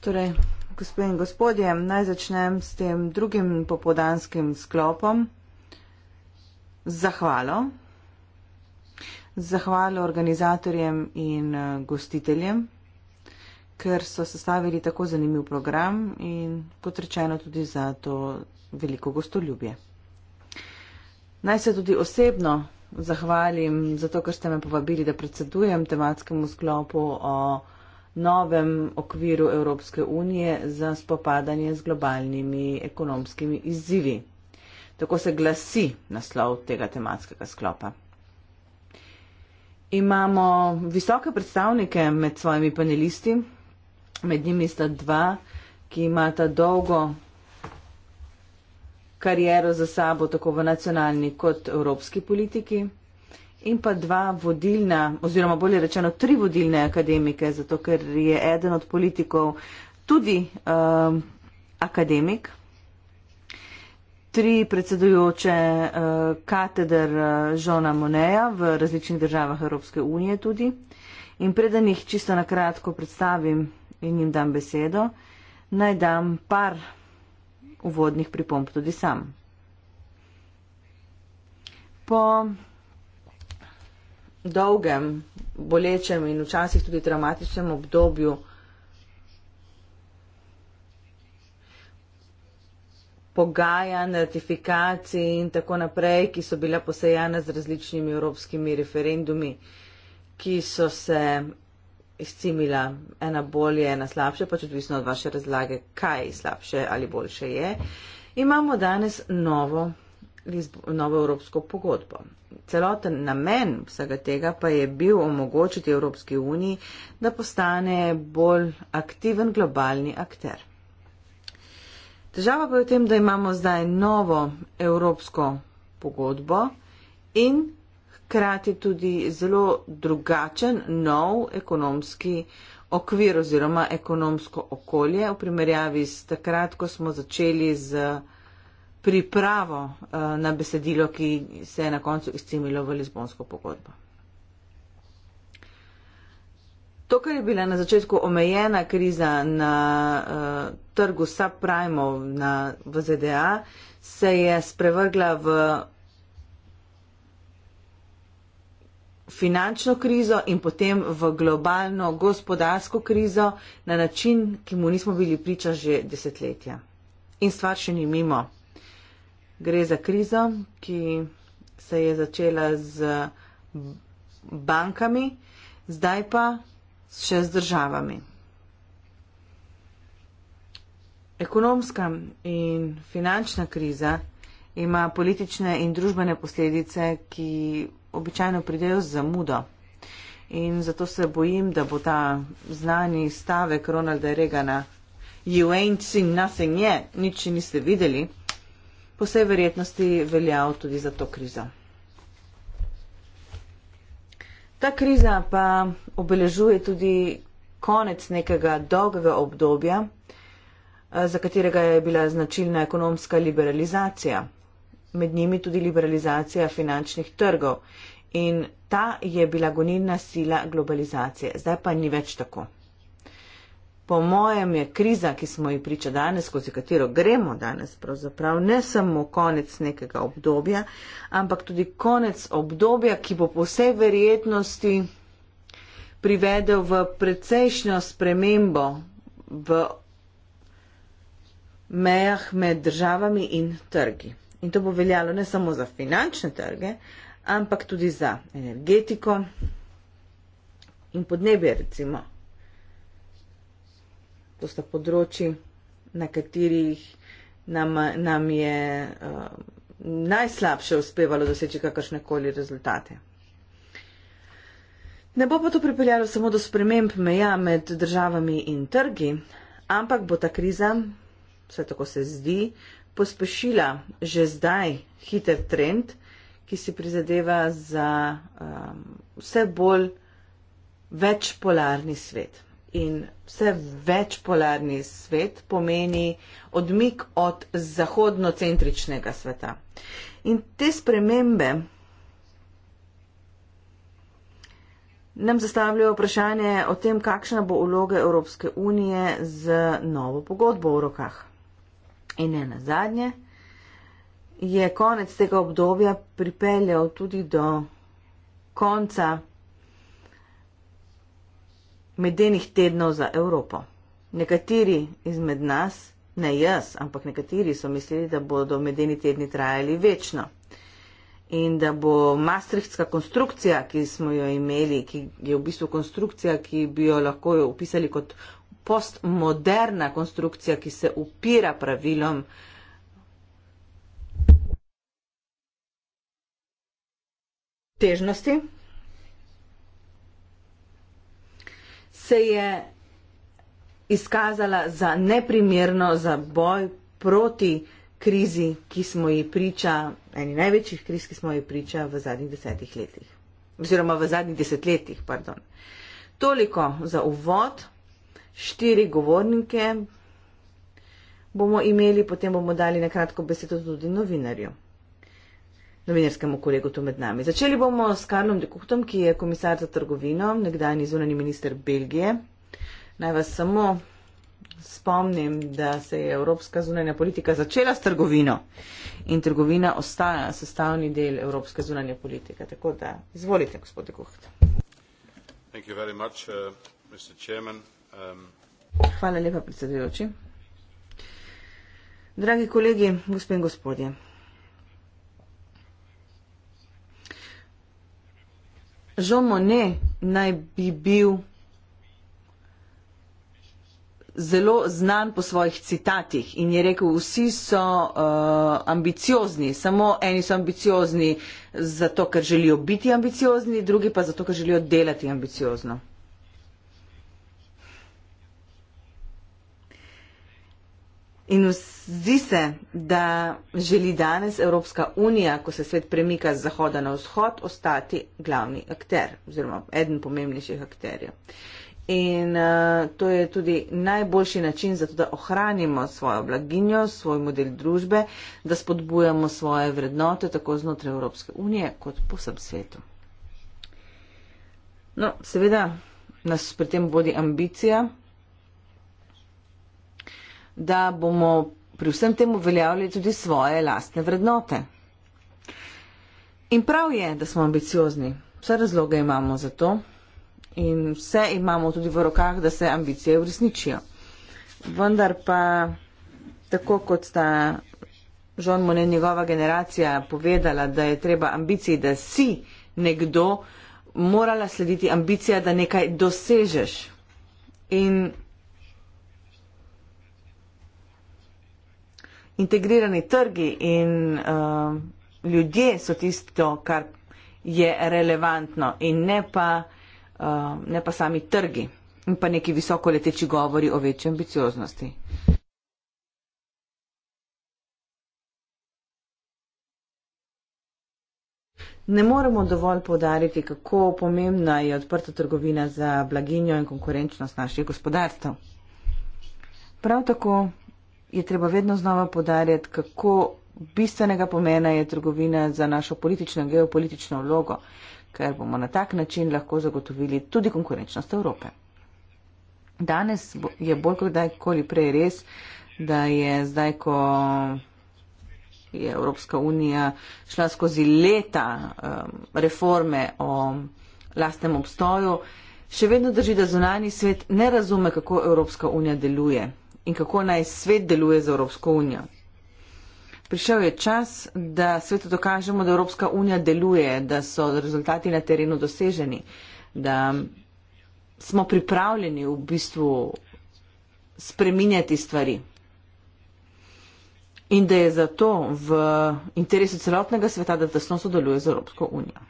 torej, gospe in gospodje, naj začnem s tem drugim popodanskim sklopom. Zahvalo zahvalo organizatorjem in eh, gostiteljem, ker so sestavili tako zanimiv program in kot rečeno tudi za to veliko gostoljubje. Naj se tudi osebno zahvalim za to, ker ste me povabili, da predsedujem tematskemu sklopu o novem okviru Evropske unije za spopadanje z globalnimi ekonomskimi izzivi. Tako se glasi naslov tega tematskega sklopa imamo visoke predstavnike med svojimi panelisti. Med njimi sta dva, ki imata dolgo kariero za sabo tako v nacionalni kot evropski politiki. In pa dva vodilna, oziroma bolje rečeno tri vodilne akademike, zato ker je eden od politikov tudi um, akademik tri predsedujoče eh, kateder eh, Žona Moneja v različnih državah Evropske unije tudi. In preden jih čisto na kratko predstavim in jim dam besedo, naj dam par uvodnih pripomb tudi sam. Po dolgem, bolečem in včasih tudi dramatičnem obdobju pogajanj, ratifikacij in tako naprej, ki so bila posejana z različnimi evropskimi referendumi, ki so se izcimila ena bolje, ena slabše, pač odvisno od vaše razlage, kaj slabše ali boljše je, imamo danes novo, novo evropsko pogodbo. Celoten namen vsega tega pa je bil omogočiti Evropski uniji, da postane bolj aktiven globalni akter. Težava pa je v tem, da imamo zdaj novo evropsko pogodbo in hkrati tudi zelo drugačen nov ekonomski okvir oziroma ekonomsko okolje v primerjavi s takrat, ko smo začeli z pripravo eh, na besedilo, ki se je na koncu izcimilo v Lizbonsko pogodbo. To, kar je bila na začetku omejena kriza na uh, trgu subprimov v ZDA, se je sprevrgla v finančno krizo in potem v globalno gospodarsko krizo na način, ki mu nismo bili priča že desetletja. In stvar še ni mimo. Gre za krizo, ki se je začela z bankami, zdaj pa še z državami. Ekonomska in finančna kriza ima politične in družbene posledice, ki običajno pridejo z zamudo. In zato se bojim, da bo ta znani stavek Ronalda Reagana, You ain't seen nothing yet, nič niste videli, po vsej verjetnosti veljal tudi za to krizo. Ta kriza pa obeležuje tudi konec nekega dolgega obdobja, eh, za katerega je bila značilna ekonomska liberalizacija, med njimi tudi liberalizacija finančnih trgov. In ta je bila gonilna sila globalizacije. Zdaj pa ni več tako po mojem, je kriza, ki smo ji priča danes, skozi katero gremo danes, pravzaprav ne samo konec nekega obdobja, ampak tudi konec obdobja, ki bo po vsej verjetnosti privedel v precejšnjo spremembo v mejah med državami in trgi. In to bo veljalo ne samo za finančne trge, ampak tudi za energetiko in podnebje, recimo to sta področji, na katerih nam, nam je uh, najslabše uspevalo doseči kakršne koli rezultate. Ne bo pa to pripeljalo samo do sprememb meja med državami in trgi, ampak bo ta kriza, vse tako se zdi, pospešila že zdaj hiter trend, ki si prizadeva za um, vse bolj večpolarni svet in vse več polarni svet pomeni odmik od zahodnocentričnega sveta. In te spremembe nam zastavljajo vprašanje o tem, kakšna bo uloga Evropske unije z novo pogodbo v rokah. In ne na zadnje, je konec tega obdobja pripeljal tudi do konca medenih tednov za Evropo. Nekateri izmed nas, ne jaz, ampak nekateri so mislili, da bodo medeni tedni trajali večno in da bo mastrihtska konstrukcija, ki smo jo imeli, ki je v bistvu konstrukcija, ki bi jo lahko opisali kot postmoderna konstrukcija, ki se upira pravilom. Težnosti. se je izkazala za neprimerno za boj proti krizi, ki smo ji priča, eni največjih kriz, ki smo ji priča v zadnjih desetih letih. Oziroma v zadnjih desetletjih, pardon. Toliko za uvod, štiri govornike bomo imeli, potem bomo dali nekratko besedo tudi novinarju novinarskemu kolegu tu med nami. Začeli bomo s Karlom Dekuhtom, ki je komisar za trgovino, nekdajni zunani minister Belgije. Naj vas samo spomnim, da se je evropska zunanja politika začela s trgovino in trgovina ostaja sestavni del evropske zunanje politike. Tako da izvolite, gospod Dekuht. Uh, um, Hvala lepa, predsedujoči. Dragi kolegi, gospe in gospodje, Žo Mone naj bi bil zelo znan po svojih citatih in je rekel, vsi so uh, ambiciozni, samo eni so ambiciozni zato, ker želijo biti ambiciozni, drugi pa zato, ker želijo delati ambiciozno. In zdi se, da želi danes Evropska unija, ko se svet premika z zahoda na vzhod, ostati glavni akter oziroma eden pomembnejših akterjev. In uh, to je tudi najboljši način za to, da ohranimo svojo blaginjo, svoj model družbe, da spodbujamo svoje vrednote tako znotraj Evropske unije kot po vsem svetu. No, seveda nas pri tem vodi ambicija, da bomo pri vsem tem uveljavljali tudi svoje lastne vrednote. In prav je, da smo ambiciozni. Vse razloge imamo za to in vse imamo tudi v rokah, da se ambicije uresničijo. Vendar pa, tako kot sta Žon Mone njegova generacija povedala, da je treba ambiciji, da si nekdo, morala slediti ambicija, da nekaj dosežeš. In integrirani trgi in uh, ljudje so tisto, kar je relevantno in ne pa, uh, ne pa sami trgi in pa neki visoko leteči govori o večji ambicioznosti. Ne moremo dovolj povdariti, kako pomembna je odprta trgovina za blaginjo in konkurenčnost naših gospodarstv. Prav tako je treba vedno znova podarjati, kako bistvenega pomena je trgovina za našo politično in geopolitično vlogo, ker bomo na tak način lahko zagotovili tudi konkurenčnost Evrope. Danes je bolj kot kdajkoli prej res, da je zdaj, ko je Evropska unija šla skozi leta um, reforme o lastnem obstoju, še vedno drži, da zunani svet ne razume, kako Evropska unija deluje in kako naj svet deluje z Evropsko unijo. Prišel je čas, da svetu dokažemo, da Evropska unija deluje, da so rezultati na terenu doseženi, da smo pripravljeni v bistvu spreminjati stvari in da je zato v interesu celotnega sveta, da tesno sodeluje z Evropsko unijo.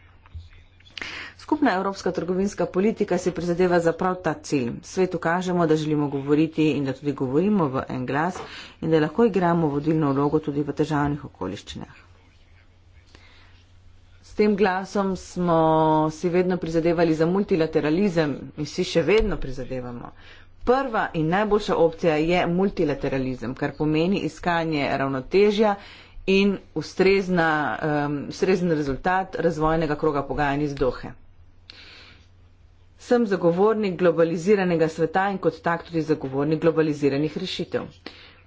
Skupna evropska trgovinska politika se prizadeva za prav ta cilj. Svetu kažemo, da želimo govoriti in da tudi govorimo v en glas in da lahko igramo vodilno vlogo tudi v državnih okoliščinah. S tem glasom smo si vedno prizadevali za multilateralizem in si še vedno prizadevamo. Prva in najboljša opcija je multilateralizem, kar pomeni iskanje ravnotežja in ustrezna, um, ustrezen rezultat razvojnega kroga pogajanj iz Dohe sem zagovornik globaliziranega sveta in kot tak tudi zagovornik globaliziranih rešitev.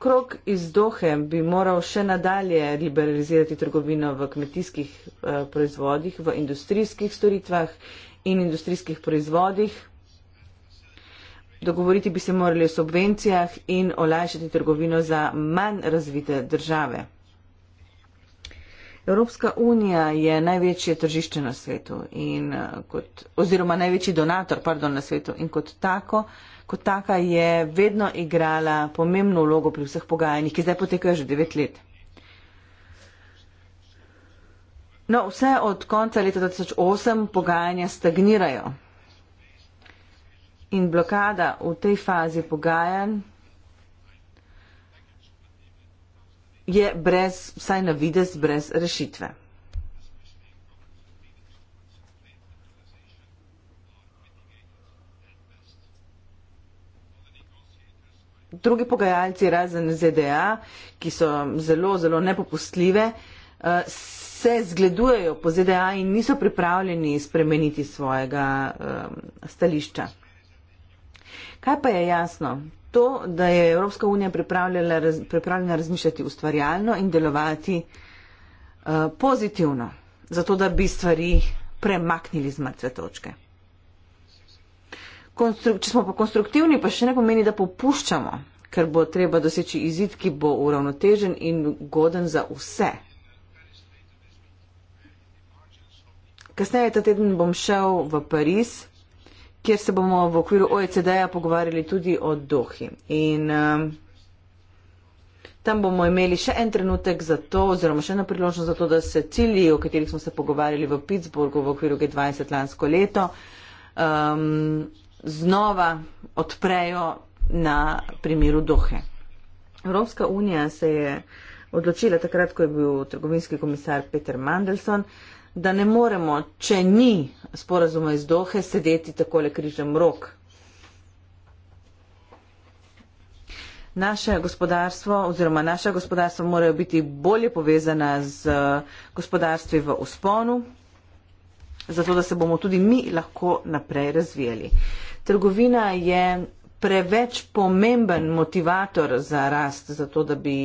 Krok iz Dohe bi moral še nadalje liberalizirati trgovino v kmetijskih eh, proizvodih, v industrijskih storitvah in industrijskih proizvodih. Dogovoriti bi se morali o subvencijah in olajšati trgovino za manj razvite države. Evropska unija je največje tržišče na svetu in eh, kot, oziroma največji donator pardon, na svetu in kot tako, kot taka je vedno igrala pomembno vlogo pri vseh pogajanjih, ki zdaj potekajo že devet let. No, vse od konca leta 2008 pogajanja stagnirajo in blokada v tej fazi pogajanj je brez, vsaj na vides, brez rešitve. Drugi pogajalci razen ZDA, ki so zelo, zelo nepopustljive, eh, se zgledujejo po ZDA in niso pripravljeni spremeniti svojega eh, stališča. Kaj pa je jasno? to, da je Evropska unija raz, pripravljena razmišljati ustvarjalno in delovati uh, pozitivno, zato da bi stvari premaknili z mrtve točke. Konstru, če smo pa konstruktivni, pa še ne pomeni, da popuščamo, ker bo treba doseči izid, ki bo uravnotežen in goden za vse. Kasneje ta teden bom šel v Pariz kjer se bomo v okviru OECD-ja pogovarjali tudi o dohi. In uh, tam bomo imeli še en trenutek za to, oziroma še eno priložnost za to, da se cilji, o katerih smo se pogovarjali v Pittsburghu v okviru G20 lansko leto, um, znova odprejo na primeru dohe. Evropska unija se je odločila takrat, ko je bil trgovinski komisar Peter Mandelson, da ne moremo, če ni sporazuma iz Dohe, sedeti takole križem rok. Naše gospodarstvo oziroma naše gospodarstvo morajo biti bolje povezana z eh, gospodarstvi v usponu, zato da se bomo tudi mi lahko naprej razvijali. Trgovina je preveč pomemben motivator za rast, zato da bi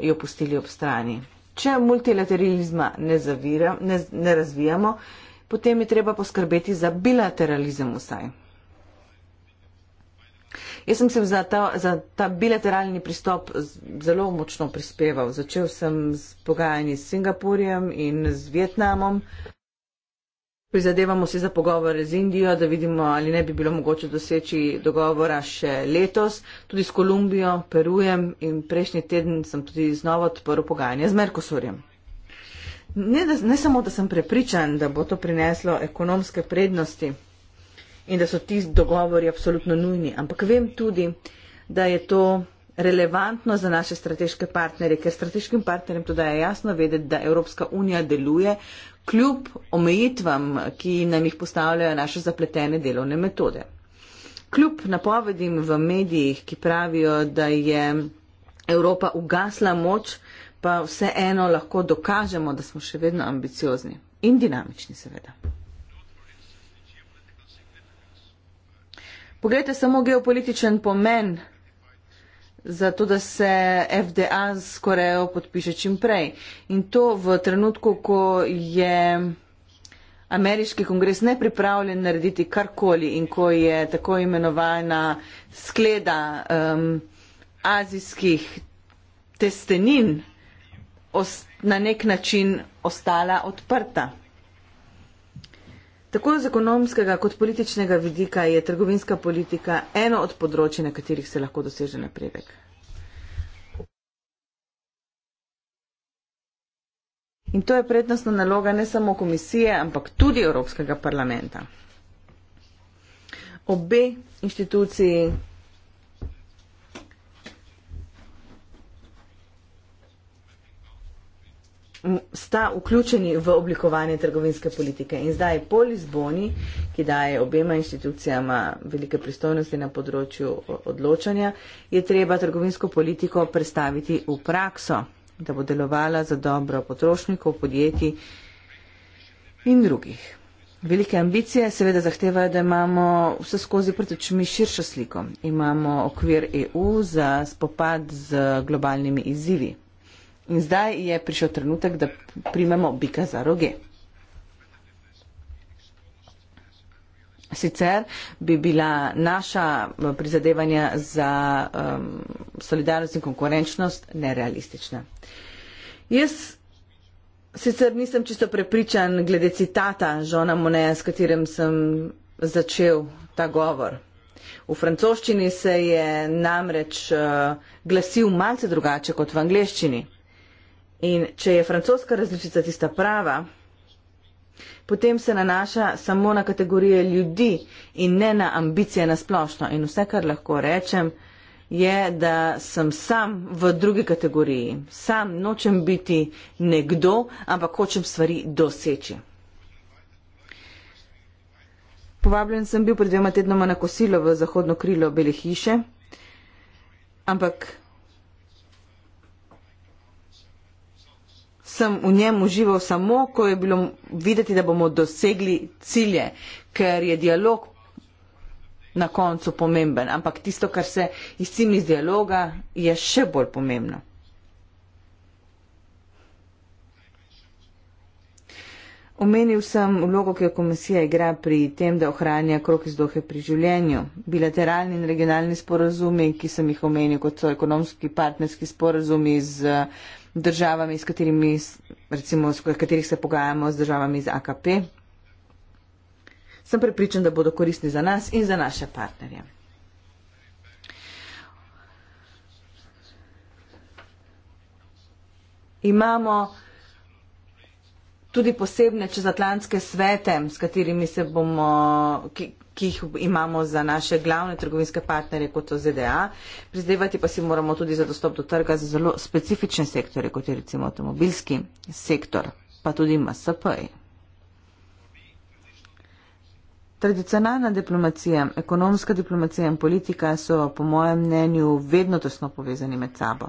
jo pustili ob strani. Če multilateralizma ne, zavira, ne, ne razvijamo, potem je treba poskrbeti za bilateralizem vsaj. Jaz sem se za ta, za ta bilateralni pristop zelo močno prispeval. Začel sem s pogajanji s Singapurjem in z Vietnamom. Prizadevamo si za pogovore z Indijo, da vidimo, ali ne bi bilo mogoče doseči dogovora še letos. Tudi s Kolumbijo, Perujem in prejšnji teden sem tudi znova odprl pogajanje z Merkosurjem. Ne, da, ne samo, da sem prepričan, da bo to prineslo ekonomske prednosti in da so ti dogovori absolutno nujni, ampak vem tudi, da je to relevantno za naše strateške partnerje, ker strateškim partnerjem to daje jasno vedeti, da Evropska unija deluje kljub omejitvam, ki nam jih postavljajo naše zapletene delovne metode. Kljub napovedim v medijih, ki pravijo, da je Evropa ugasla moč, pa vseeno lahko dokažemo, da smo še vedno ambiciozni in dinamični, seveda. Poglejte samo geopolitičen pomen zato da se FDA s Korejo podpiše čim prej. In to v trenutku, ko je ameriški kongres ne pripravljen narediti karkoli in ko je tako imenovana skleda um, azijskih testenin na nek način ostala odprta. Tako z ekonomskega kot političnega vidika je trgovinska politika eno od področji, na katerih se lahko doseže napredek. In to je prednostna naloga ne samo komisije, ampak tudi Evropskega parlamenta. Obe inštituciji sta vključeni v oblikovanje trgovinske politike. In zdaj po Lizboni, ki daje obema inštitucijama velike pristojnosti na področju odločanja, je treba trgovinsko politiko predstaviti v prakso, da bo delovala za dobro potrošnikov, podjetij in drugih. Velike ambicije seveda zahtevajo, da imamo vse skozi pred očmi širšo sliko. Imamo okvir EU za spopad z globalnimi izzivi. In zdaj je prišel trenutek, da primemo bika za roge. Sicer bi bila naša eh, prizadevanja za um, solidarnost in konkurenčnost nerealistična. Jaz sicer nisem čisto prepričan glede citata Žona Moneja, s katerim sem začel ta govor. V francoščini se je namreč uh, glasil malce drugače kot v angleščini. In če je francoska različica tista prava, potem se nanaša samo na kategorije ljudi in ne na ambicije na splošno. In vse, kar lahko rečem, je, da sem sam v drugi kategoriji. Sam nočem biti nekdo, ampak hočem stvari doseči. Povabljen sem bil pred dvema tednoma na kosilo v zahodno krilo Bele hiše, ampak sem v njem užival samo, ko je bilo videti, da bomo dosegli cilje, ker je dialog na koncu pomemben. Ampak tisto, kar se izcimi iz dialoga, je še bolj pomembno. Omenil sem vlogo, ki jo komisija igra pri tem, da ohranja krok izdohe pri življenju. Bilateralni in regionalni sporazumi, ki sem jih omenil, kot so ekonomski partnerski sporazumi z državami, s katerimi, recimo, s katerih se pogajamo z državami iz AKP. Sem prepričan, da bodo koristni za nas in za naše partnerje. Imamo tudi posebne čezatlantske svete, s katerimi se bomo. Ki, ki jih imamo za naše glavne trgovinske partnerje, kot so ZDA. Prizdevati pa si moramo tudi za dostop do trga za zelo specifične sektore, kot je recimo avtomobilski sektor, pa tudi MSP. Tradicionalna diplomacija, ekonomska diplomacija in politika so po mojem mnenju vedno tesno povezani med sabo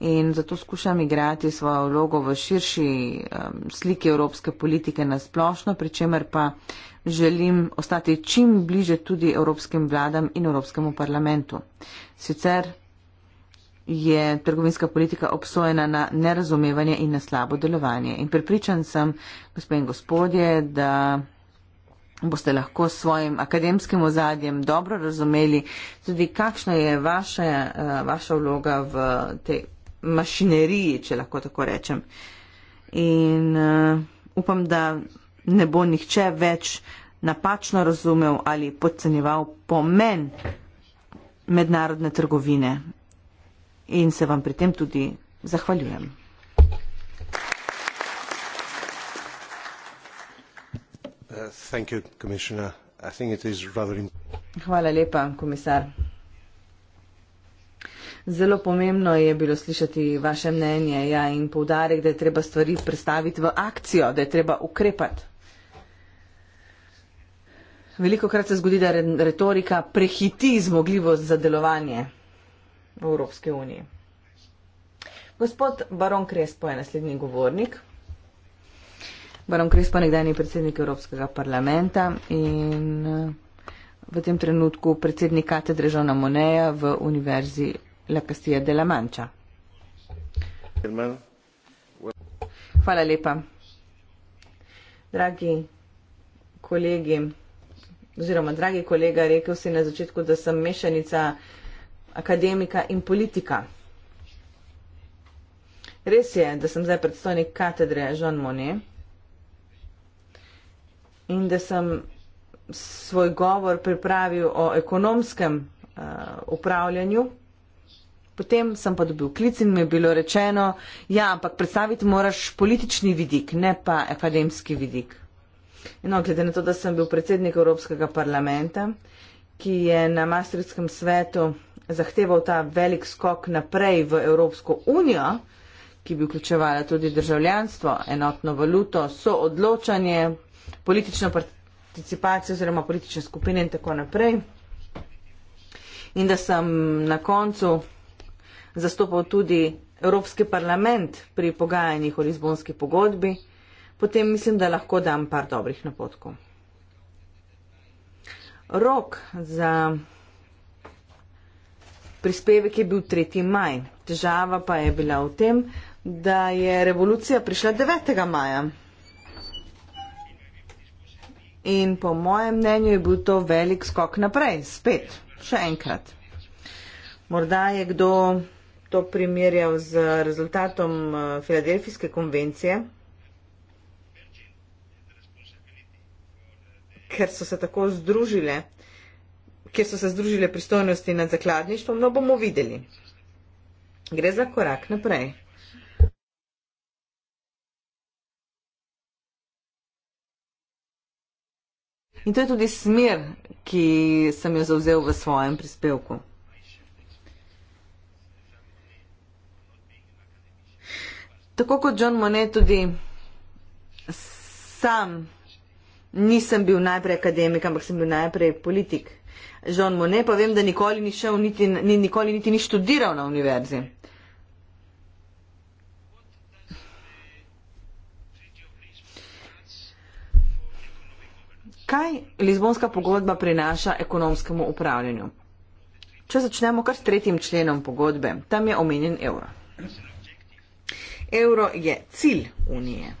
in zato skušam igrati svojo vlogo v širši um, sliki evropske politike nasplošno, pri čemer pa želim ostati čim bliže tudi evropskim vladam in evropskemu parlamentu. Sicer je trgovinska politika obsojena na nerazumevanje in na slabo delovanje. In pripričan sem, gospod in gospodje, da boste lahko s svojim akademskim ozadjem dobro razumeli tudi, kakšna je vaša, vaša vloga v tej mašineriji, če lahko tako rečem. In uh, upam, da ne bo nihče več napačno razumev ali podceneval pomen mednarodne trgovine. In se vam pri tem tudi zahvaljujem. Uh, you, Hvala lepa, komisar. Zelo pomembno je bilo slišati vaše mnenje ja, in povdarek, da je treba stvari predstaviti v akcijo, da je treba ukrepati. Veliko krat se zgodi, da retorika prehiti zmogljivost za delovanje v Evropske unije. Gospod Baron Krespo je naslednji govornik. Baron Krespo je nekdajni predsednik Evropskega parlamenta in eh, v tem trenutku predsednik katedre Žona Moneja v Univerzi La Castilla de la Mancha. Hvala lepa. Dragi kolegi, oziroma dragi kolega, rekel si na začetku, da sem mešanica akademika in politika. Res je, da sem zdaj predstojnik katedre Jean Monnet in da sem svoj govor pripravil o ekonomskem uh, upravljanju Potem sem pa dobil klic in mi je bilo rečeno, ja, ampak predstaviti moraš politični vidik, ne pa akademski vidik. No, glede na to, da sem bil predsednik Evropskega parlamenta, ki je na Maastrichtskem svetu zahteval ta velik skok naprej v Evropsko unijo, ki bi vključevala tudi državljanstvo, enotno valuto, soodločanje, politično participacijo oziroma politične skupine in tako naprej. In da sem na koncu zastopal tudi Evropski parlament pri pogajanjih o Lizbonski pogodbi, potem mislim, da lahko dam par dobrih napotkov. Rok za prispevek je bil 3. maj. Težava pa je bila v tem, da je revolucija prišla 9. maja. In po mojem mnenju je bil to velik skok naprej. Spet, še enkrat. Morda je kdo to primerjal z rezultatom eh, Filadelfijske konvencije, ker so se tako združile, ker so se združile pristojnosti nad zakladništvom, no bomo videli. Gre za korak naprej. In to je tudi smer, ki sem jo zauzel v svojem prispevku. tako kot John Monet, tudi sam nisem bil najprej akademik, ampak sem bil najprej politik. John Monet pa vem, da nikoli ni šel, niti, ni, nikoli niti ni študiral na univerzi. Kaj Lizbonska pogodba prinaša ekonomskemu upravljanju? Če začnemo kar s tretjim členom pogodbe, tam je omenjen evro. Evro je cilj unije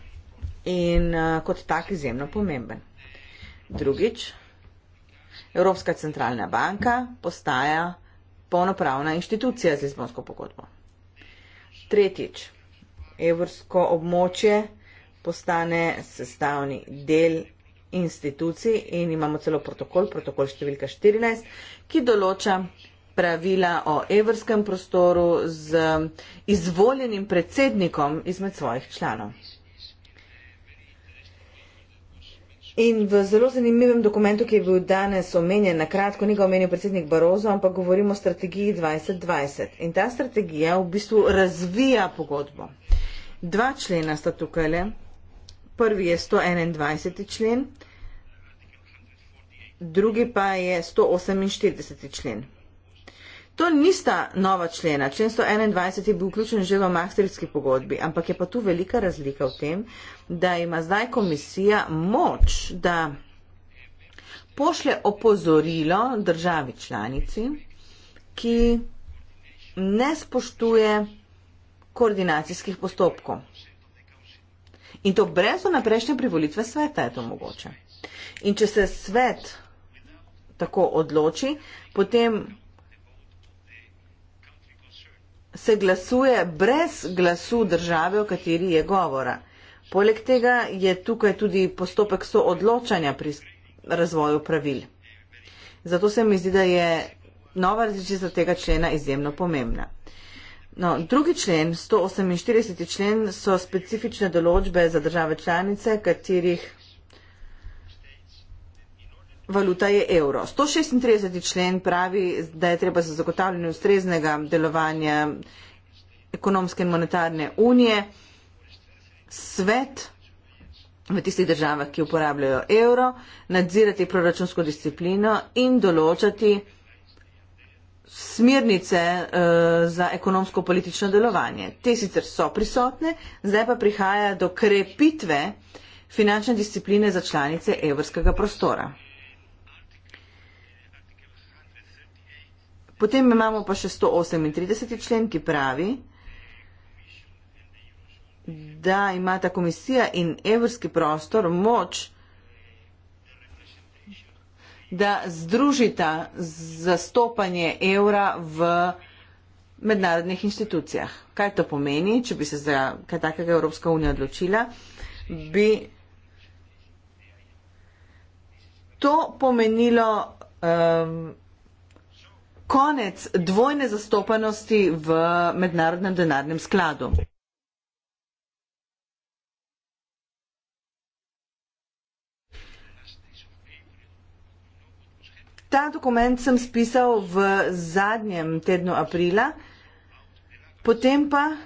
in uh, kot tak izjemno pomemben. Drugič, Evropska centralna banka postaja polnopravna inštitucija z Lizbonsko pogodbo. Tretjič, evrsko območje postane sestavni del institucij in imamo celo protokol, protokol številka 14, ki določa pravila o evrskem prostoru z izvoljenim predsednikom izmed svojih članov. In v zelo zanimivem dokumentu, ki je bil danes omenjen, na kratko ni ga omenil predsednik Barozo, ampak govorimo o strategiji 2020. In ta strategija v bistvu razvija pogodbo. Dva člena sta tukaj. Prvi je 121. člen, drugi pa je 148. člen. To nista nova člena. Člen 121 je bil vključen že v maksterski pogodbi, ampak je pa tu velika razlika v tem, da ima zdaj komisija moč, da pošlje opozorilo državi članici, ki ne spoštuje koordinacijskih postopkov. In to brez vnaprejšnje privolitve sveta je to mogoče. In če se svet tako odloči, potem se glasuje brez glasu države, o kateri je govora. Poleg tega je tukaj tudi postopek soodločanja pri razvoju pravil. Zato se mi zdi, da je nova različica tega člena izjemno pomembna. No, drugi člen, 148. člen, so specifične določbe za države članice, katerih Valuta je evro. 136. člen pravi, da je treba za zagotavljanje ustreznega delovanja ekonomske in monetarne unije svet v tistih državah, ki uporabljajo evro, nadzirati proračunsko disciplino in določati smirnice uh, eh, za ekonomsko-politično delovanje. Te sicer so prisotne, zdaj pa prihaja do krepitve finančne discipline za članice evrskega prostora. Potem imamo pa še 138. člen, ki pravi, da ima ta komisija in evrski prostor moč, da združita zastopanje evra v mednarodnih inštitucijah. Kaj to pomeni, če bi se za kaj takega Evropska unija odločila, bi to pomenilo um, konec dvojne zastopanosti v mednarodnem denarnem skladu. Ta dokument sem spisal v zadnjem tednu aprila, potem pa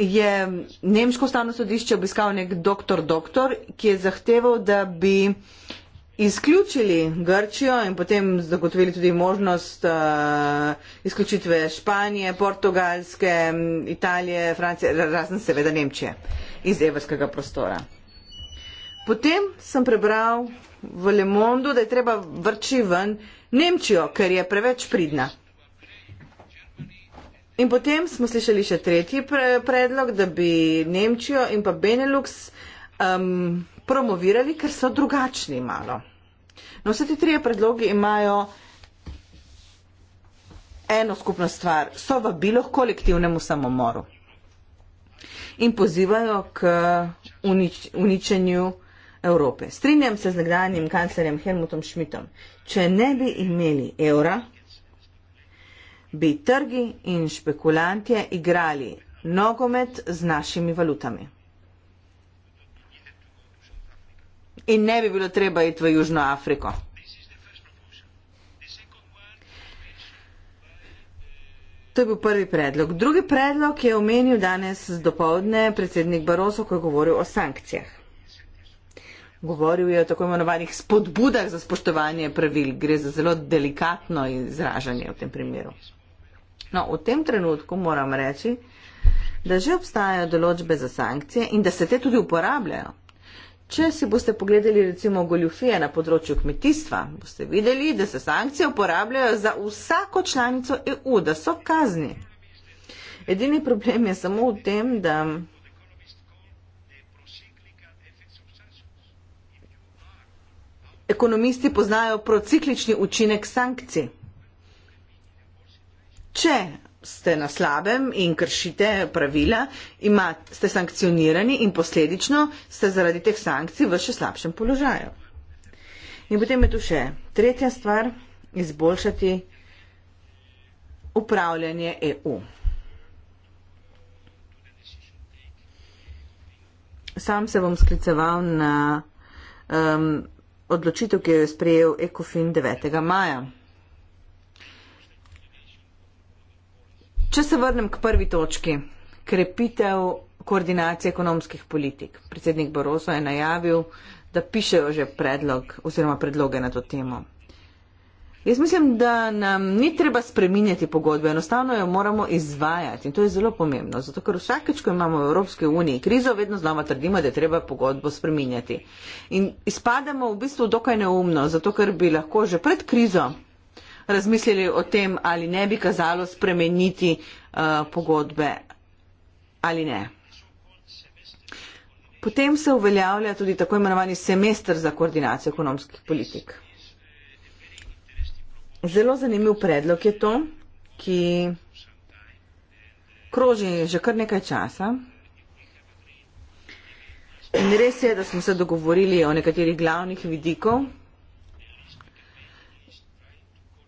je nemško ustavno sodišče obiskal nek doktor doktor, ki je zahteval, da bi izključili Grčijo in potem zagotovili tudi možnost uh, izključitve Španije, Portugalske, Italije, Francije, razen seveda Nemčije iz evrskega prostora. Potem sem prebral v Le Monde, da je treba vrči ven Nemčijo, ker je preveč pridna. In potem smo slišali še tretji pre predlog, da bi Nemčijo in pa Benelux um, promovirali, ker so drugačni malo. No, vse ti trije predlogi imajo eno skupno stvar, so vabilo kolektivnemu samomoru in pozivajo k unič uničenju Evrope. Strinjam se z nekdanjim kanclerjem Helmutom Schmidtom. Če ne bi imeli evra, bi trgi in špekulantje igrali nogomet z našimi valutami. In ne bi bilo treba iti v Južno Afriko. To je bil prvi predlog. Drugi predlog je omenil danes z dopovdne predsednik Baroso, ko je govoril o sankcijah. Govoril je o tako imenovanih spodbudah za spoštovanje pravil. Gre za zelo delikatno izražanje v tem primeru. No, v tem trenutku moram reči, da že obstajajo določbe za sankcije in da se te tudi uporabljajo. Če si boste pogledali recimo goljufije na področju kmetijstva, boste videli, da se sankcije uporabljajo za vsako članico EU, da so kazni. Edini problem je samo v tem, da ekonomisti poznajo prociklični učinek sankcij če ste na slabem in kršite pravila, imate, ste sankcionirani in posledično ste zaradi teh sankcij v še slabšem položaju. In potem je tu še tretja stvar, izboljšati upravljanje EU. Sam se bom skliceval na um, odločitev, ki jo je sprejel Ekofin 9. maja. Če se vrnem k prvi točki, krepitev koordinacije ekonomskih politik. Predsednik Boroso je najavil, da pišejo že predlog oziroma predloge na to temo. Jaz mislim, da nam ni treba spreminjati pogodbe, enostavno jo moramo izvajati in to je zelo pomembno, zato ker vsakeč, ko imamo v Evropske unije krizo, vedno znova trdimo, da je treba pogodbo spreminjati. In izpademo v bistvu dokaj neumno, zato ker bi lahko že pred krizo razmislili o tem, ali ne bi kazalo spremeniti uh, pogodbe ali ne. Potem se uveljavlja tudi tako imenovani semester za koordinacijo ekonomskih politik. Zelo zanimiv predlog je to, ki kroži že kar nekaj časa. In res je, da smo se dogovorili o nekaterih glavnih vidikov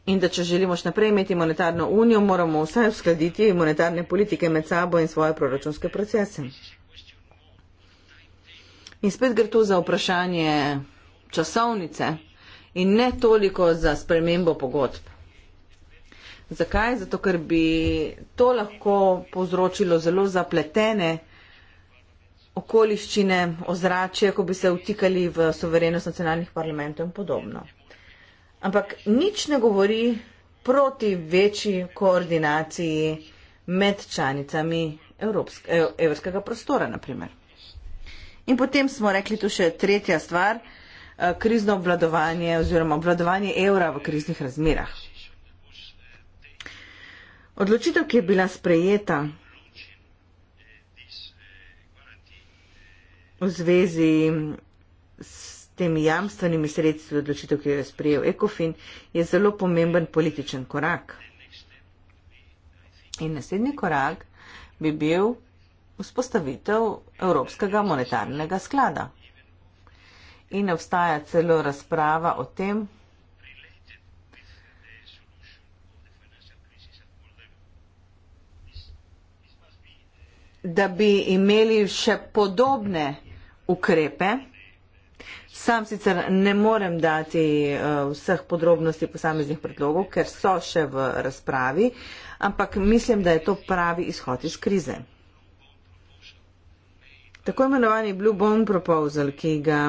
in da če želimo še naprej imeti monetarno unijo, moramo vsaj uskladiti monetarne politike med sabo in svoje proračunske procese. In spet gre tu za vprašanje časovnice in ne toliko za spremembo pogodb. Zakaj? Zato, ker bi to lahko povzročilo zelo zapletene okoliščine, ozračje, ko bi se vtikali v soverenost nacionalnih parlamentov in podobno ampak nič ne govori proti večji koordinaciji med članicami evropskega prostora, naprimer. In potem smo rekli tu še tretja stvar, eh, krizno obvladovanje oziroma obvladovanje evra v kriznih razmerah. Odločitev, ki je bila sprejeta v zvezi temi jamstvenimi sredstvi odločitev, ki jo je sprejel Ekofin, je zelo pomemben političen korak. In naslednji korak bi bil vzpostavitev Evropskega monetarnega sklada. In obstaja celo razprava o tem, da bi imeli še podobne ukrepe, Sam sicer ne morem dati eh, vseh podrobnosti posameznih predlogov, ker so še v razpravi, ampak mislim, da je to pravi izhod iz krize. Tako imenovani Blue Bone Proposal, ki ga.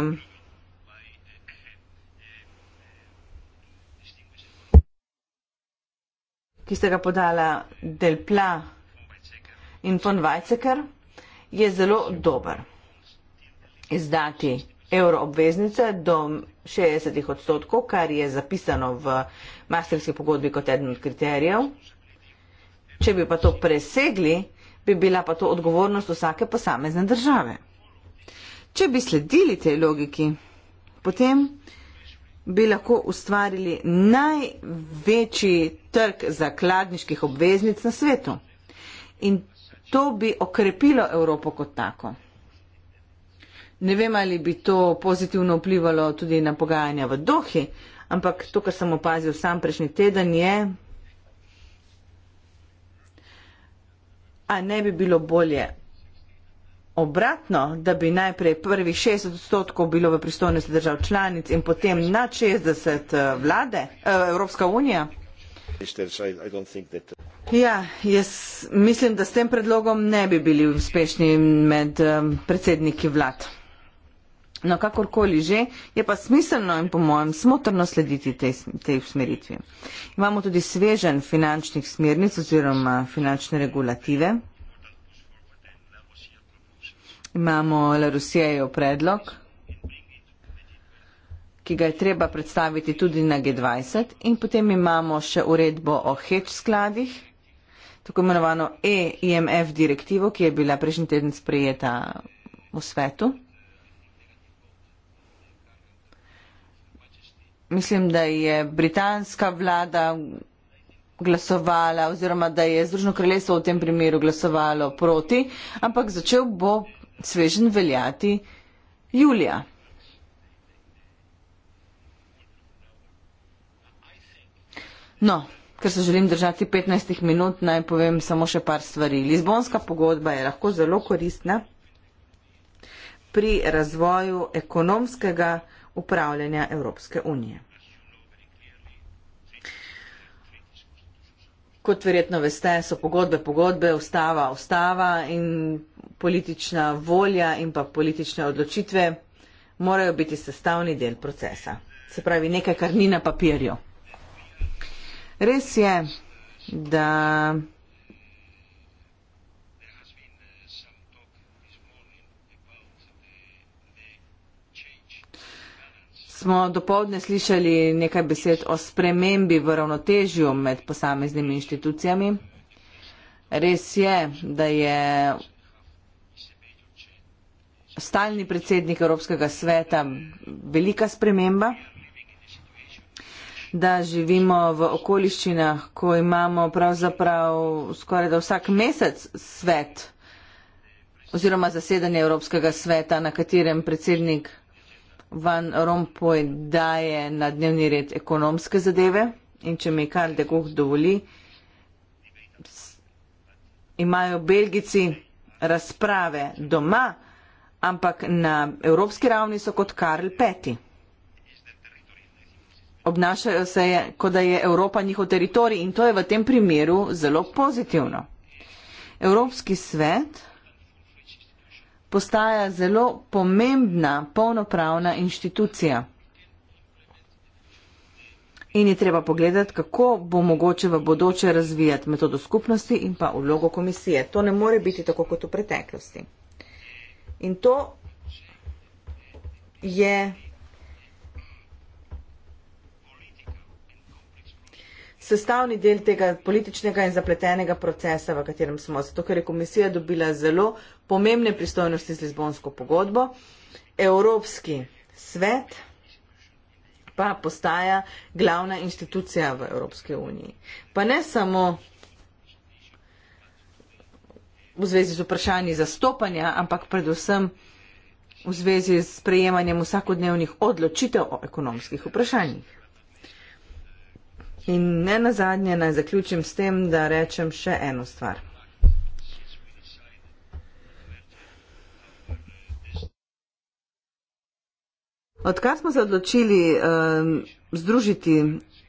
ki ste ga podala Del Pla in von Weizsäcker, je zelo dober. Izdati evro obveznice do 60 odstotkov, kar je zapisano v masterski pogodbi kot eden od kriterijev. Če bi pa to presegli, bi bila pa to odgovornost vsake posamezne države. Če bi sledili tej logiki, potem bi lahko ustvarili največji trg zakladniških obveznic na svetu. In to bi okrepilo Evropo kot tako. Ne vem, ali bi to pozitivno vplivalo tudi na pogajanja v Dohi, ampak to, kar sem opazil sam prejšnji teden, je, a ne bi bilo bolje obratno, da bi najprej prvih 60 odstotkov bilo v pristojnosti držav članic in potem na 60 eh, vlade eh, Evropska unija. Ja, jaz mislim, da s tem predlogom ne bi bili uspešni med eh, predsedniki vlad no, kakorkoli že, je pa smiselno in po mojem smotrno slediti tej, tej usmeritvi. Imamo tudi svežen finančnih smernic oziroma finančne regulative. Imamo Larusijejo predlog, ki ga je treba predstaviti tudi na G20 in potem imamo še uredbo o heč skladih tako imenovano EIMF direktivo, ki je bila prejšnji teden sprejeta v svetu. mislim, da je britanska vlada glasovala oziroma da je Združeno kraljestvo v tem primeru glasovalo proti, ampak začel bo svežen veljati julija. No, ker se želim držati 15 minut, naj povem samo še par stvari. Lizbonska pogodba je lahko zelo koristna pri razvoju ekonomskega upravljanja Evropske unije. Kot verjetno veste, so pogodbe pogodbe, ustava ustava in politična volja in pa politične odločitve morajo biti sestavni del procesa. Se pravi, nekaj, kar ni na papirju. Res je, da smo dopoledne slišali nekaj besed o spremembi v ravnotežju med posameznimi inštitucijami. Res je, da je stalni predsednik Evropskega sveta velika sprememba, da živimo v okoliščinah, ko imamo pravzaprav skoraj da vsak mesec svet oziroma zasedanje Evropskega sveta, na katerem predsednik Van Rompuy daje na dnevni red ekonomske zadeve in če mi kar dekoh dovoli, imajo Belgici razprave doma, ampak na evropski ravni so kot Karl V. Obnašajo se, kot da je Evropa njihov teritorij in to je v tem primeru zelo pozitivno. Evropski svet postaja zelo pomembna polnopravna inštitucija. In je treba pogledati, kako bo mogoče v bodoče razvijati metodo skupnosti in pa vlogo komisije. To ne more biti tako kot v preteklosti. In to je. sestavni del tega političnega in zapletenega procesa, v katerem smo. Zato, ker je komisija dobila zelo pomembne pristojnosti z Lizbonsko pogodbo, Evropski svet pa postaja glavna inštitucija v Evropski uniji. Pa ne samo v zvezi z vprašanji zastopanja, ampak predvsem v zvezi s prejemanjem vsakodnevnih odločitev o ekonomskih vprašanjih. In ne na zadnje naj zaključim s tem, da rečem še eno stvar. Odkar smo se odločili um, združiti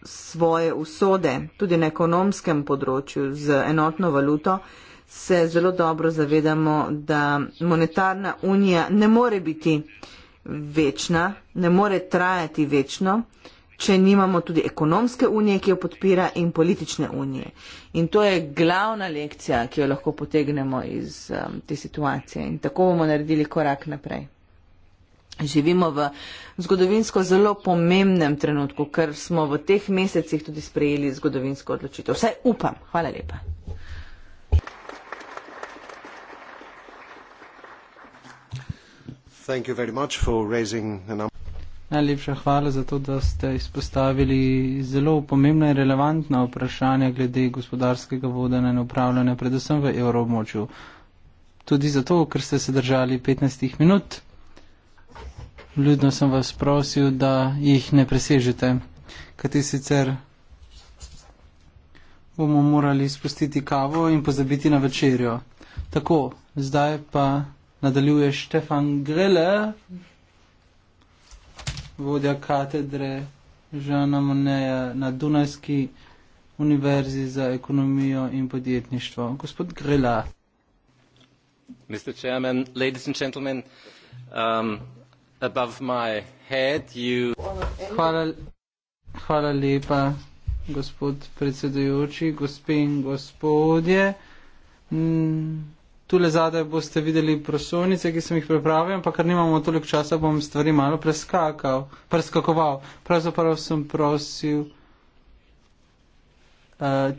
svoje usode tudi na ekonomskem področju z enotno valuto, se zelo dobro zavedamo, da monetarna unija ne more biti večna, ne more trajati večno če nimamo tudi ekonomske unije, ki jo podpira in politične unije. In to je glavna lekcija, ki jo lahko potegnemo iz um, te situacije. In tako bomo naredili korak naprej. Živimo v zgodovinsko zelo pomembnem trenutku, ker smo v teh mesecih tudi sprejeli zgodovinsko odločitev. Vse upam. Hvala lepa. Thank you very much for raising the number. Najlepša hvala za to, da ste izpostavili zelo pomembna in relevantna vprašanja glede gospodarskega vodenja in upravljanja, predvsem v evroobmočju. Tudi zato, ker ste se držali 15 minut, ljudno sem vas prosil, da jih ne presežete, kajti sicer bomo morali spustiti kavo in pozabiti na večerjo. Tako, zdaj pa nadaljuje Štefan Greler vodja katedre Žana Moneja na Dunajski univerzi za ekonomijo in podjetništvo. Gospod Grela. Mr. Chairman, ladies and gentlemen, um, above my head you... Hvala, hvala lepa, gospod predsedujoči, gospe in gospodje. Mm. Tule zadaj boste videli prosovnice, ki sem jih pripravil, ampak ker nimamo toliko časa, bom stvari malo preskakal, preskakoval. Pravzaprav sem prosil uh,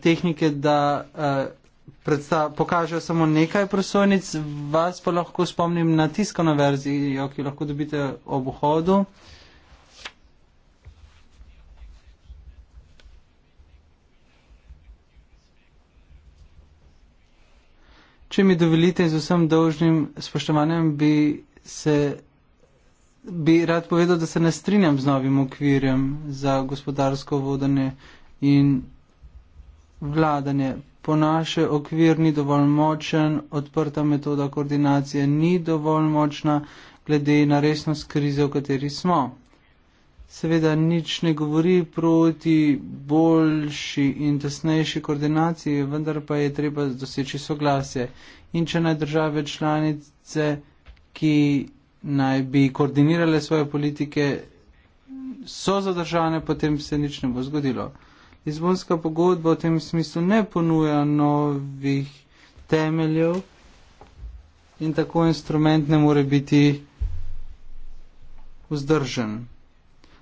tehnike, da uh, pokažejo samo nekaj prosovnic, vas pa lahko spomnim na tiskano verzijo, ki jo lahko dobite ob vhodu. Uh, Če mi dovolite z vsem dolžnim spoštovanjem, bi, se, bi rad povedal, da se ne strinjam z novim okvirjem za gospodarsko vodanje in vladanje. Po naše okvir ni dovolj močen, odprta metoda koordinacije ni dovolj močna glede na resnost krize, v kateri smo seveda nič ne govori proti boljši in tesnejši koordinaciji, vendar pa je treba doseči soglasje. In če naj države članice, ki naj bi koordinirale svoje politike, so zadržane, potem se nič ne bo zgodilo. Lizbonska pogodba v tem smislu ne ponuja novih temeljev in tako instrument ne more biti vzdržen.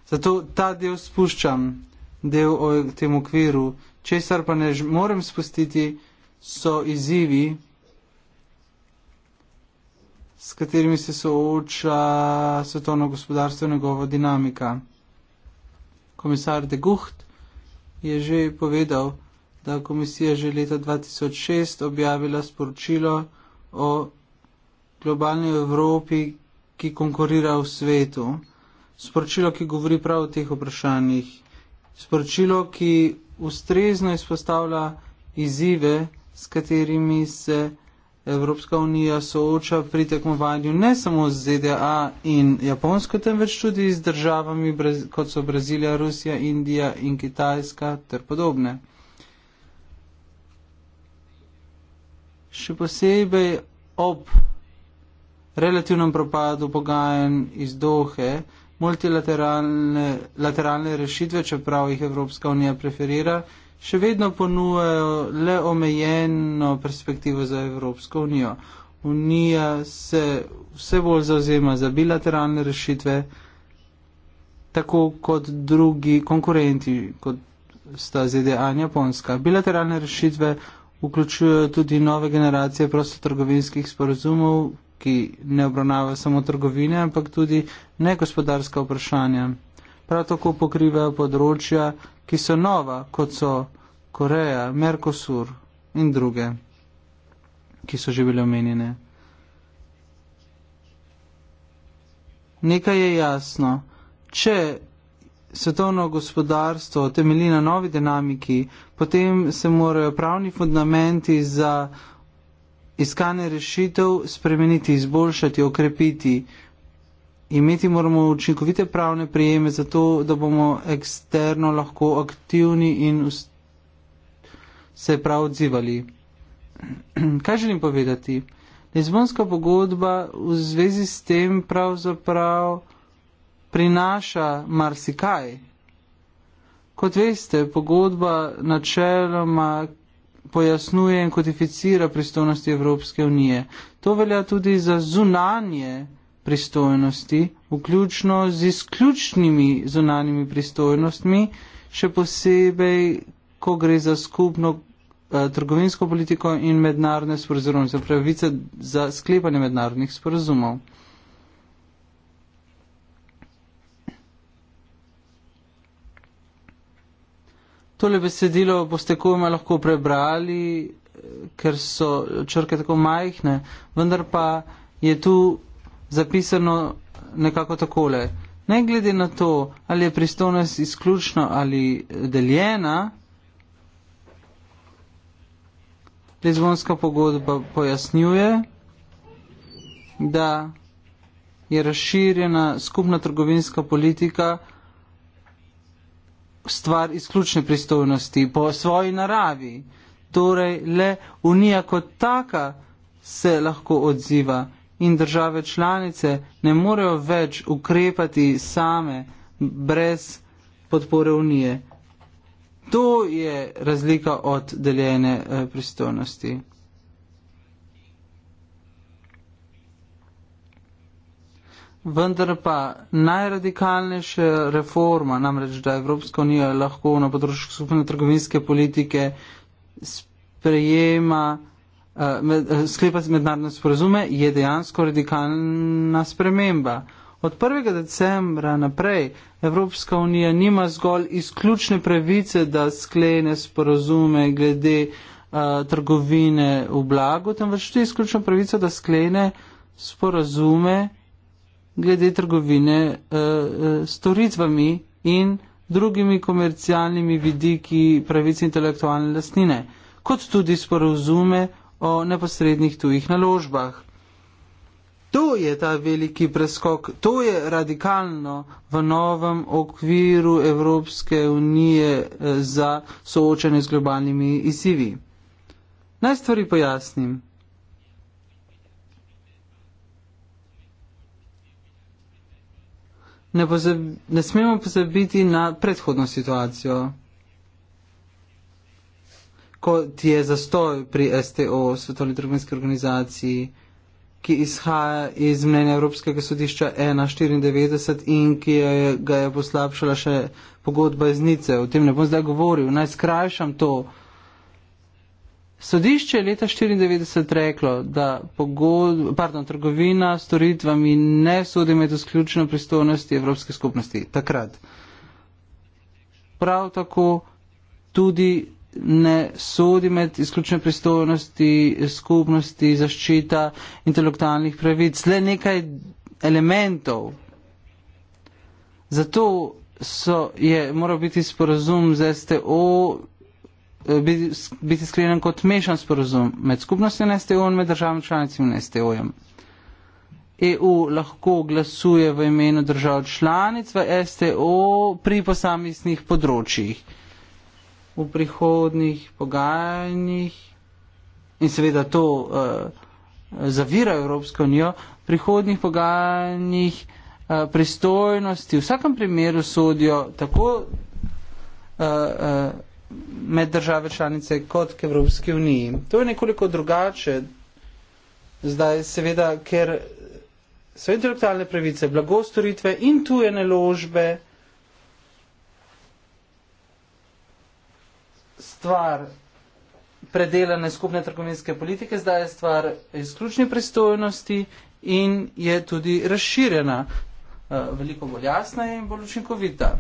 Zato ta del spuščam, del o tem okviru, česar pa ne morem spustiti, so izzivi, s katerimi se sooča svetovno gospodarstvo in njegova dinamika. Komisar de Gucht je že povedal, da je komisija že leta 2006 objavila sporočilo o globalni Evropi, ki konkurira v svetu sporočilo, ki govori prav o teh vprašanjih, sporočilo, ki ustrezno izpostavlja izzive, s katerimi se Evropska unija sooča pri tekmovanju ne samo z ZDA in Japonsko, temveč tudi z državami, kot so Brazilija, Rusija, Indija in Kitajska ter podobne. Še posebej ob relativnem propadu pogajanj iz Dohe, multilateralne lateralne rešitve, čeprav jih Evropska unija preferira, še vedno ponujajo le omejeno perspektivo za Evropsko unijo. Unija se vse bolj zauzema za bilateralne rešitve, tako kot drugi konkurenti, kot sta ZDA in Japonska. Bilateralne rešitve vključujejo tudi nove generacije prostotrgovinskih sporozumov, ki ne obravnava samo trgovine, ampak tudi negospodarska vprašanja. Prav tako pokrivajo področja, ki so nova, kot so Koreja, Merkosur in druge, ki so že bile omenjene. Nekaj je jasno. Če svetovno gospodarstvo temelji na novi dinamiki, potem se morajo pravni fundamenti za iskanje rešitev, spremeniti, izboljšati, okrepiti. Imeti moramo učinkovite pravne prijeme za to, da bomo eksterno lahko aktivni in se prav odzivali. Kaj želim povedati? Lizbonska pogodba v zvezi s tem pravzaprav prinaša marsikaj. Kot veste, pogodba načeloma pojasnuje in kodificira pristojnosti Evropske unije. To velja tudi za zunanje pristojnosti, vključno z izključnimi zunanimi pristojnostmi, še posebej, ko gre za skupno eh, trgovinsko politiko in mednarodne sporozume, za pravice za sklepanje mednarodnih sporozumov. Tole besedilo boste kojima lahko prebrali, ker so črke tako majhne, vendar pa je tu zapisano nekako takole. Ne glede na to, ali je pristojnost izključno ali deljena, Lizbonska pogodba pojasnjuje, da je razširjena skupna trgovinska politika, stvar izključne pristojnosti po svoji naravi. Torej, le Unija kot taka se lahko odziva in države članice ne morejo več ukrepati same brez podpore Unije. To je razlika od deljene eh, pristojnosti. Vendar pa najradikalnejša reforma, namreč da Evropska unija lahko na področju skupne trgovinske politike sprejema, eh, med, eh, sklepa mednarodne sporozume, je dejansko radikalna sprememba. Od 1. decembra naprej Evropska unija nima zgolj izključne pravice, da sklene sporozume glede uh, trgovine v blagu, temveč tudi izključno pravico, da sklene sporozume glede trgovine uh, storitvami in drugimi komercialnimi vidiki pravic intelektualne lastnine, kot tudi sporozume o neposrednih tujih naložbah. To je ta veliki preskok, to je radikalno v novem okviru Evropske unije eh, za soočanje z globalnimi izzivi. Naj stvari pojasnim. ne, pozab, ne smemo pozabiti na predhodno situacijo, kot je zastoj pri STO, svetovni trgovinski organizaciji, ki izhaja iz mnenja Evropskega sodišča 1.94 in ki je, ga je poslabšala še pogodba iz Nice. O tem ne bom zdaj govoril, naj skrajšam to. Sodišče je leta 1994 reklo, da pogod, pardon, trgovina s storitvami ne sodi med izključno pristojnosti Evropske skupnosti. Takrat. Prav tako tudi ne sodi med izključne pristojnosti skupnosti zaščita intelektualnih pravic. Le nekaj elementov. Zato so, je moral biti sporazum z STO Eh, biti sklenjen kot mešan sporozum med skupnostjo NSTO in med državami članicami NSTO-jem. EU lahko glasuje v imenu držav članic v STO pri posameznih področjih, v prihodnih pogajanjih in seveda to uh, zavira Evropsko unijo, v prihodnih pogajanjih uh, pristojnosti v vsakem primeru sodijo tako uh, uh, med države članice kot k Evropski uniji. To je nekoliko drugače, zdaj seveda, ker so intelektualne pravice, blagostoritve in tuje naložbe stvar predelane skupne trgovinske politike, zdaj je stvar izključne pristojnosti in je tudi razširjena, eh, veliko bolj jasna in bolj učinkovita.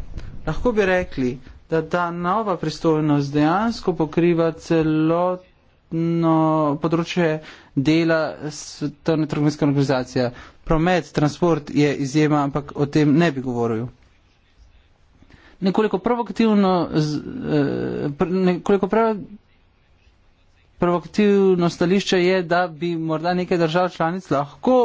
Lahko bi rekli, da ta nova pristojnost dejansko pokriva celotno področje dela svetovne trgovinske organizacije. Promet, transport je izjema, ampak o tem ne bi govoril. Nekoliko provokativno, eh, nekoliko provokativno stališče je, da bi morda nekaj držav članic lahko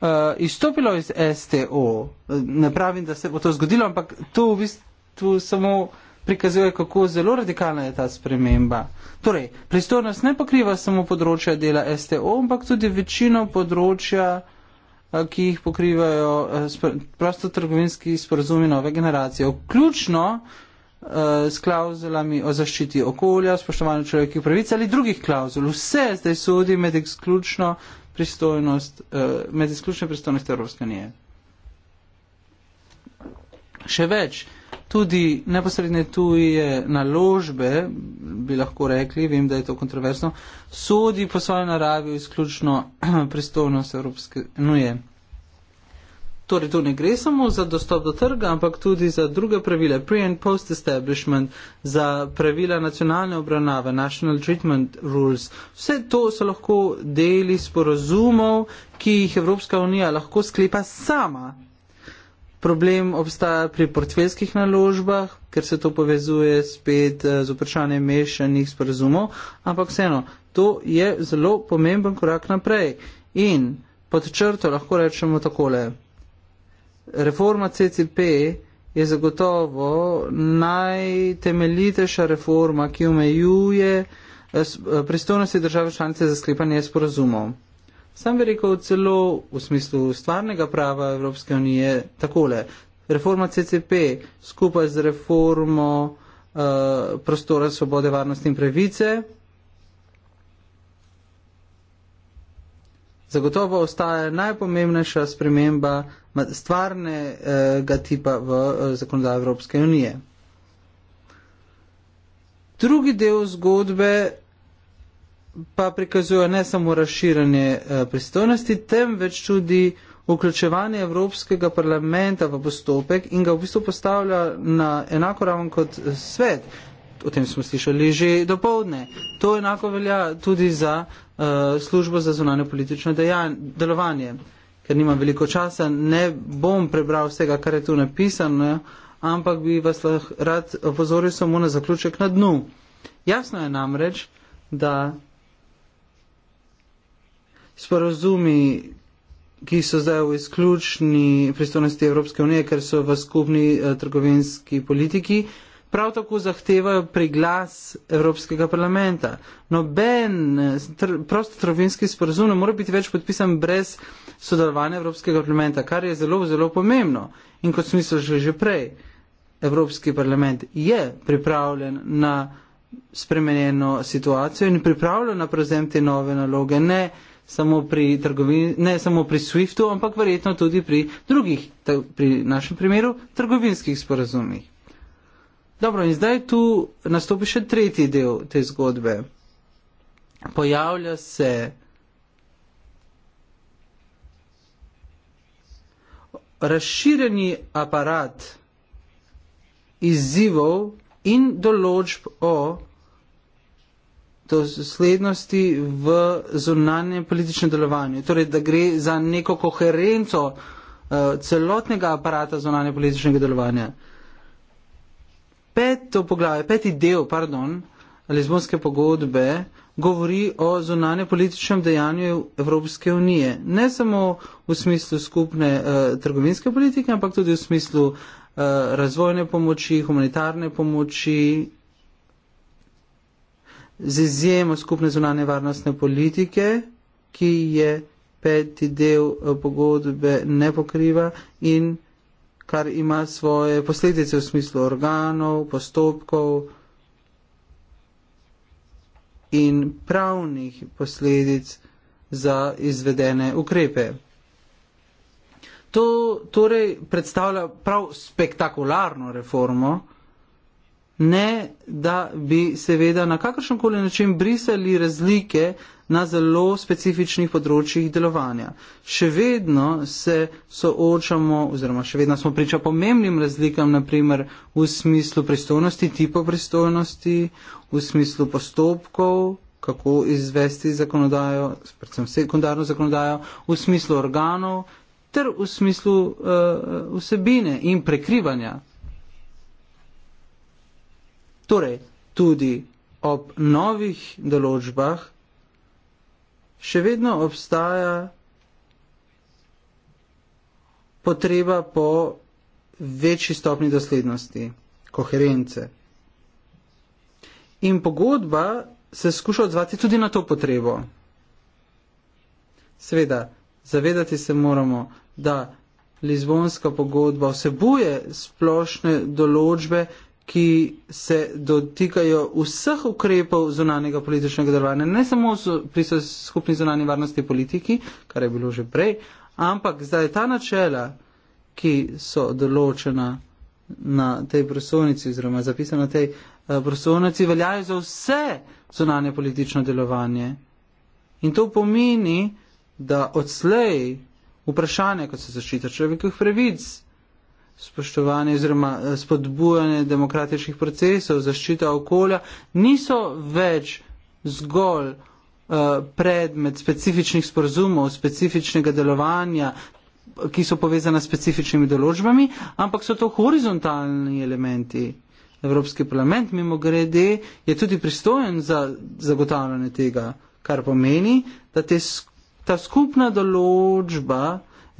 Uh, izstopilo iz STO, ne pravim, da se bo to zgodilo, ampak to v bistvu tu samo prikazuje, kako zelo radikalna je ta sprememba. Torej, pristojnost ne pokriva samo področja dela STO, ampak tudi večino področja, eh, ki jih pokrivajo eh, prostotrgovinski sporozumi nove generacije, vključno eh, s klauzulami o zaščiti okolja, spoštovanju človekovih pravic ali drugih klauzul. Vse zdaj sodi med izključno pristojnost, med izključno pristojnost Evropske unije. Še več. Tudi neposredne tuje naložbe, bi lahko rekli, vem, da je to kontroversno, sodi po svoji naravi izključno pristovnost Evropske unije. Torej, to ne gre samo za dostop do trga, ampak tudi za druge pravile, pre- in post-establishment, za pravila nacionalne obravnave, national treatment rules. Vse to so lahko deli sporozumov, ki jih Evropska unija lahko sklepa sama, Problem obstaja pri portfeljskih naložbah, ker se to povezuje spet eh, z vprašanjem mešanih sporazumov, ampak vseeno, to je zelo pomemben korak naprej. In pod črto lahko rečemo takole. Reforma CCP je zagotovo najtemeljitejša reforma, ki omejuje eh, eh, pristojnosti države članice za sklepanje sporazumov. Sam bi rekel celo v smislu stvarnega prava Evropske unije takole. Reforma CCP skupaj z reformo uh, prostora svobode, varnosti in pravice zagotovo ostaja najpomembnejša sprememba stvarnega uh, tipa v uh, zakonodaji Evropske unije. Drugi del zgodbe pa prikazujejo ne samo razširanje eh, pristojnosti, temveč tudi vključevanje Evropskega parlamenta v postopek in ga v bistvu postavlja na enako raven kot eh, svet. O tem smo slišali že do povdne. To enako velja tudi za uh, službo za zunanje politično dejan, delovanje. Ker nimam veliko časa, ne bom prebral vsega, kar je tu napisano, ampak bi vas rad opozoril samo na zaključek na dnu. Jasno je namreč, da sporozumi, ki so zdaj v izključni pristojnosti Evropske unije, ker so v skupni eh, trgovinski politiki, prav tako zahtevajo priglas Evropskega parlamenta. Noben eh, prostotrovinski sporozum ne more biti več podpisan brez sodelovanja Evropskega parlamenta, kar je zelo, zelo pomembno. In kot smo slišali že prej, Evropski parlament je pripravljen na spremenjeno situacijo in pripravljen na prevzem te nove naloge. Ne, uh, samo pri trgovini, ne samo pri SWIFT-u, ampak verjetno tudi pri drugih, pri našem primeru, trgovinskih sporazumih. Dobro, in zdaj tu nastopi še tretji del te zgodbe. Pojavlja se razširjeni aparat izzivov in določb o doslednosti v zunanjem političnem delovanju. Torej, da gre za neko koherenco uh, celotnega aparata zunanje političnega delovanja. Peto poglavje, peti del, pardon, Lizbonske pogodbe govori o zunanje političnem dejanju Evropske unije. Ne samo v smislu skupne uh, trgovinske politike, ampak tudi v smislu uh, razvojne pomoči, humanitarne pomoči z izjemo skupne zunanje varnostne politike, ki je peti del eh, pogodbe ne pokriva in kar ima svoje posledice v smislu organov, postopkov in pravnih posledic za izvedene ukrepe. To torej predstavlja prav spektakularno reformo, ne da bi seveda na kakršen koli način brisali razlike na zelo specifičnih področjih delovanja. Še vedno se soočamo oziroma še vedno smo priča pomembnim razlikam, naprimer v smislu pristojnosti, tipa pristojnosti, v smislu postopkov, kako izvesti zakonodajo, predvsem sekundarno zakonodajo, v smislu organov ter v smislu uh, vsebine in prekrivanja Torej, tudi ob novih določbah še vedno obstaja potreba po večji stopni doslednosti, koherence. In pogodba se skuša odzvati tudi na to potrebo. Seveda, zavedati se moramo, da Lizbonska pogodba vsebuje splošne določbe, ki se dotikajo vseh ukrepov zunanjega političnega delovanja, ne samo pri skupni zunanji varnosti politiki, kar je bilo že prej, ampak zdaj ta načela, ki so določena na tej prosovnici oziroma zapisana na tej uh, eh, prosovnici, veljajo za vse zunanje politično delovanje. In to pomeni, da odslej vprašanje, kot so zaščita človekovih pravic, spoštovanje oziroma eh, spodbujanje demokratičnih procesov, zaščita okolja, niso več zgolj uh, predmet specifičnih sporozumov, specifičnega delovanja, ki so povezana s specifičnimi določbami, ampak so to horizontalni elementi. Evropski parlament, mimo grede, je tudi pristojen za zagotavljanje tega, kar pomeni, da te, ta skupna določba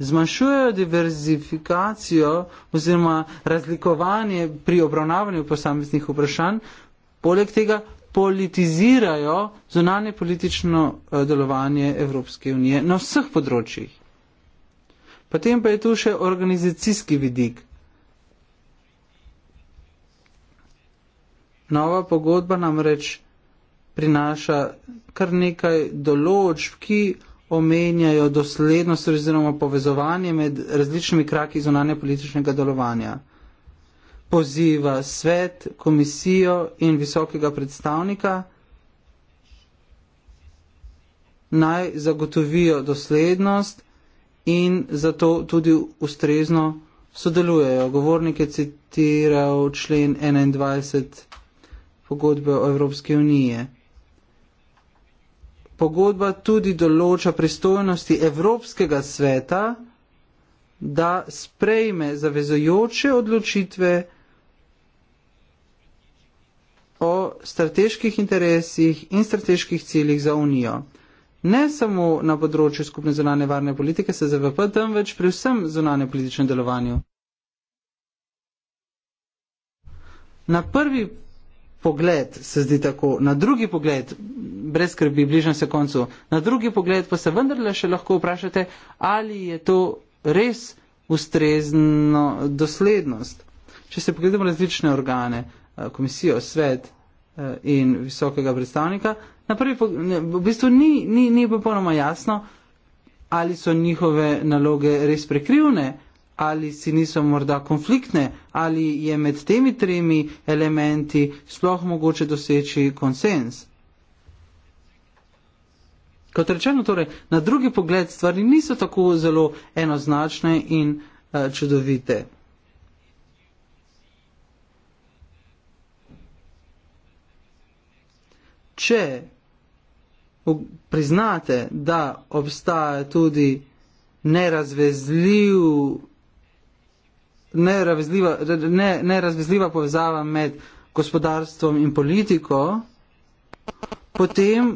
zmanjšujejo diverzifikacijo oziroma razlikovanje pri obravnavanju posameznih vprašanj, poleg tega politizirajo zunanje politično eh, delovanje Evropske unije na vseh področjih. Potem pa je tu še organizacijski vidik. Nova pogodba namreč prinaša kar nekaj določb, ki omenjajo doslednost oziroma povezovanje med različnimi kraki zunanje političnega delovanja. Poziva svet, komisijo in visokega predstavnika naj zagotovijo doslednost in zato tudi ustrezno sodelujejo. Govornik je citiral člen 21 pogodbe o Evropske unije pogodba tudi določa pristojnosti Evropskega sveta, da sprejme zavezojoče odločitve o strateških interesih in strateških ciljih za Unijo. Ne samo na področju skupne zunanje varne politike SZVP, temveč pri vsem zunanje političnem delovanju. Na prvi pogled se zdi tako, na drugi pogled brez skrbi, bližnjo se koncu. Na drugi pogled pa se vendarle še lahko vprašate, ali je to res ustrezno doslednost. Če se pogledamo različne organe, eh, komisijo, svet eh, in visokega predstavnika, na prvi pogled v bistvu ni, ni, ni popolnoma jasno, ali so njihove naloge res prekrivne, ali si niso morda konfliktne, ali je med temi tremi elementi sploh mogoče doseči konsens. Kot rečeno, torej, na drugi pogled stvari niso tako zelo enoznačne in uh, čudovite. Če priznate, da obstaja tudi nerazvezljiv. Nerazvezljiva, ne, nerazvezljiva povezava med gospodarstvom in politiko, potem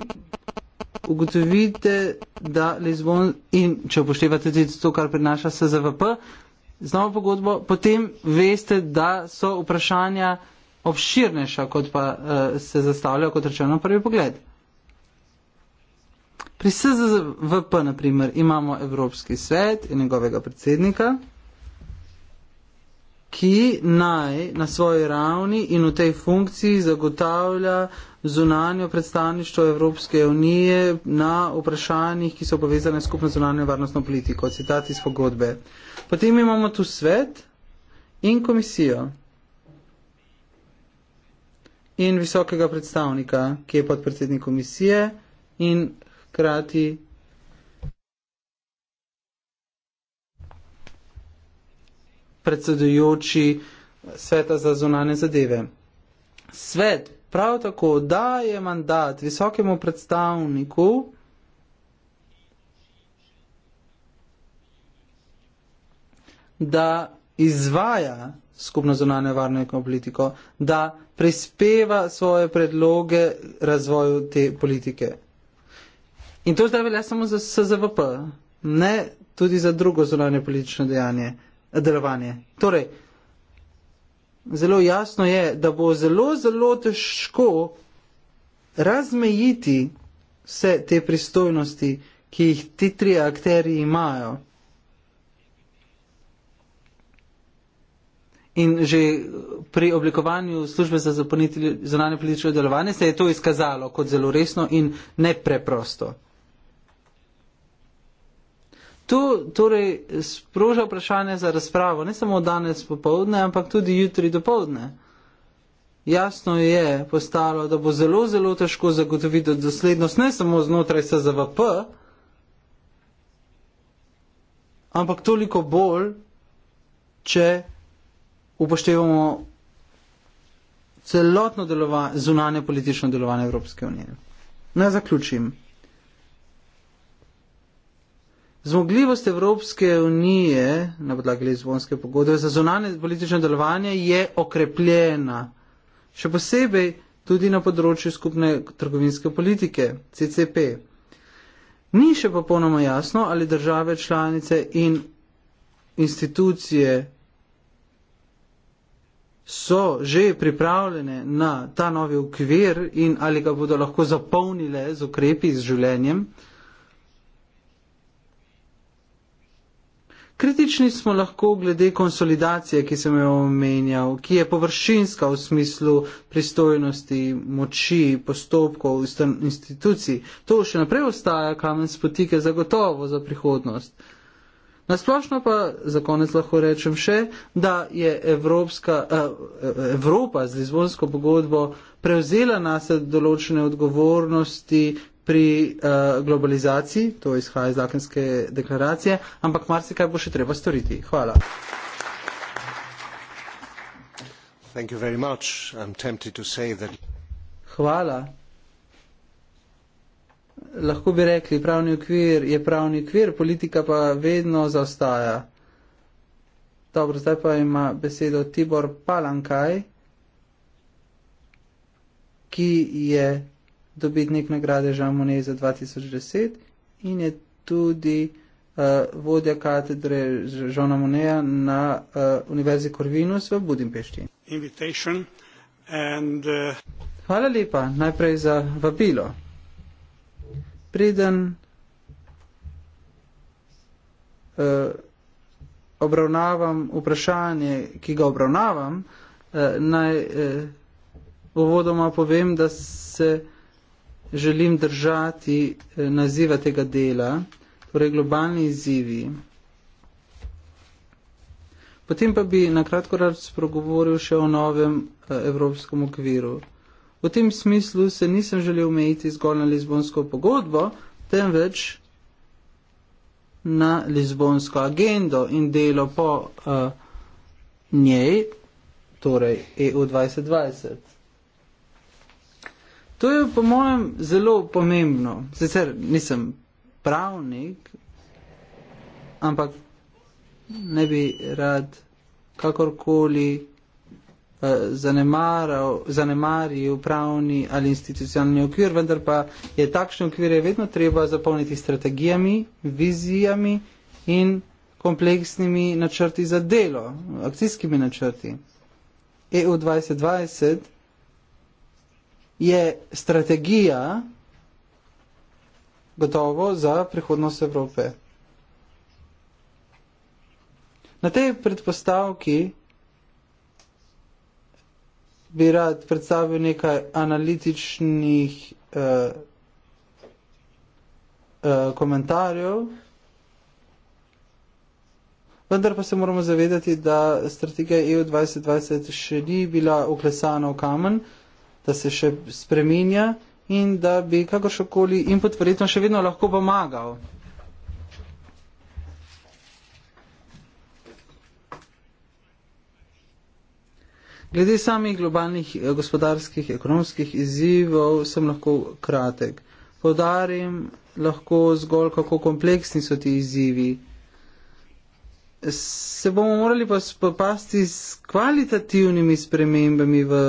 ugotovite, da Lizbon in če upoštevate tudi to, kar prinaša SZVP, z novo pogodbo, potem veste, da so vprašanja obširnejša, kot pa uh, se zastavlja, kot rečeno na prvi pogled. Pri SZVP, naprimer, imamo Evropski svet in njegovega predsednika, ki naj na svoji ravni in v tej funkciji zagotavlja uh, zunanjo predstavništvo Evropske unije na vprašanjih, ki so povezane skupno zunanjo varnostno politiko. Citat iz pogodbe. Potem imamo tu svet in komisijo in visokega predstavnika, ki je podpredsednik komisije in hkrati predsedujoči sveta za zunanje zadeve. Svet prav tako daje mandat visokemu predstavniku, da izvaja skupno zunanje varno politiko, da prispeva svoje predloge razvoju te politike. In to zdaj velja samo za SZVP, ne tudi za drugo zunanje politično dejanje, delovanje. Torej, zelo jasno je, da bo zelo, zelo težko razmejiti vse te pristojnosti, ki jih ti tri akteri imajo. In že pri oblikovanju službe za zapolnitev zonanje politično delovanje se je to izkazalo kot zelo resno in nepreprosto. To torej sproža vprašanje za razpravo, ne samo danes popovdne, ampak tudi jutri dopovdne. Jasno je postalo, da bo zelo, zelo težko zagotoviti doslednost, ne samo znotraj SZVP, ampak toliko bolj, če upoštevamo celotno delova, zunanje politično delovanje Evropske unije. Naj zaključim. Zmogljivost Evropske unije na podlagi Lizbonske pogodbe za zonanje politično delovanje je okrepljena, še posebej tudi na področju skupne trgovinske politike CCP. Ni še popolnoma jasno, ali države članice in institucije so že pripravljene na ta novi okvir in ali ga bodo lahko zapolnile z ukrepi, z življenjem. Kritični smo lahko glede konsolidacije, ki sem jo omenjal, ki je površinska v smislu pristojnosti, moči, postopkov, institucij. To še naprej ostaja kamen spotike zagotovo za prihodnost. Nasplošno pa za konec lahko rečem še, da je Evropska, eh, Evropa z Lizbonsko pogodbo prevzela nas določene odgovornosti, pri uh, globalizaciji, to izhaja iz zakonske deklaracije, ampak marsikaj bo še treba storiti. Hvala. Thank you very much. I'm tempted to say that... Hvala. Lahko bi rekli, pravni okvir je pravni okvir, politika pa vedno zaostaja. Dobro, zdaj pa ima besedo Tibor Palankaj, ki je dobitnik nagrade Žan Monet za 2010 in je tudi uh, vodja katedre Žana Moneja na uh, Univerzi Corvinus v Budimpešti. And, uh... Hvala lepa najprej za vabilo. Preden uh, obravnavam vprašanje, ki ga obravnavam, uh, naj uh, uvodoma povem, da se uh, želim držati eh, naziva tega dela, torej globalni izzivi. Potem pa bi na kratko rad spregovoril še o novem eh, evropskem okviru. V tem smislu se nisem želel omejiti zgolj na Lizbonsko pogodbo, temveč na Lizbonsko agendo in delo po uh, njej, torej EU 2020. To je po mojem zelo pomembno. Sicer nisem pravnik, ampak ne bi rad kakorkoli eh, zanemaril pravni ali institucionalni okvir, vendar pa je takšen okvir je vedno treba zapolniti strategijami, vizijami in kompleksnimi načrti za delo, akcijskimi načrti. EU 2020 je strategija gotovo za prihodnost Evrope. Na tej predpostavki bi rad predstavil nekaj analitičnih eh, eh, komentarjev, vendar pa se moramo zavedati, da strategija EU 2020 še ni bila uklesana v kamen, eh, da se še spremenja in da bi kakršokoli input verjetno še vedno lahko pomagal. Glede samih globalnih eh, gospodarskih, ekonomskih izzivov sem lahko kratek. Podarim lahko zgolj, kako kompleksni so ti izzivi. Se bomo morali pa spopasti s kvalitativnimi spremembami v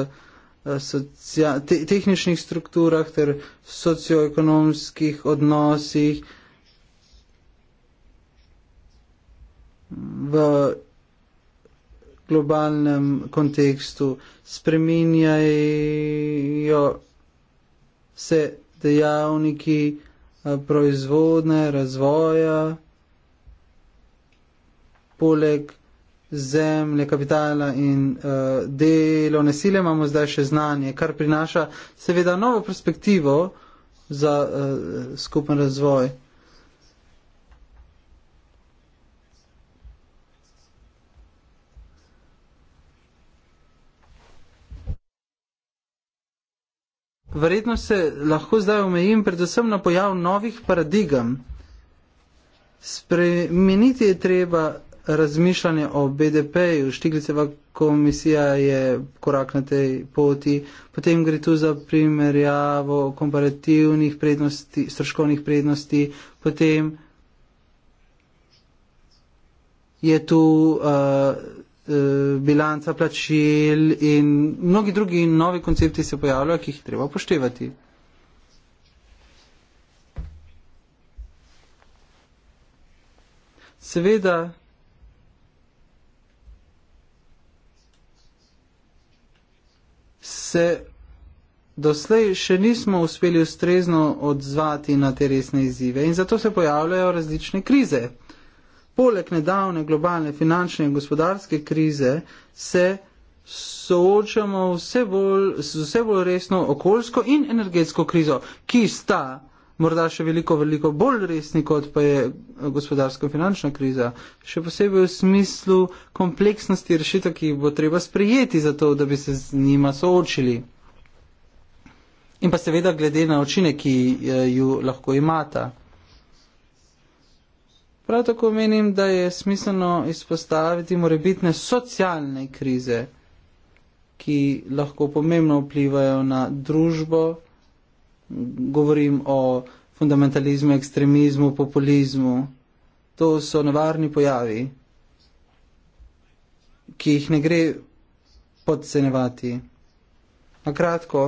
Eh, socia te tehničnih strukturah ter socioekonomskih odnosih v globalnem kontekstu spreminjajo se dejavniki eh, proizvodne, razvoja, poleg zemlje, kapitala in uh, delovne sile, imamo zdaj še znanje, kar prinaša seveda novo perspektivo za uh, skupen razvoj. Verjetno se lahko zdaj omejim predvsem na pojav novih paradigem. Spremeniti je treba razmišljanje o BDP-ju, Štiglicova komisija je korak na tej poti, potem gre tu za primerjavo komparativnih prednosti, stroškovnih prednosti, potem je tu uh, uh bilanca plačil in mnogi drugi novi koncepti se pojavljajo, ki jih treba upoštevati. Seveda, se doslej še nismo uspeli ustrezno odzvati na te resne izzive in zato se pojavljajo različne krize. Poleg nedavne globalne finančne in gospodarske krize se soočamo vse bolj, z vse bolj resno okoljsko in energetsko krizo, ki sta morda še veliko, veliko bolj resni, kot pa je eh, gospodarsko-finančna kriza. Še posebej v smislu kompleksnosti rešitev, ki jih bo treba sprejeti za to, da bi se z njima soočili. In pa seveda glede na očine, ki eh, ju lahko imata. Prav tako menim, da je smiselno izpostaviti morebitne socialne krize, ki lahko pomembno vplivajo na družbo, govorim o fundamentalizmu, ekstremizmu, populizmu. To so nevarni pojavi, ki jih ne gre podcenevati. Na kratko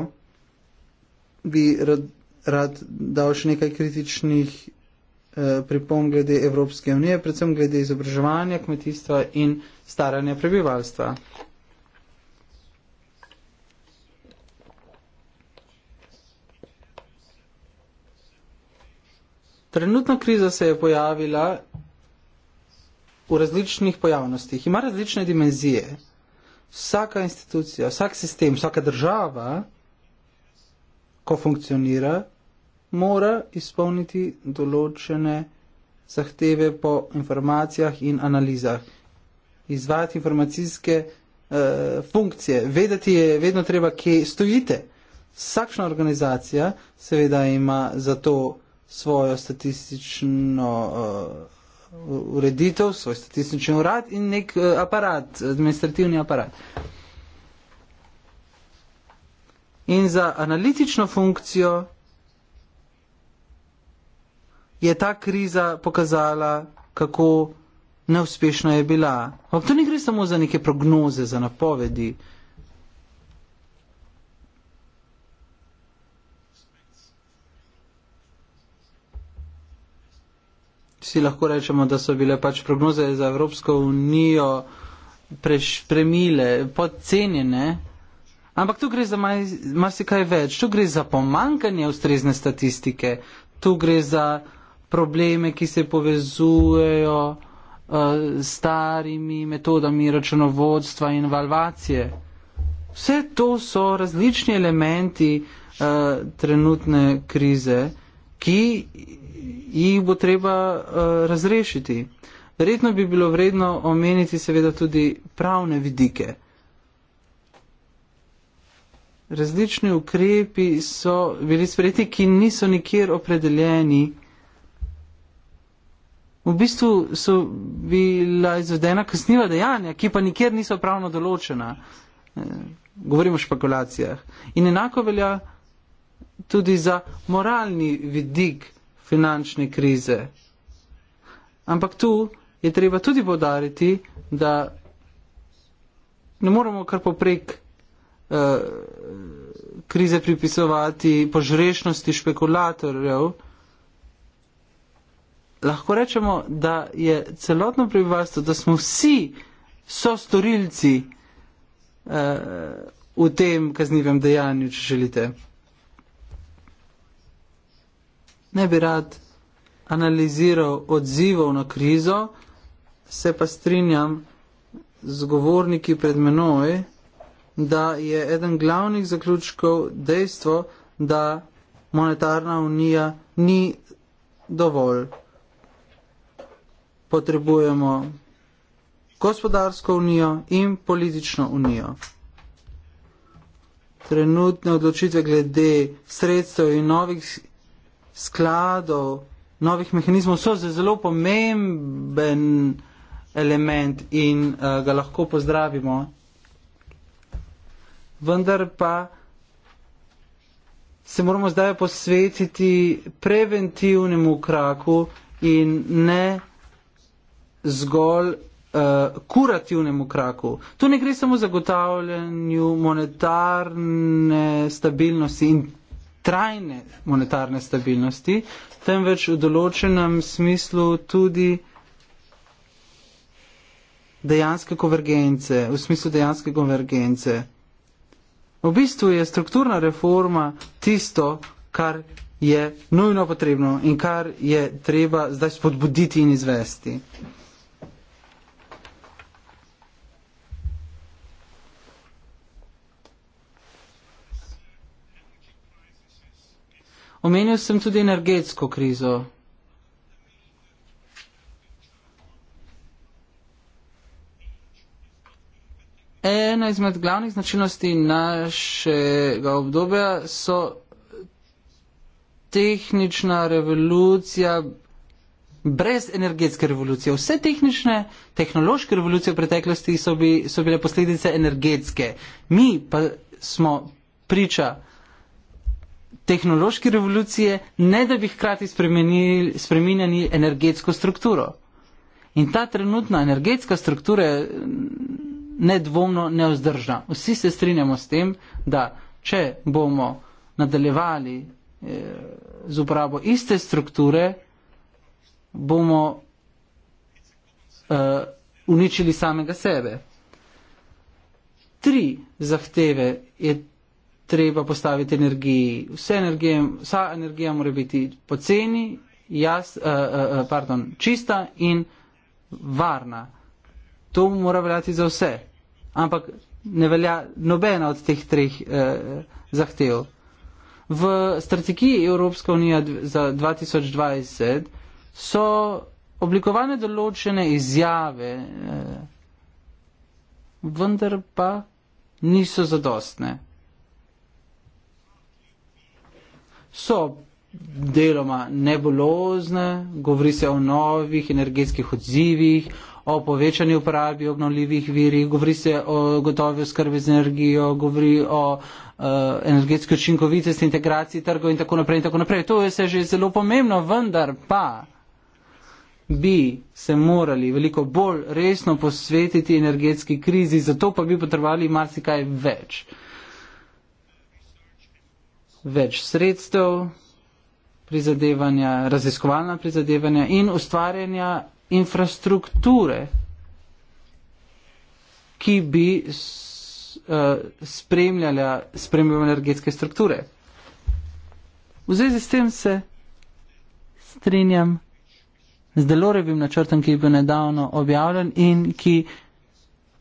bi rad, rad dal še nekaj kritičnih eh, pripom glede Evropske unije, predvsem glede izobraževanja, kmetijstva in staranja prebivalstva. Trenutna kriza se je pojavila v različnih pojavnostih, ima različne dimenzije. Vsaka institucija, vsak sistem, vsaka država, ko funkcionira, mora izpolniti določene zahteve po informacijah in analizah, izvajati informacijske uh, funkcije, vedeti je vedno treba, kje stojite. Vsakšna organizacija seveda ima za to svojo statistično uh, ureditev, svoj statistični urad in nek uh, aparat, administrativni aparat. In za analitično funkcijo je ta kriza pokazala, kako neuspešna je bila. Ampak to ne gre samo za neke prognoze, za napovedi. Uh, vsi lahko rečemo, da so bile pač prognoze za Evropsko unijo preš, premile, podcenjene. Ampak tu gre za marsikaj več. Tu gre za pomankanje ustrezne statistike, tu gre za probleme, ki se povezujejo uh, s starimi metodami računovodstva in valvacije. Vse to so različni elementi uh, trenutne krize, ki jih bo treba uh, razrešiti. Verjetno bi bilo vredno omeniti seveda tudi pravne vidike. Različni ukrepi so bili sprejeti, ki niso nikjer opredeljeni. V bistvu so bila izvedena kasniva dejanja, ki pa nikjer niso pravno določena. Eh, Govorimo o špekulacijah. In enako velja tudi za moralni vidik finančne krize. Ampak tu je treba tudi podariti, da ne moramo kar poprek uh, krize pripisovati požrešnosti špekulatorjev. Lahko rečemo, da je celotno prebivalstvo, da smo vsi so storilci uh, eh, v tem kaznivem dejanju, če želite. ne bi rad analiziral odzivov na krizo, se pa strinjam z govorniki pred menoj, da je eden glavnih zaključkov dejstvo, da monetarna unija ni dovolj. Potrebujemo gospodarsko unijo in politično unijo. Trenutne odločitve glede sredstev in novih skladov, novih mehanizmov, so zelo pomemben element in uh, ga lahko pozdravimo. Vendar pa se moramo zdaj posvetiti preventivnemu kraku in ne zgolj uh, kurativnemu kraku. Tu ne gre samo zagotavljanju monetarne stabilnosti in trajne monetarne stabilnosti, temveč v določenem smislu tudi dejanske konvergence, v smislu dejanske konvergence. V bistvu je strukturna reforma tisto, kar je nujno potrebno in kar je treba zdaj spodbuditi in izvesti. Omenil sem tudi energetsko krizo. Ena izmed glavnih značilnosti našega obdobja so tehnična revolucija brez energetske revolucije. Vse tehnične, tehnološke revolucije v preteklosti so, bi, so bile posledice energetske. Mi pa smo priča uh, tehnološke revolucije, ne da bi hkrati spremenili energetsko strukturo. In ta trenutna energetska struktura je mm, nedvomno neozdržna. Vsi se strinjamo s tem, da če bomo nadaljevali eh, z uporabo iste strukture, bomo uh, uničili samega sebe. Tri zahteve je treba postaviti energiji. Vse energije, vsa energija mora biti poceni, jas, uh, eh, uh, eh, eh, pardon, čista in varna. To mora veljati za vse. Ampak ne velja nobena od teh treh uh, zahtev. V strategiji Evropska unija za 2020 so oblikovane določene izjave, vendar pa niso zadostne. so deloma nebulozne, govori se o novih energetskih odzivih, o povečanju uporabi obnovljivih virih, govori se o gotovi skrbi z energijo, govori o uh, energetski učinkovitosti, integraciji trgov in tako naprej in tako naprej. To je vse že zelo pomembno, vendar pa bi se morali veliko bolj resno posvetiti energetski krizi, zato pa bi potrebovali marsikaj več več sredstev, prizadevanja, raziskovalna prizadevanja in ustvarjanja infrastrukture, ki bi eh, spremljala spremljanje energetske strukture. V zvezi s tem se strinjam z delorevim načrtem, ki je bil nedavno objavljen in ki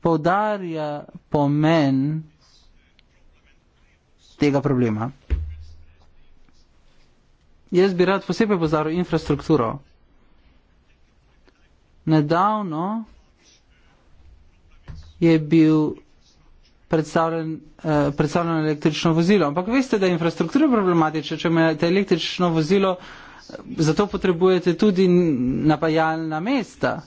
povdarja pomen tega problema. Jaz bi rad posebej pozdravil infrastrukturo. Nedavno je bil predstavljen, eh, predstavljeno električno vozilo. Ampak veste, da je infrastruktura problematična, če imate električno vozilo, eh, zato potrebujete tudi napajalna mesta.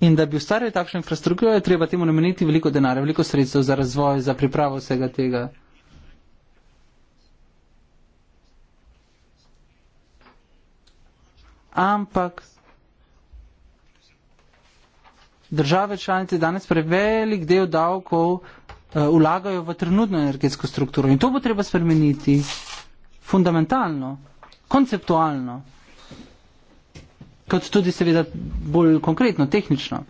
In da bi ustvarili takšno infrastrukturo, je treba temu nameniti veliko denarja, veliko sredstev za razvoj, za pripravo vsega tega. ampak države članice danes prevelik del davkov uh, vlagajo v trenutno energetsko strukturo in to bo treba spremeniti fundamentalno, konceptualno, kot tudi seveda bolj konkretno, tehnično.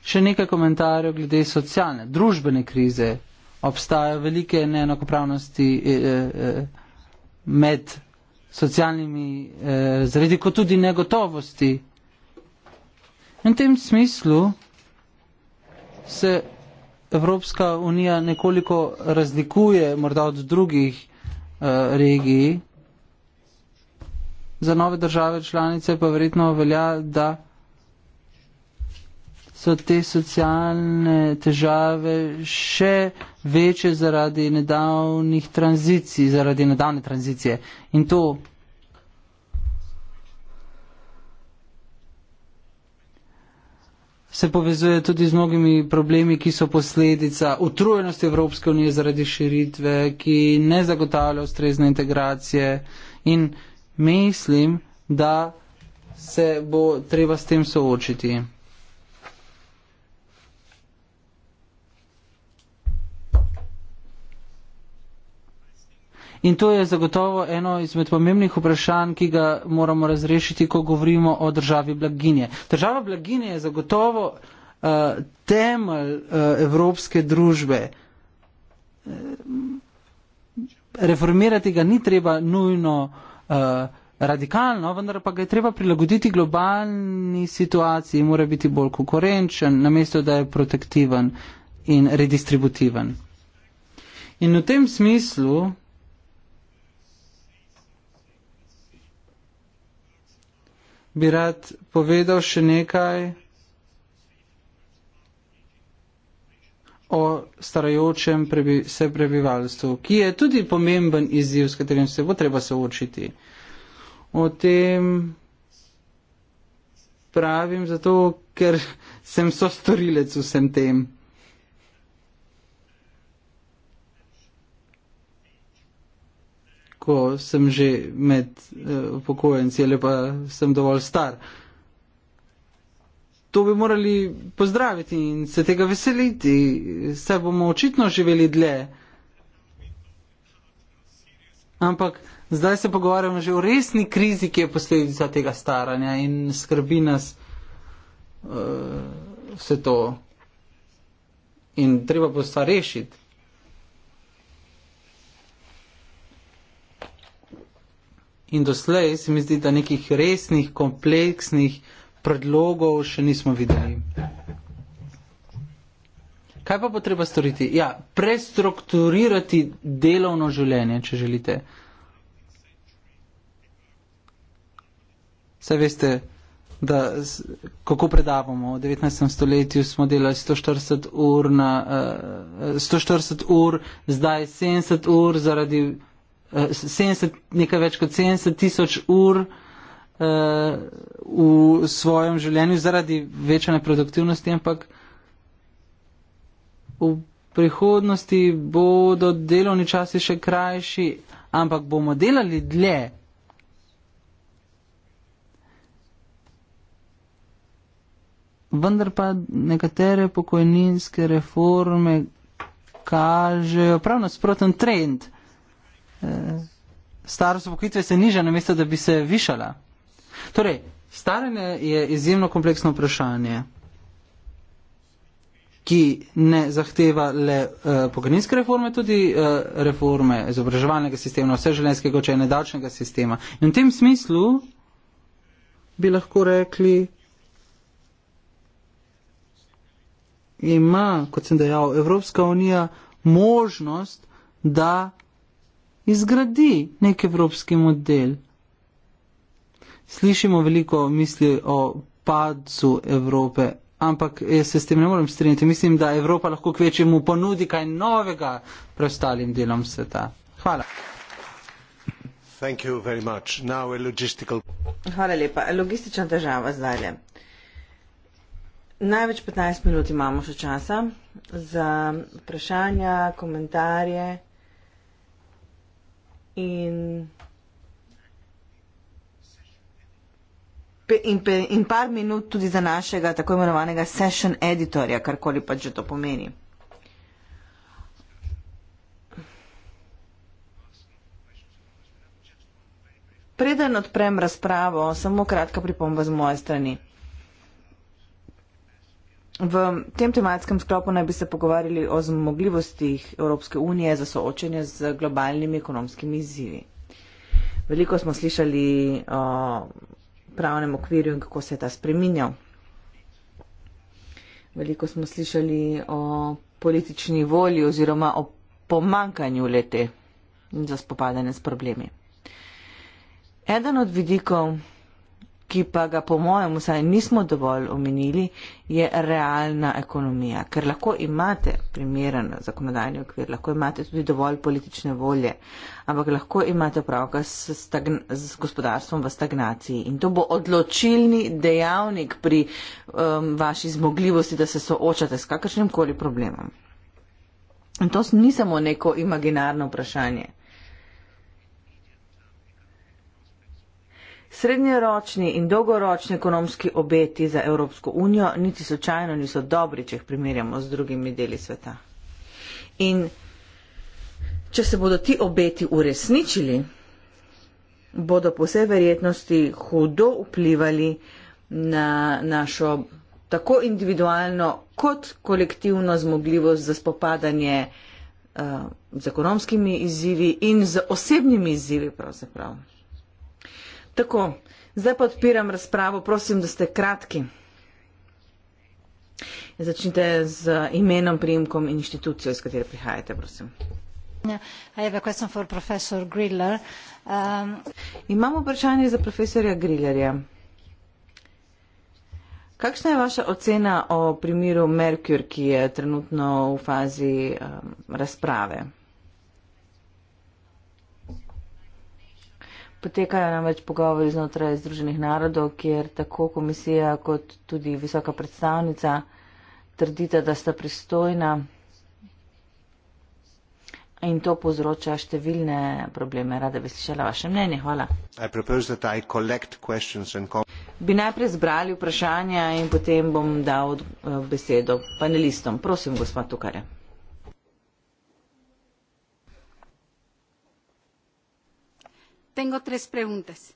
Še nekaj komentarjev glede socialne, družbene krize, obstajajo velike neenakopravnosti eh, eh, med socialnimi eh, razredi, kot tudi negotovosti. In v tem smislu se Evropska unija nekoliko razlikuje morda od drugih regij. Za nove države članice pa verjetno velja, da so te socialne težave še večje zaradi nedavnih tranzicij, zaradi nedavne tranzicije. In to se povezuje tudi z mnogimi problemi, ki so posledica utrujenosti Evropske unije zaradi širitve, ki ne zagotavlja ustrezne integracije. In mislim, da se bo treba s tem soočiti. In to je zagotovo eno izmed pomembnih vprašanj, ki ga moramo razrešiti, ko govorimo o državi blaginje. Država blaginje je zagotovo uh, temelj uh, evropske družbe. Eh, reformirati ga ni treba nujno uh, radikalno, vendar pa ga je treba prilagoditi globalni situaciji, mora biti bolj konkurenčen, namesto da je protektiven in redistributiven. In v tem smislu bi rad povedal še nekaj o starajočem prebi se prebivalstvu, ki je tudi pomemben izziv, s katerim se bo treba soočiti. O tem pravim zato, ker sem sostorilec vsem tem. tako sem že med eh, upokojenci ali pa sem dovolj star. To bi morali pozdraviti in se tega veseliti, saj bomo očitno živeli dlje. Ampak zdaj se pogovarjamo že o resni krizi, ki je posledica tega staranja in skrbi nas uh, vse to. In treba bo stvar rešiti. in doslej se mi zdi, da nekih resnih, kompleksnih predlogov še nismo videli. Kaj pa bo treba storiti? Ja, prestrukturirati delovno življenje, če želite. Saj veste, da kako predavamo. V 19. stoletju smo delali 140 ur, na, uh, eh, 140 ur zdaj 70 ur zaradi. 70, nekaj več kot 70 tisoč ur uh, v svojem življenju zaradi večane produktivnosti, ampak v prihodnosti bodo delovni časi še krajši, ampak bomo delali dlje. Vendar pa nekatere pokojninske reforme kažejo prav nasproten trend. Eh, starost upokojitve se niža, namesto da bi se višala. Torej, staranje je izjemno kompleksno vprašanje, ki ne zahteva le uh, pokojninske reforme, tudi uh, reforme izobraževalnega sistema, vse življenjskega očajne davčnega sistema. In v tem smislu bi lahko rekli, ima, kot sem dejal, Evropska unija možnost, da izgradi nek evropski model. Slišimo veliko misli o padcu Evrope, ampak jaz se s tem ne morem strinjati. Mislim, da Evropa lahko kvečemu ponudi kaj novega preostalim delom sveta. Hvala. Hvala lepa. Logistična težava zdaj. Največ 15 minut imamo še časa za vprašanja, komentarje in, in, in par minut tudi za našega tako imenovanega session editorja, karkoli pač to pomeni. Preden odprem razpravo, samo kratka pripomba z moje strani. V tem tematskem sklopu naj bi se pogovarjali o zmogljivostih Evropske unije za soočanje z globalnimi ekonomskimi izzivi. Veliko smo slišali o pravnem okvirju in kako se je ta spreminjal. Veliko smo slišali o politični volji oziroma o pomankanju lete za spopadanje s problemi. Eden od vidikov ki pa ga po mojem vsaj nismo dovolj omenili, je realna ekonomija. Ker lahko imate primeren zakonodajni okvir, lahko imate tudi dovolj politične volje, ampak lahko imate pravka s, stagn- s gospodarstvom v stagnaciji. In to bo odločilni dejavnik pri um, vaši zmogljivosti, da se soočate s kakršnim koli problemom. In to ni samo neko imaginarno vprašanje. Srednjeročni in dolgoročni ekonomski obeti za Evropsko unijo niti slučajno niso dobri, če jih primerjamo z drugimi deli sveta. In če se bodo ti obeti uresničili, bodo po vsej verjetnosti hudo vplivali na našo tako individualno kot kolektivno zmogljivost za spopadanje uh, z ekonomskimi izzivi in z osebnimi izzivi pravzaprav. Tako, zdaj pa odpiram razpravo, prosim, da ste kratki. Začnite z imenom, prijemkom in inštitucijo, iz katere prihajate, prosim. Um, Imamo vprašanje za profesorja Grillerja. Kakšna je vaša ocena o primiru Merkur, ki je trenutno v fazi um, razprave? Potekajo namreč pogovori znotraj Združenih narodov, kjer tako komisija kot tudi visoka predstavnica trdita, da sta pristojna in to povzroča številne probleme. Rada bi slišala vaše mnenje. Hvala. Bi najprej zbrali vprašanja in potem bom dal eh, besedo panelistom. Prosim, gospod Tukare. Tengo tres preguntas.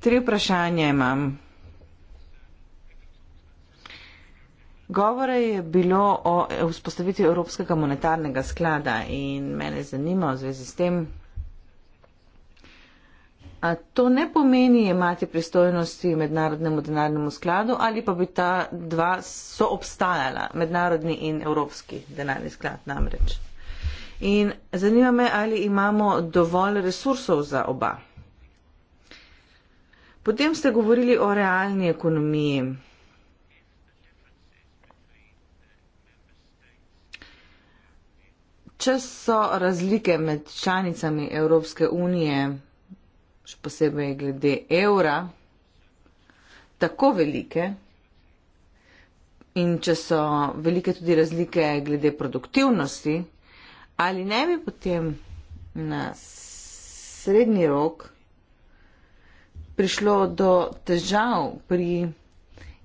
Tri vprašanja imam. Govore je bilo o vzpostavitvi Evropskega monetarnega sklada in mene zanima v zvezi s tem, a to ne pomeni imati pristojnosti mednarodnemu denarnemu skladu ali pa bi ta dva soobstajala, mednarodni in Evropski denarni sklad namreč. In zanima me, ali imamo dovolj resursov za oba. Potem ste govorili o realni ekonomiji. Če so razlike med članicami Evropske unije, še posebej glede evra, tako velike in če so velike tudi razlike glede produktivnosti, ali ne bi potem na srednji rok prišlo do težav pri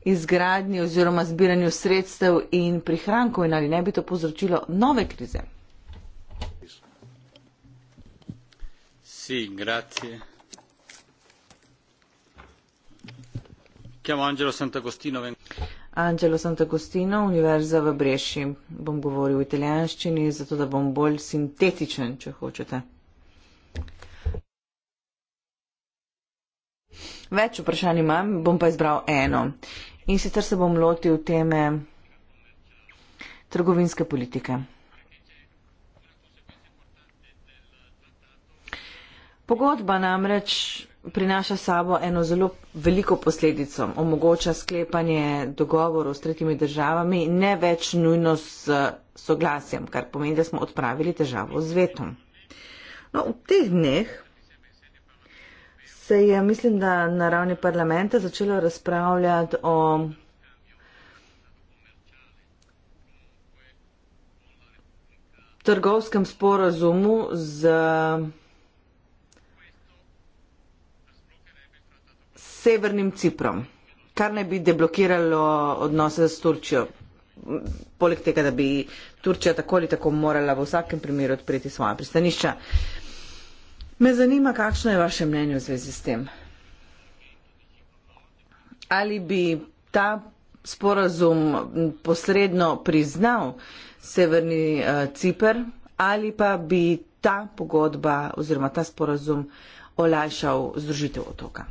izgradnji oziroma zbiranju sredstev in prihrankov in ali ne bi to povzročilo nove krize? Sì, grazie. Chiamo Angelo Sant'Agostino. Angelo Sant'Agostino, Univerza v Breši. Bom govoril v italijanščini, zato da bom bolj sintetičen, če hočete. Več vprašanj imam, bom pa izbral eno. In sicer se bom lotil teme trgovinske politike. Pogodba namreč prinaša sabo eno zelo veliko posledico. Omogoča sklepanje dogovorov s tretjimi državami, ne več nujno s soglasjem, kar pomeni, da smo odpravili težavo z vetom. No, v teh dneh se je, mislim, da na ravni parlamenta začelo razpravljati o. trgovskem sporazumu z. severnim Ciprom, kar naj bi deblokiralo odnose s Turčijo, poleg tega, da bi Turčija tako ali tako morala v vsakem primeru odpreti svoje pristanišča. Me zanima, kakšno je vaše mnenje v zvezi s tem. Ali bi ta sporazum posredno priznal severni eh, Cipr ali pa bi ta pogodba oziroma ta sporazum olajšal združitev otoka.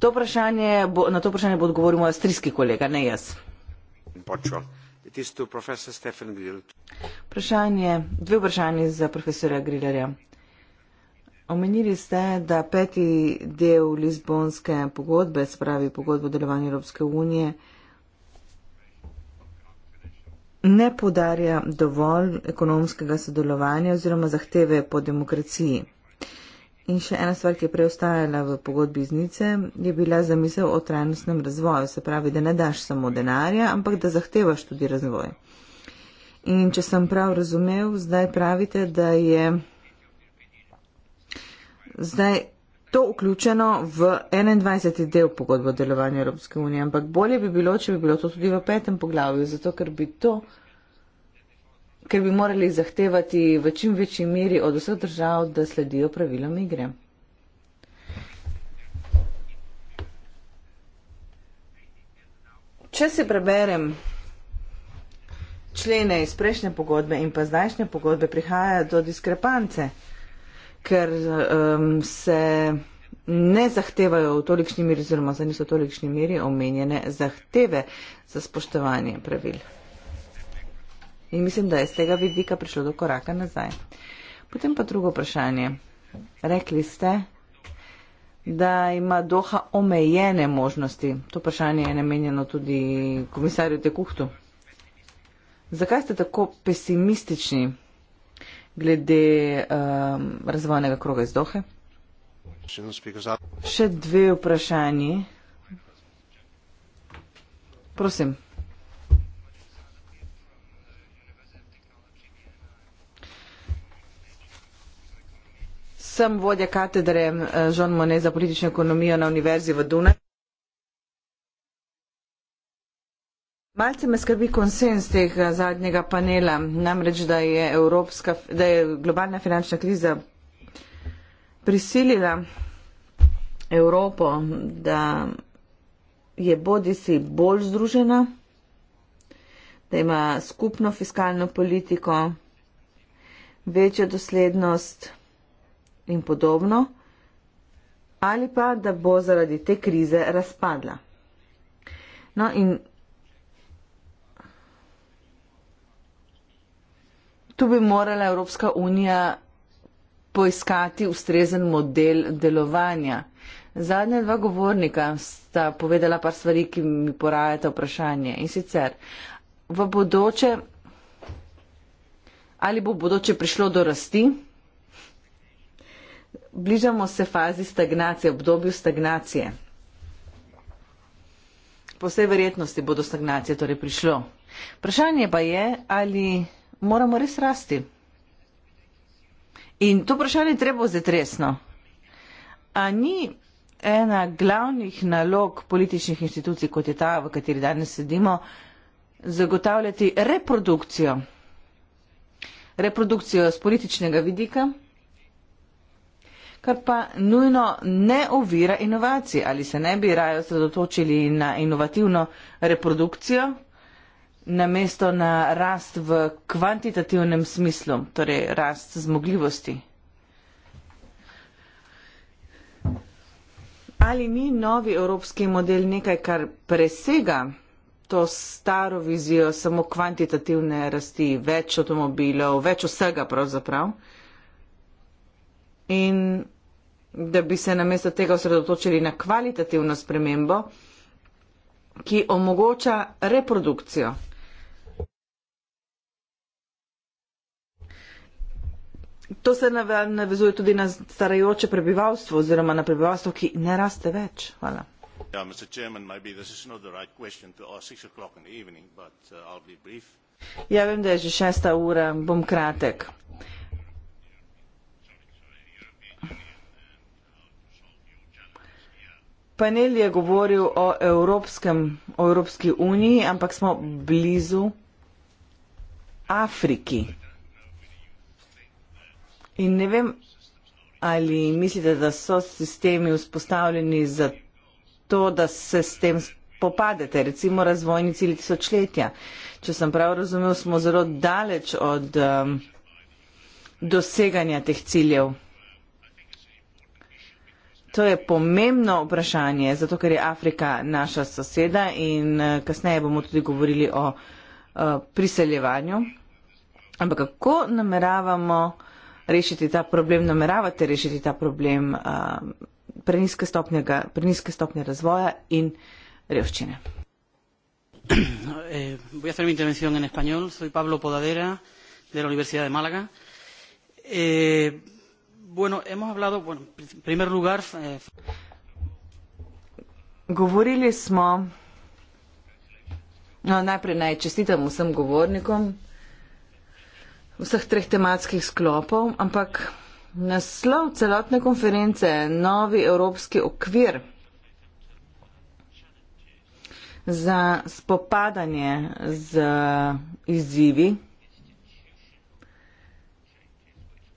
To vprašanje bo, na to vprašanje bo odgovoril moj avstrijski kolega, ne jaz. Vprašanje, dve vprašanje za profesora Grillerja. Omenili ste, da peti del Lizbonske pogodbe, spravi pogodbo o delovanju Evropske unije, ne podarja dovolj ekonomskega sodelovanja oziroma zahteve po demokraciji. In še ena stvar, ki je preostala v pogodbi z Nice, je bila zamisel o trajnostnem razvoju. Se pravi, da ne daš samo denarja, ampak da zahtevaš tudi razvoj. In če sem prav razumev, zdaj pravite, da je zdaj to vključeno v 21. del pogodbe o delovanju Evropske unije, ampak bolje bi bilo, če bi bilo to tudi v petem poglavju, zato ker bi to ker bi morali zahtevati v čim večji meri od vseh držav, da sledijo pravilom igre. Če se preberem člene iz prejšnje pogodbe in pa zdajšnje pogodbe, prihaja do diskrepance, ker um, se ne zahtevajo v tolikšni meri, oziroma za niso v tolikšni meri omenjene zahteve za spoštovanje pravil. In mislim, da je z tega vidika prišlo do koraka nazaj. Potem pa drugo vprašanje. Rekli ste, da ima Doha omejene možnosti. To vprašanje je namenjeno tudi komisarju Tekuhtu. Zakaj ste tako pesimistični glede um, razvojnega kroga iz Dohe? Še dve vprašanje. Prosim. sem vodja katedre Žon eh, Mone za politično ekonomijo na Univerzi v Dunaj. Malce me skrbi konsens tega eh, zadnjega panela, namreč, da je, Evropska, da je globalna finančna kriza prisilila Evropo, da je bodi si bolj združena, da ima skupno fiskalno politiko, večjo doslednost in podobno, ali pa da bo zaradi te krize razpadla. No in tu bi morala Evropska unija poiskati ustrezen model delovanja. Zadnja dva govornika sta povedala par stvari, ki mi porajata vprašanje. In sicer, v bodoče, ali bo v bodoče prišlo do rasti? bližamo se fazi stagnacije, obdobju stagnacije. Po vsej verjetnosti bodo stagnacije torej prišlo. Vprašanje pa je, ali moramo res rasti. In to vprašanje treba vzeti resno. A ni ena glavnih nalog političnih inštitucij, kot je ta, v kateri danes sedimo, zagotavljati reprodukcijo. Reprodukcijo z političnega vidika kar pa nujno ne ovira inovacij. Ali se ne bi raje osredotočili na inovativno reprodukcijo, namesto na rast v kvantitativnem smislu, torej rast zmogljivosti? Ali ni novi evropski model nekaj, kar presega to staro vizijo samo kvantitativne rasti, več avtomobilov, več vsega pravzaprav? in da bi se namesto tega osredotočili na kvalitativno spremembo, ki omogoča reprodukcijo. To se navezuje tudi na starajoče prebivalstvo oziroma na prebivalstvo, ki ne raste več. Hvala. Uh, ja, vem, da je že šesta ura, bom kratek. Panel je govoril o, evropskem, o Evropski uniji, ampak smo blizu Afriki. In ne vem, ali mislite, da so sistemi vzpostavljeni za to, da se s tem popadete, recimo razvojni cilj tisočletja. Če sem prav razumel, smo zelo daleč od um, doseganja teh ciljev. To je pomembno vprašanje, zato ker je Afrika naša soseda in eh, kasneje bomo tudi govorili o uh, priseljevanju. Ampak kako nameravamo rešiti ta problem, nameravate rešiti ta problem uh, preniske, stopnjega, preniske stopnje razvoja in revščine? Voy a hacer mi intervención en español. Soy Pablo Podadera de la Universidad de Málaga. Eh, Bueno, hemos hablado, bueno, primer lugar, eh... Govorili smo, no, najprej naj čestitam vsem govornikom vseh treh tematskih sklopov, ampak naslov celotne konference je novi evropski okvir za spopadanje z izzivi.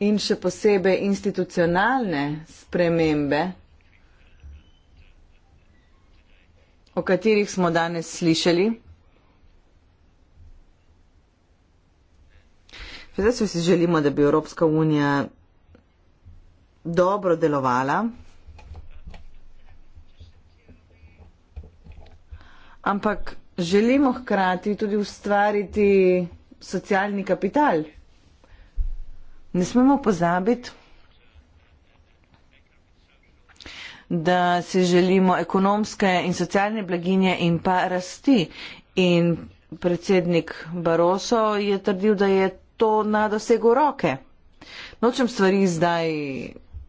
in še posebej institucionalne spremembe, o katerih smo danes slišali. Zdaj se vsi želimo, da bi Evropska unija dobro delovala, ampak želimo hkrati tudi ustvariti socialni kapital. Ne smemo pozabiti, da se želimo ekonomske in socialne blaginje in pa rasti. In predsednik Baroso je trdil, da je to na dosegu roke. Nočem stvari zdaj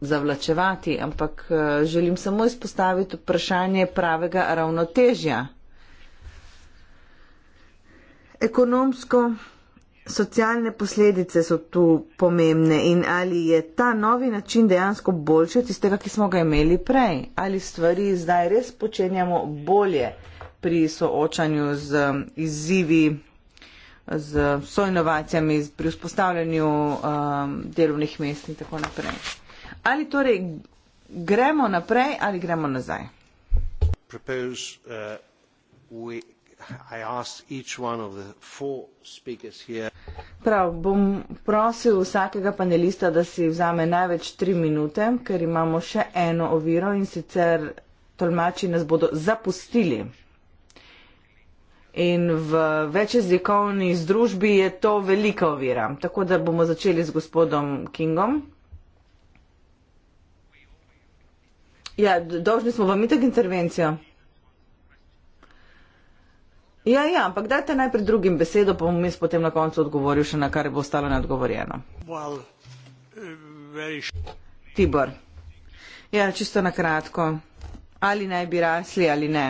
zavlačevati, ampak eh, želim samo izpostaviti vprašanje pravega ravnotežja. Ekonomsko socialne posledice so tu pomembne in ali je ta novi način dejansko boljši od tistega, ki smo ga imeli prej, ali stvari zdaj res počenjamo bolje pri soočanju z um, izzivi, z soinovacijami, pri vzpostavljanju um, delovnih mest in tako naprej. Ali torej gremo naprej ali gremo nazaj? Propose, uh, we, I ask each one of the four speakers here. Prav, bom prosil vsakega panelista, da si vzame največ tri minute, ker imamo še eno oviro in sicer tolmači nas bodo zapustili. In v večjezikovni združbi je to velika ovira. Tako da bomo začeli z gospodom Kingom. Ja, dolžni smo vam itak intervencijo. Ja, ja, ampak dajte najprej drugim besedo, pa bom jaz potem na koncu odgovoril še na kar bo ostalo neodgovorjeno. Well, uh, Tibor, ja, čisto na kratko, ali naj bi rasli ali ne.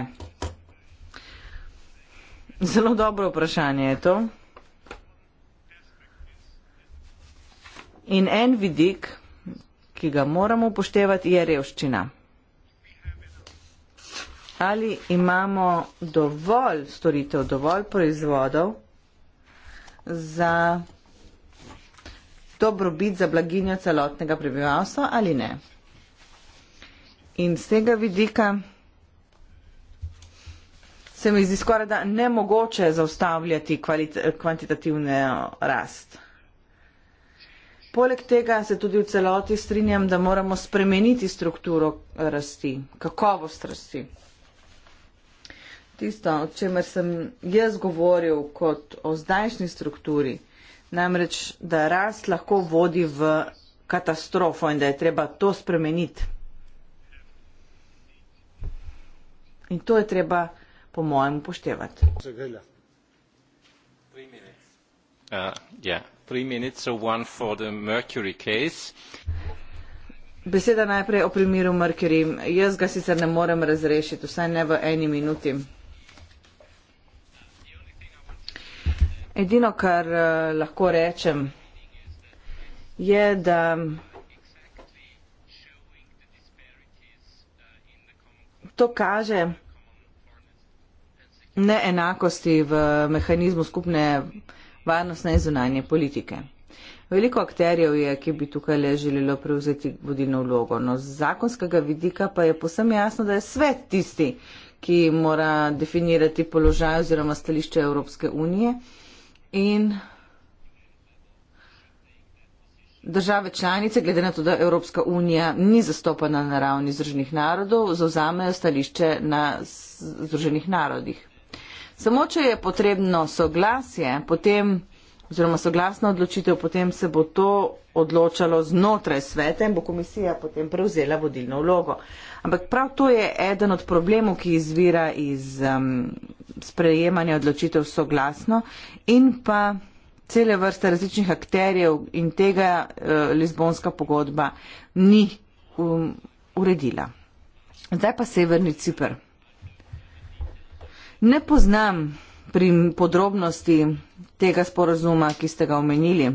Zelo dobro vprašanje je to. In en vidik, ki ga moramo upoštevati, je revščina ali imamo dovolj storitev, dovolj proizvodov za dobrobit, za blaginjo celotnega prebivalstva ali ne. In z tega vidika se mi zdi skoraj da nemogoče zaustavljati kvantitativno rast. Poleg tega se tudi v celoti strinjam, da moramo spremeniti strukturo rasti, kakovost rasti tisto, o čemer sem jaz govoril kot o zdajšnji strukturi, namreč, da rast lahko vodi v katastrofo in da je treba to spremeniti. In to je treba, po mojem, upoštevati. Uh, yeah. Beseda najprej o primeru Mercury. Jaz ga sicer ne morem razrešiti, vsaj ne v eni minuti. Edino, kar eh, lahko rečem, je, da to kaže neenakosti v mehanizmu skupne varnostne in zunanje politike. Veliko akterjev je, ki bi tukaj le želelo prevzeti vodilno vlogo, no z zakonskega vidika pa je posem jasno, da je svet tisti, ki mora definirati položaj oziroma stališče Evropske unije in države članice, glede na to, da Evropska unija ni zastopana na ravni Združenih narodov, zauzamejo stališče na Združenih narodih. Samo, če je potrebno soglasje, potem oziroma soglasna odločitev, potem se bo to odločalo znotraj sveta in bo komisija potem prevzela vodilno vlogo. Ampak prav to je eden od problemov, ki izvira iz um, sprejemanja odločitev soglasno in pa cele vrste različnih akterjev in tega uh, Lizbonska pogodba ni um, uredila. Zdaj pa severni Cipr. Ne poznam pri podrobnosti tega sporazuma, ki ste ga omenili?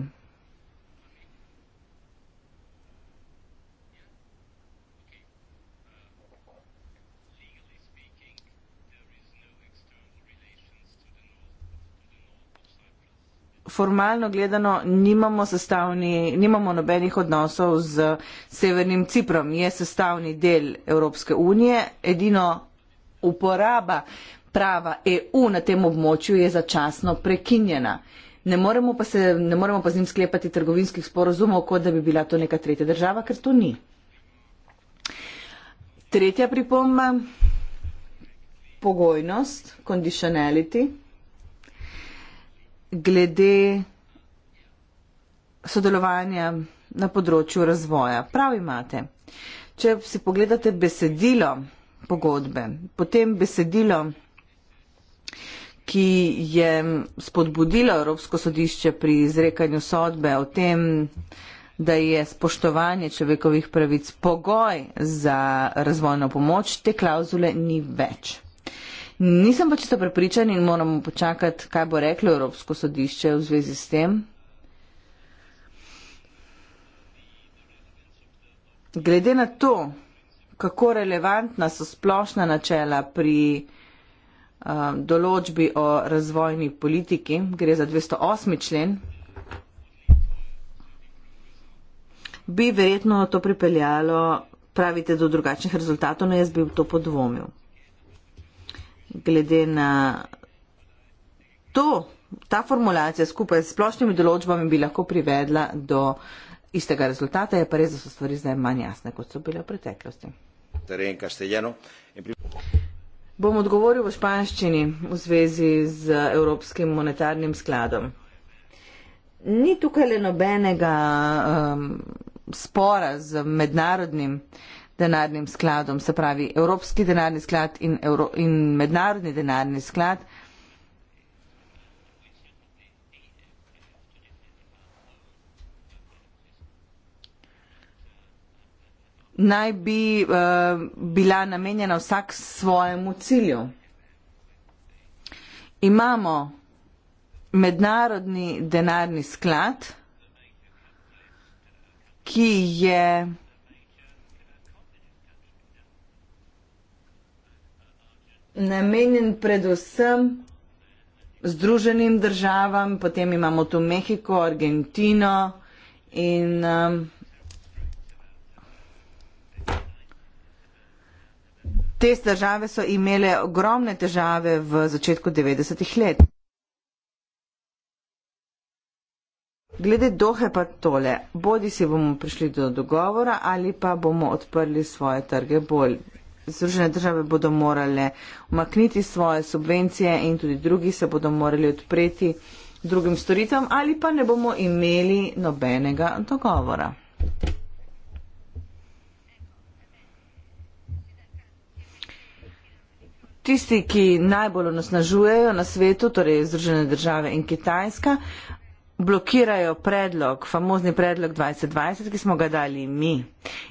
Formalno gledano nimamo, sestavni, nimamo nobenih odnosov z Severnim Ciprom, je sestavni del Evropske unije, edino uporaba razprava EU na tem območju je začasno prekinjena. Ne moremo pa, se, ne moremo pa z njim sklepati trgovinskih sporozumov, kot da bi bila to neka tretja država, ker to ni. Tretja pripomba, pogojnost, conditionality, glede sodelovanja na področju razvoja. Prav imate. Če si pogledate besedilo pogodbe, potem besedilo ki je spodbudilo Evropsko sodišče pri izrekanju sodbe o tem, da je spoštovanje človekovih pravic pogoj za razvojno pomoč, te klauzule ni več. Nisem pa čisto prepričan in moramo počakati, kaj bo reklo Evropsko sodišče v zvezi s tem. Glede na to, kako relevantna so splošna načela pri določbi o razvojni politiki. Gre za 208. člen. Bi verjetno to pripeljalo, pravite, do drugačnih rezultatov, no jaz bi v to podvomil. Glede na to, ta formulacija skupaj s splošnimi določbami bi lahko privedla do istega rezultata, je pa res, da so stvari zdaj manj jasne, kot so bile v preteklosti. Terenka, Bom odgovoril v španščini v zvezi z Evropskim monetarnim skladom. Ni tukaj le nobenega um, spora z mednarodnim denarnim skladom, se pravi Evropski denarni sklad in, Evro in mednarodni denarni sklad. naj bi uh, bila namenjena vsak svojemu cilju. Imamo mednarodni denarni sklad, ki je namenjen predvsem združenim državam, potem imamo tu Mehiko, Argentino in um, Te države so imele ogromne težave v začetku 90-ih let. Glede dohe pa tole, bodi si bomo prišli do dogovora ali pa bomo odprli svoje trge bolj. Združene države bodo morale umakniti svoje subvencije in tudi drugi se bodo morali odpreti drugim storitvam ali pa ne bomo imeli nobenega dogovora. tisti, ki najbolj onosnažujejo na svetu, torej Združene države in Kitajska, blokirajo predlog, famozni predlog 2020, ki smo ga dali mi.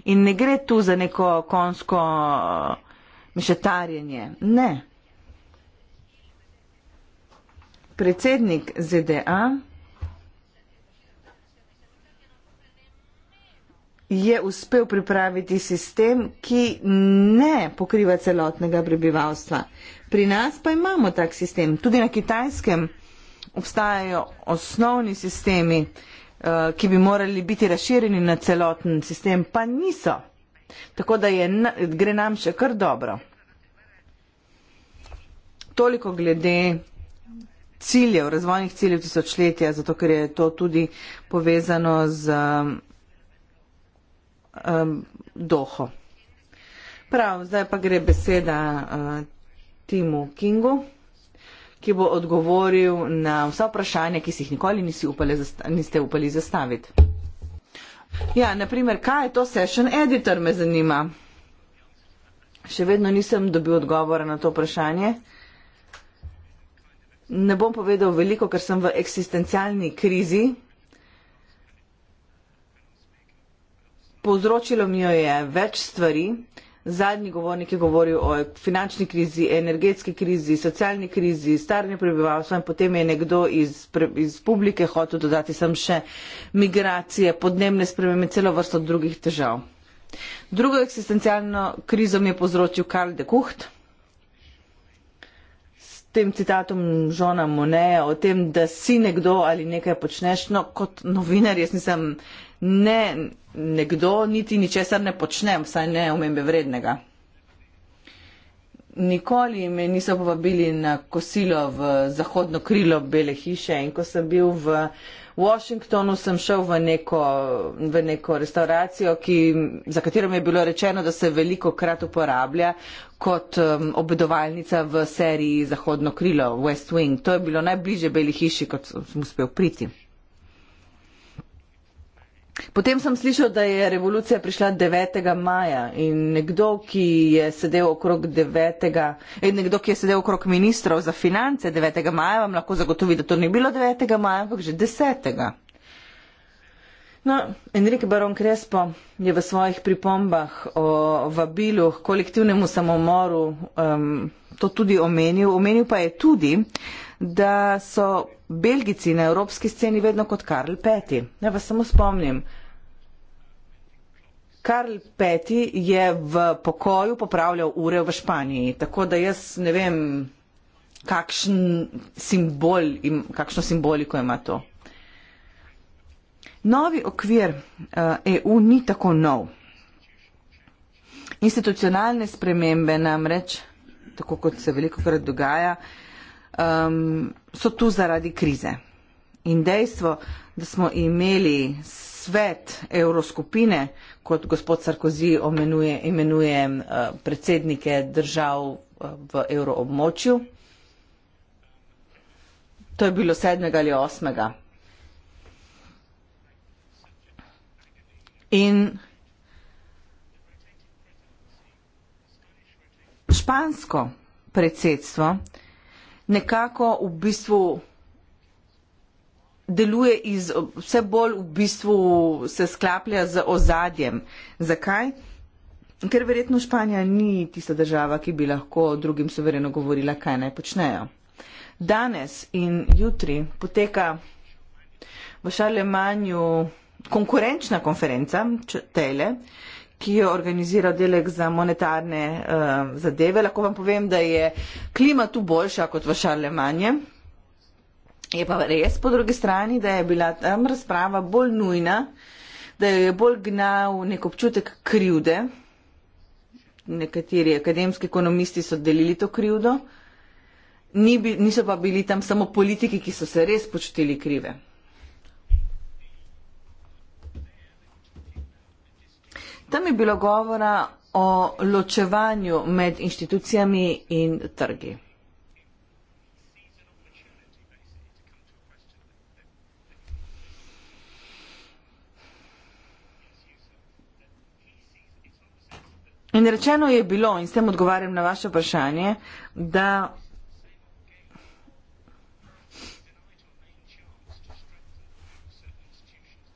In ne gre tu za neko konsko eh, mešetarjenje. Ne. Predsednik ZDA. je uspel pripraviti sistem, ki ne pokriva celotnega prebivalstva. Pri nas pa imamo tak sistem. Tudi na kitajskem obstajajo osnovni sistemi, eh, ki bi morali biti razširjeni na celoten sistem, pa niso. Tako da je, gre nam še kar dobro. Toliko glede ciljev, razvojnih ciljev tisočletja, zato ker je to tudi povezano z um, Doho. Prav, zdaj pa gre beseda uh, Timu Kingu, ki bo odgovoril na vsa vprašanja, ki si jih nikoli upali niste upali zastaviti. Ja, naprimer, kaj je to session editor, me zanima. Še vedno nisem dobil odgovora na to vprašanje. Ne bom povedal veliko, ker sem v eksistencialni krizi, povzročilo mi jo je več stvari. Zadnji govornik je govoril o finančni krizi, energetski krizi, socialni krizi, starnju prebivalstva in potem je nekdo iz, iz publike hotel dodati sem še migracije, podnebne spremembe in celo vrsto drugih težav. Drugo eksistencialno krizo mi je povzročil Karl de Kucht s tem citatom Žona Moneja o tem, da si nekdo ali nekaj počneš, no kot novinar, jaz nisem ne nekdo, niti ničesar ne počnem, vsaj ne omembe vrednega. Nikoli me niso povabili na kosilo v zahodno krilo Bele hiše in ko sem bil v Washingtonu, sem šel v neko, v neko restauracijo, ki, za katero mi je bilo rečeno, da se veliko krat uporablja kot um, obedovalnica v seriji Zahodno krilo, West Wing. To je bilo najbliže Bele hiši, kot sem uspel priti. Potem sem slišal, da je revolucija prišla 9. maja in nekdo, ki je sedel okrog, 9. In eh, nekdo, ki je sedel okrog ministrov za finance 9. maja, vam lahko zagotovi, da to ni bilo 9. maja, ampak že 10. No, Enrique Baron Crespo je v svojih pripombah o vabilu k kolektivnemu samomoru um, to tudi omenil. Omenil pa je tudi, da so Belgici na evropski sceni vedno kot Karl V. Ne vas samo spomnim. Karl V. je v pokoju popravljal ure v Španiji, tako da jaz ne vem, kakšen simbol, kakšno simboliko ima to. Novi okvir EU eh, e ni tako nov. Institucionalne spremembe namreč, tako kot se veliko krat dogaja, um, so tu zaradi krize. In dejstvo, da smo imeli svet evroskupine, kot gospod Sarkozy omenuje, imenuje eh, predsednike držav eh, v evroobmočju, to je bilo sedmega ali osmega. In špansko predsedstvo nekako v bistvu deluje iz, vse bolj v bistvu se sklaplja z ozadjem. Zakaj? Ker verjetno Španija ni tista država, ki bi lahko drugim suvereno govorila, kaj naj počnejo. Danes in jutri poteka v Šarlemanju konkurenčna konferenca, če tele, uh, ki jo organizira delek za monetarne uh, zadeve. Lahko vam povem, da je klima tu boljša kot v Šarlemanje. Je pa res po drugi strani, da je bila tam razprava bolj nujna, da jo je bolj gnal nek občutek krivde. Nekateri akademski ekonomisti so delili to krivdo, Ni, niso pa bili tam samo politiki, ki so se res počutili krive. Tam je bilo govora o ločevanju med inštitucijami in trgi. In rečeno je bilo, in s tem odgovarjam na vaše vprašanje, da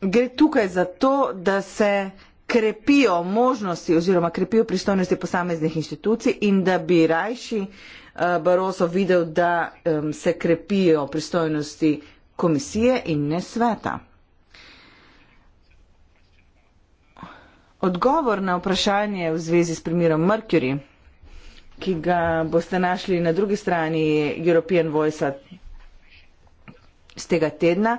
gre tukaj za to, da se krepijo možnosti oziroma krepijo pristojnosti posameznih inštitucij in da bi rajši eh, Barroso videl, da se krepijo pristojnosti komisije in ne sveta. Odgovor na vprašanje v zvezi s primerom Mercury, ki ga boste našli na drugi strani European Voice z tega tedna,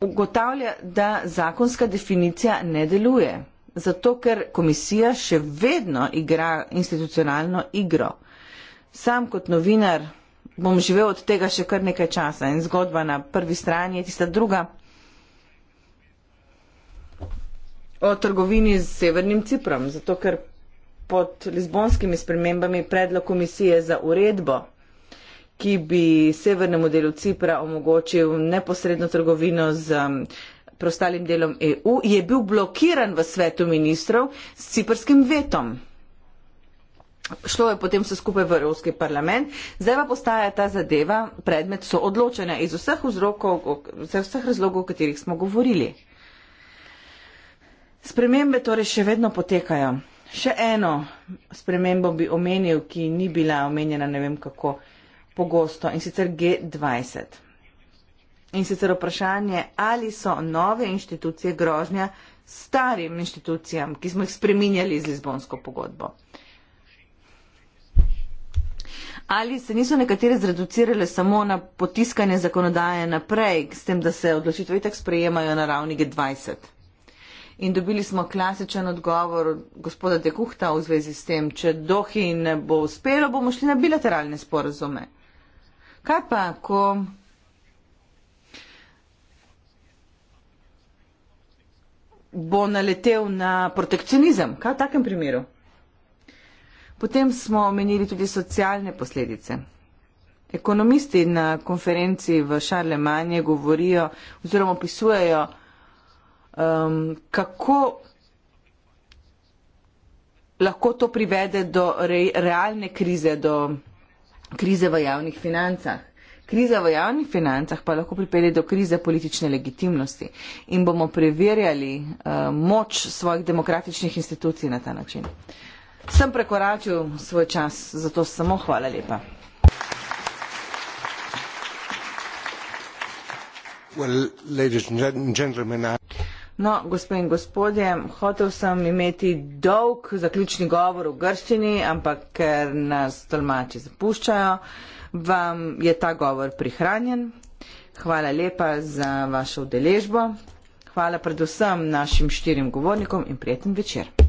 ugotavlja, da zakonska definicija ne deluje, zato ker komisija še vedno igra institucionalno igro. Sam kot novinar bom živel od tega še kar nekaj časa in zgodba na prvi strani je tista druga o trgovini z Severnim Ciprom, zato ker pod lizbonskimi spremembami predlog komisije za uredbo ki bi severnemu delu Cipra omogočil neposredno trgovino z um, prostalim delom EU, je bil blokiran v svetu ministrov s ciprskim vetom. Šlo je potem vse skupaj v Evropski parlament, zdaj pa postaja ta zadeva predmet soodločanja iz vseh, vzrokov, vseh razlogov, o katerih smo govorili. Spremembe torej še vedno potekajo. Še eno spremembo bi omenil, ki ni bila omenjena ne vem kako pogosto in sicer G20. In sicer vprašanje, ali so nove inštitucije grožnja starim inštitucijam, ki smo jih spreminjali z Lizbonsko pogodbo. Ali se niso nekatere zreducirale samo na potiskanje zakonodaje naprej, s tem, da se odločitve itak sprejemajo na ravni G20? In dobili smo klasičen odgovor gospoda Dekuhta v zvezi s tem, če Dohi ne bo uspelo, bomo šli na bilateralne sporazume. Kaj pa, ko bo naletel na protekcionizem? Kaj v takem primeru? Potem smo omenili tudi socialne posledice. Ekonomisti na konferenci v Šarlemanje govorijo oziroma opisujejo, um, kako lahko to privede do re, realne krize, do krize v javnih financah. Kriza v javnih financah pa lahko pripelje do krize politične legitimnosti in bomo preverjali uh, moč svojih demokratičnih institucij na ta način. Sem prekoračil svoj čas, zato samo hvala lepa. Well, No, gospe in gospodje, hotel sem imeti dolg zaključni govor v grščini, ampak ker nas tolmači zapuščajo, vam je ta govor prihranjen. Hvala lepa za vašo udeležbo. Hvala predvsem našim štirim govornikom in prijeten večer.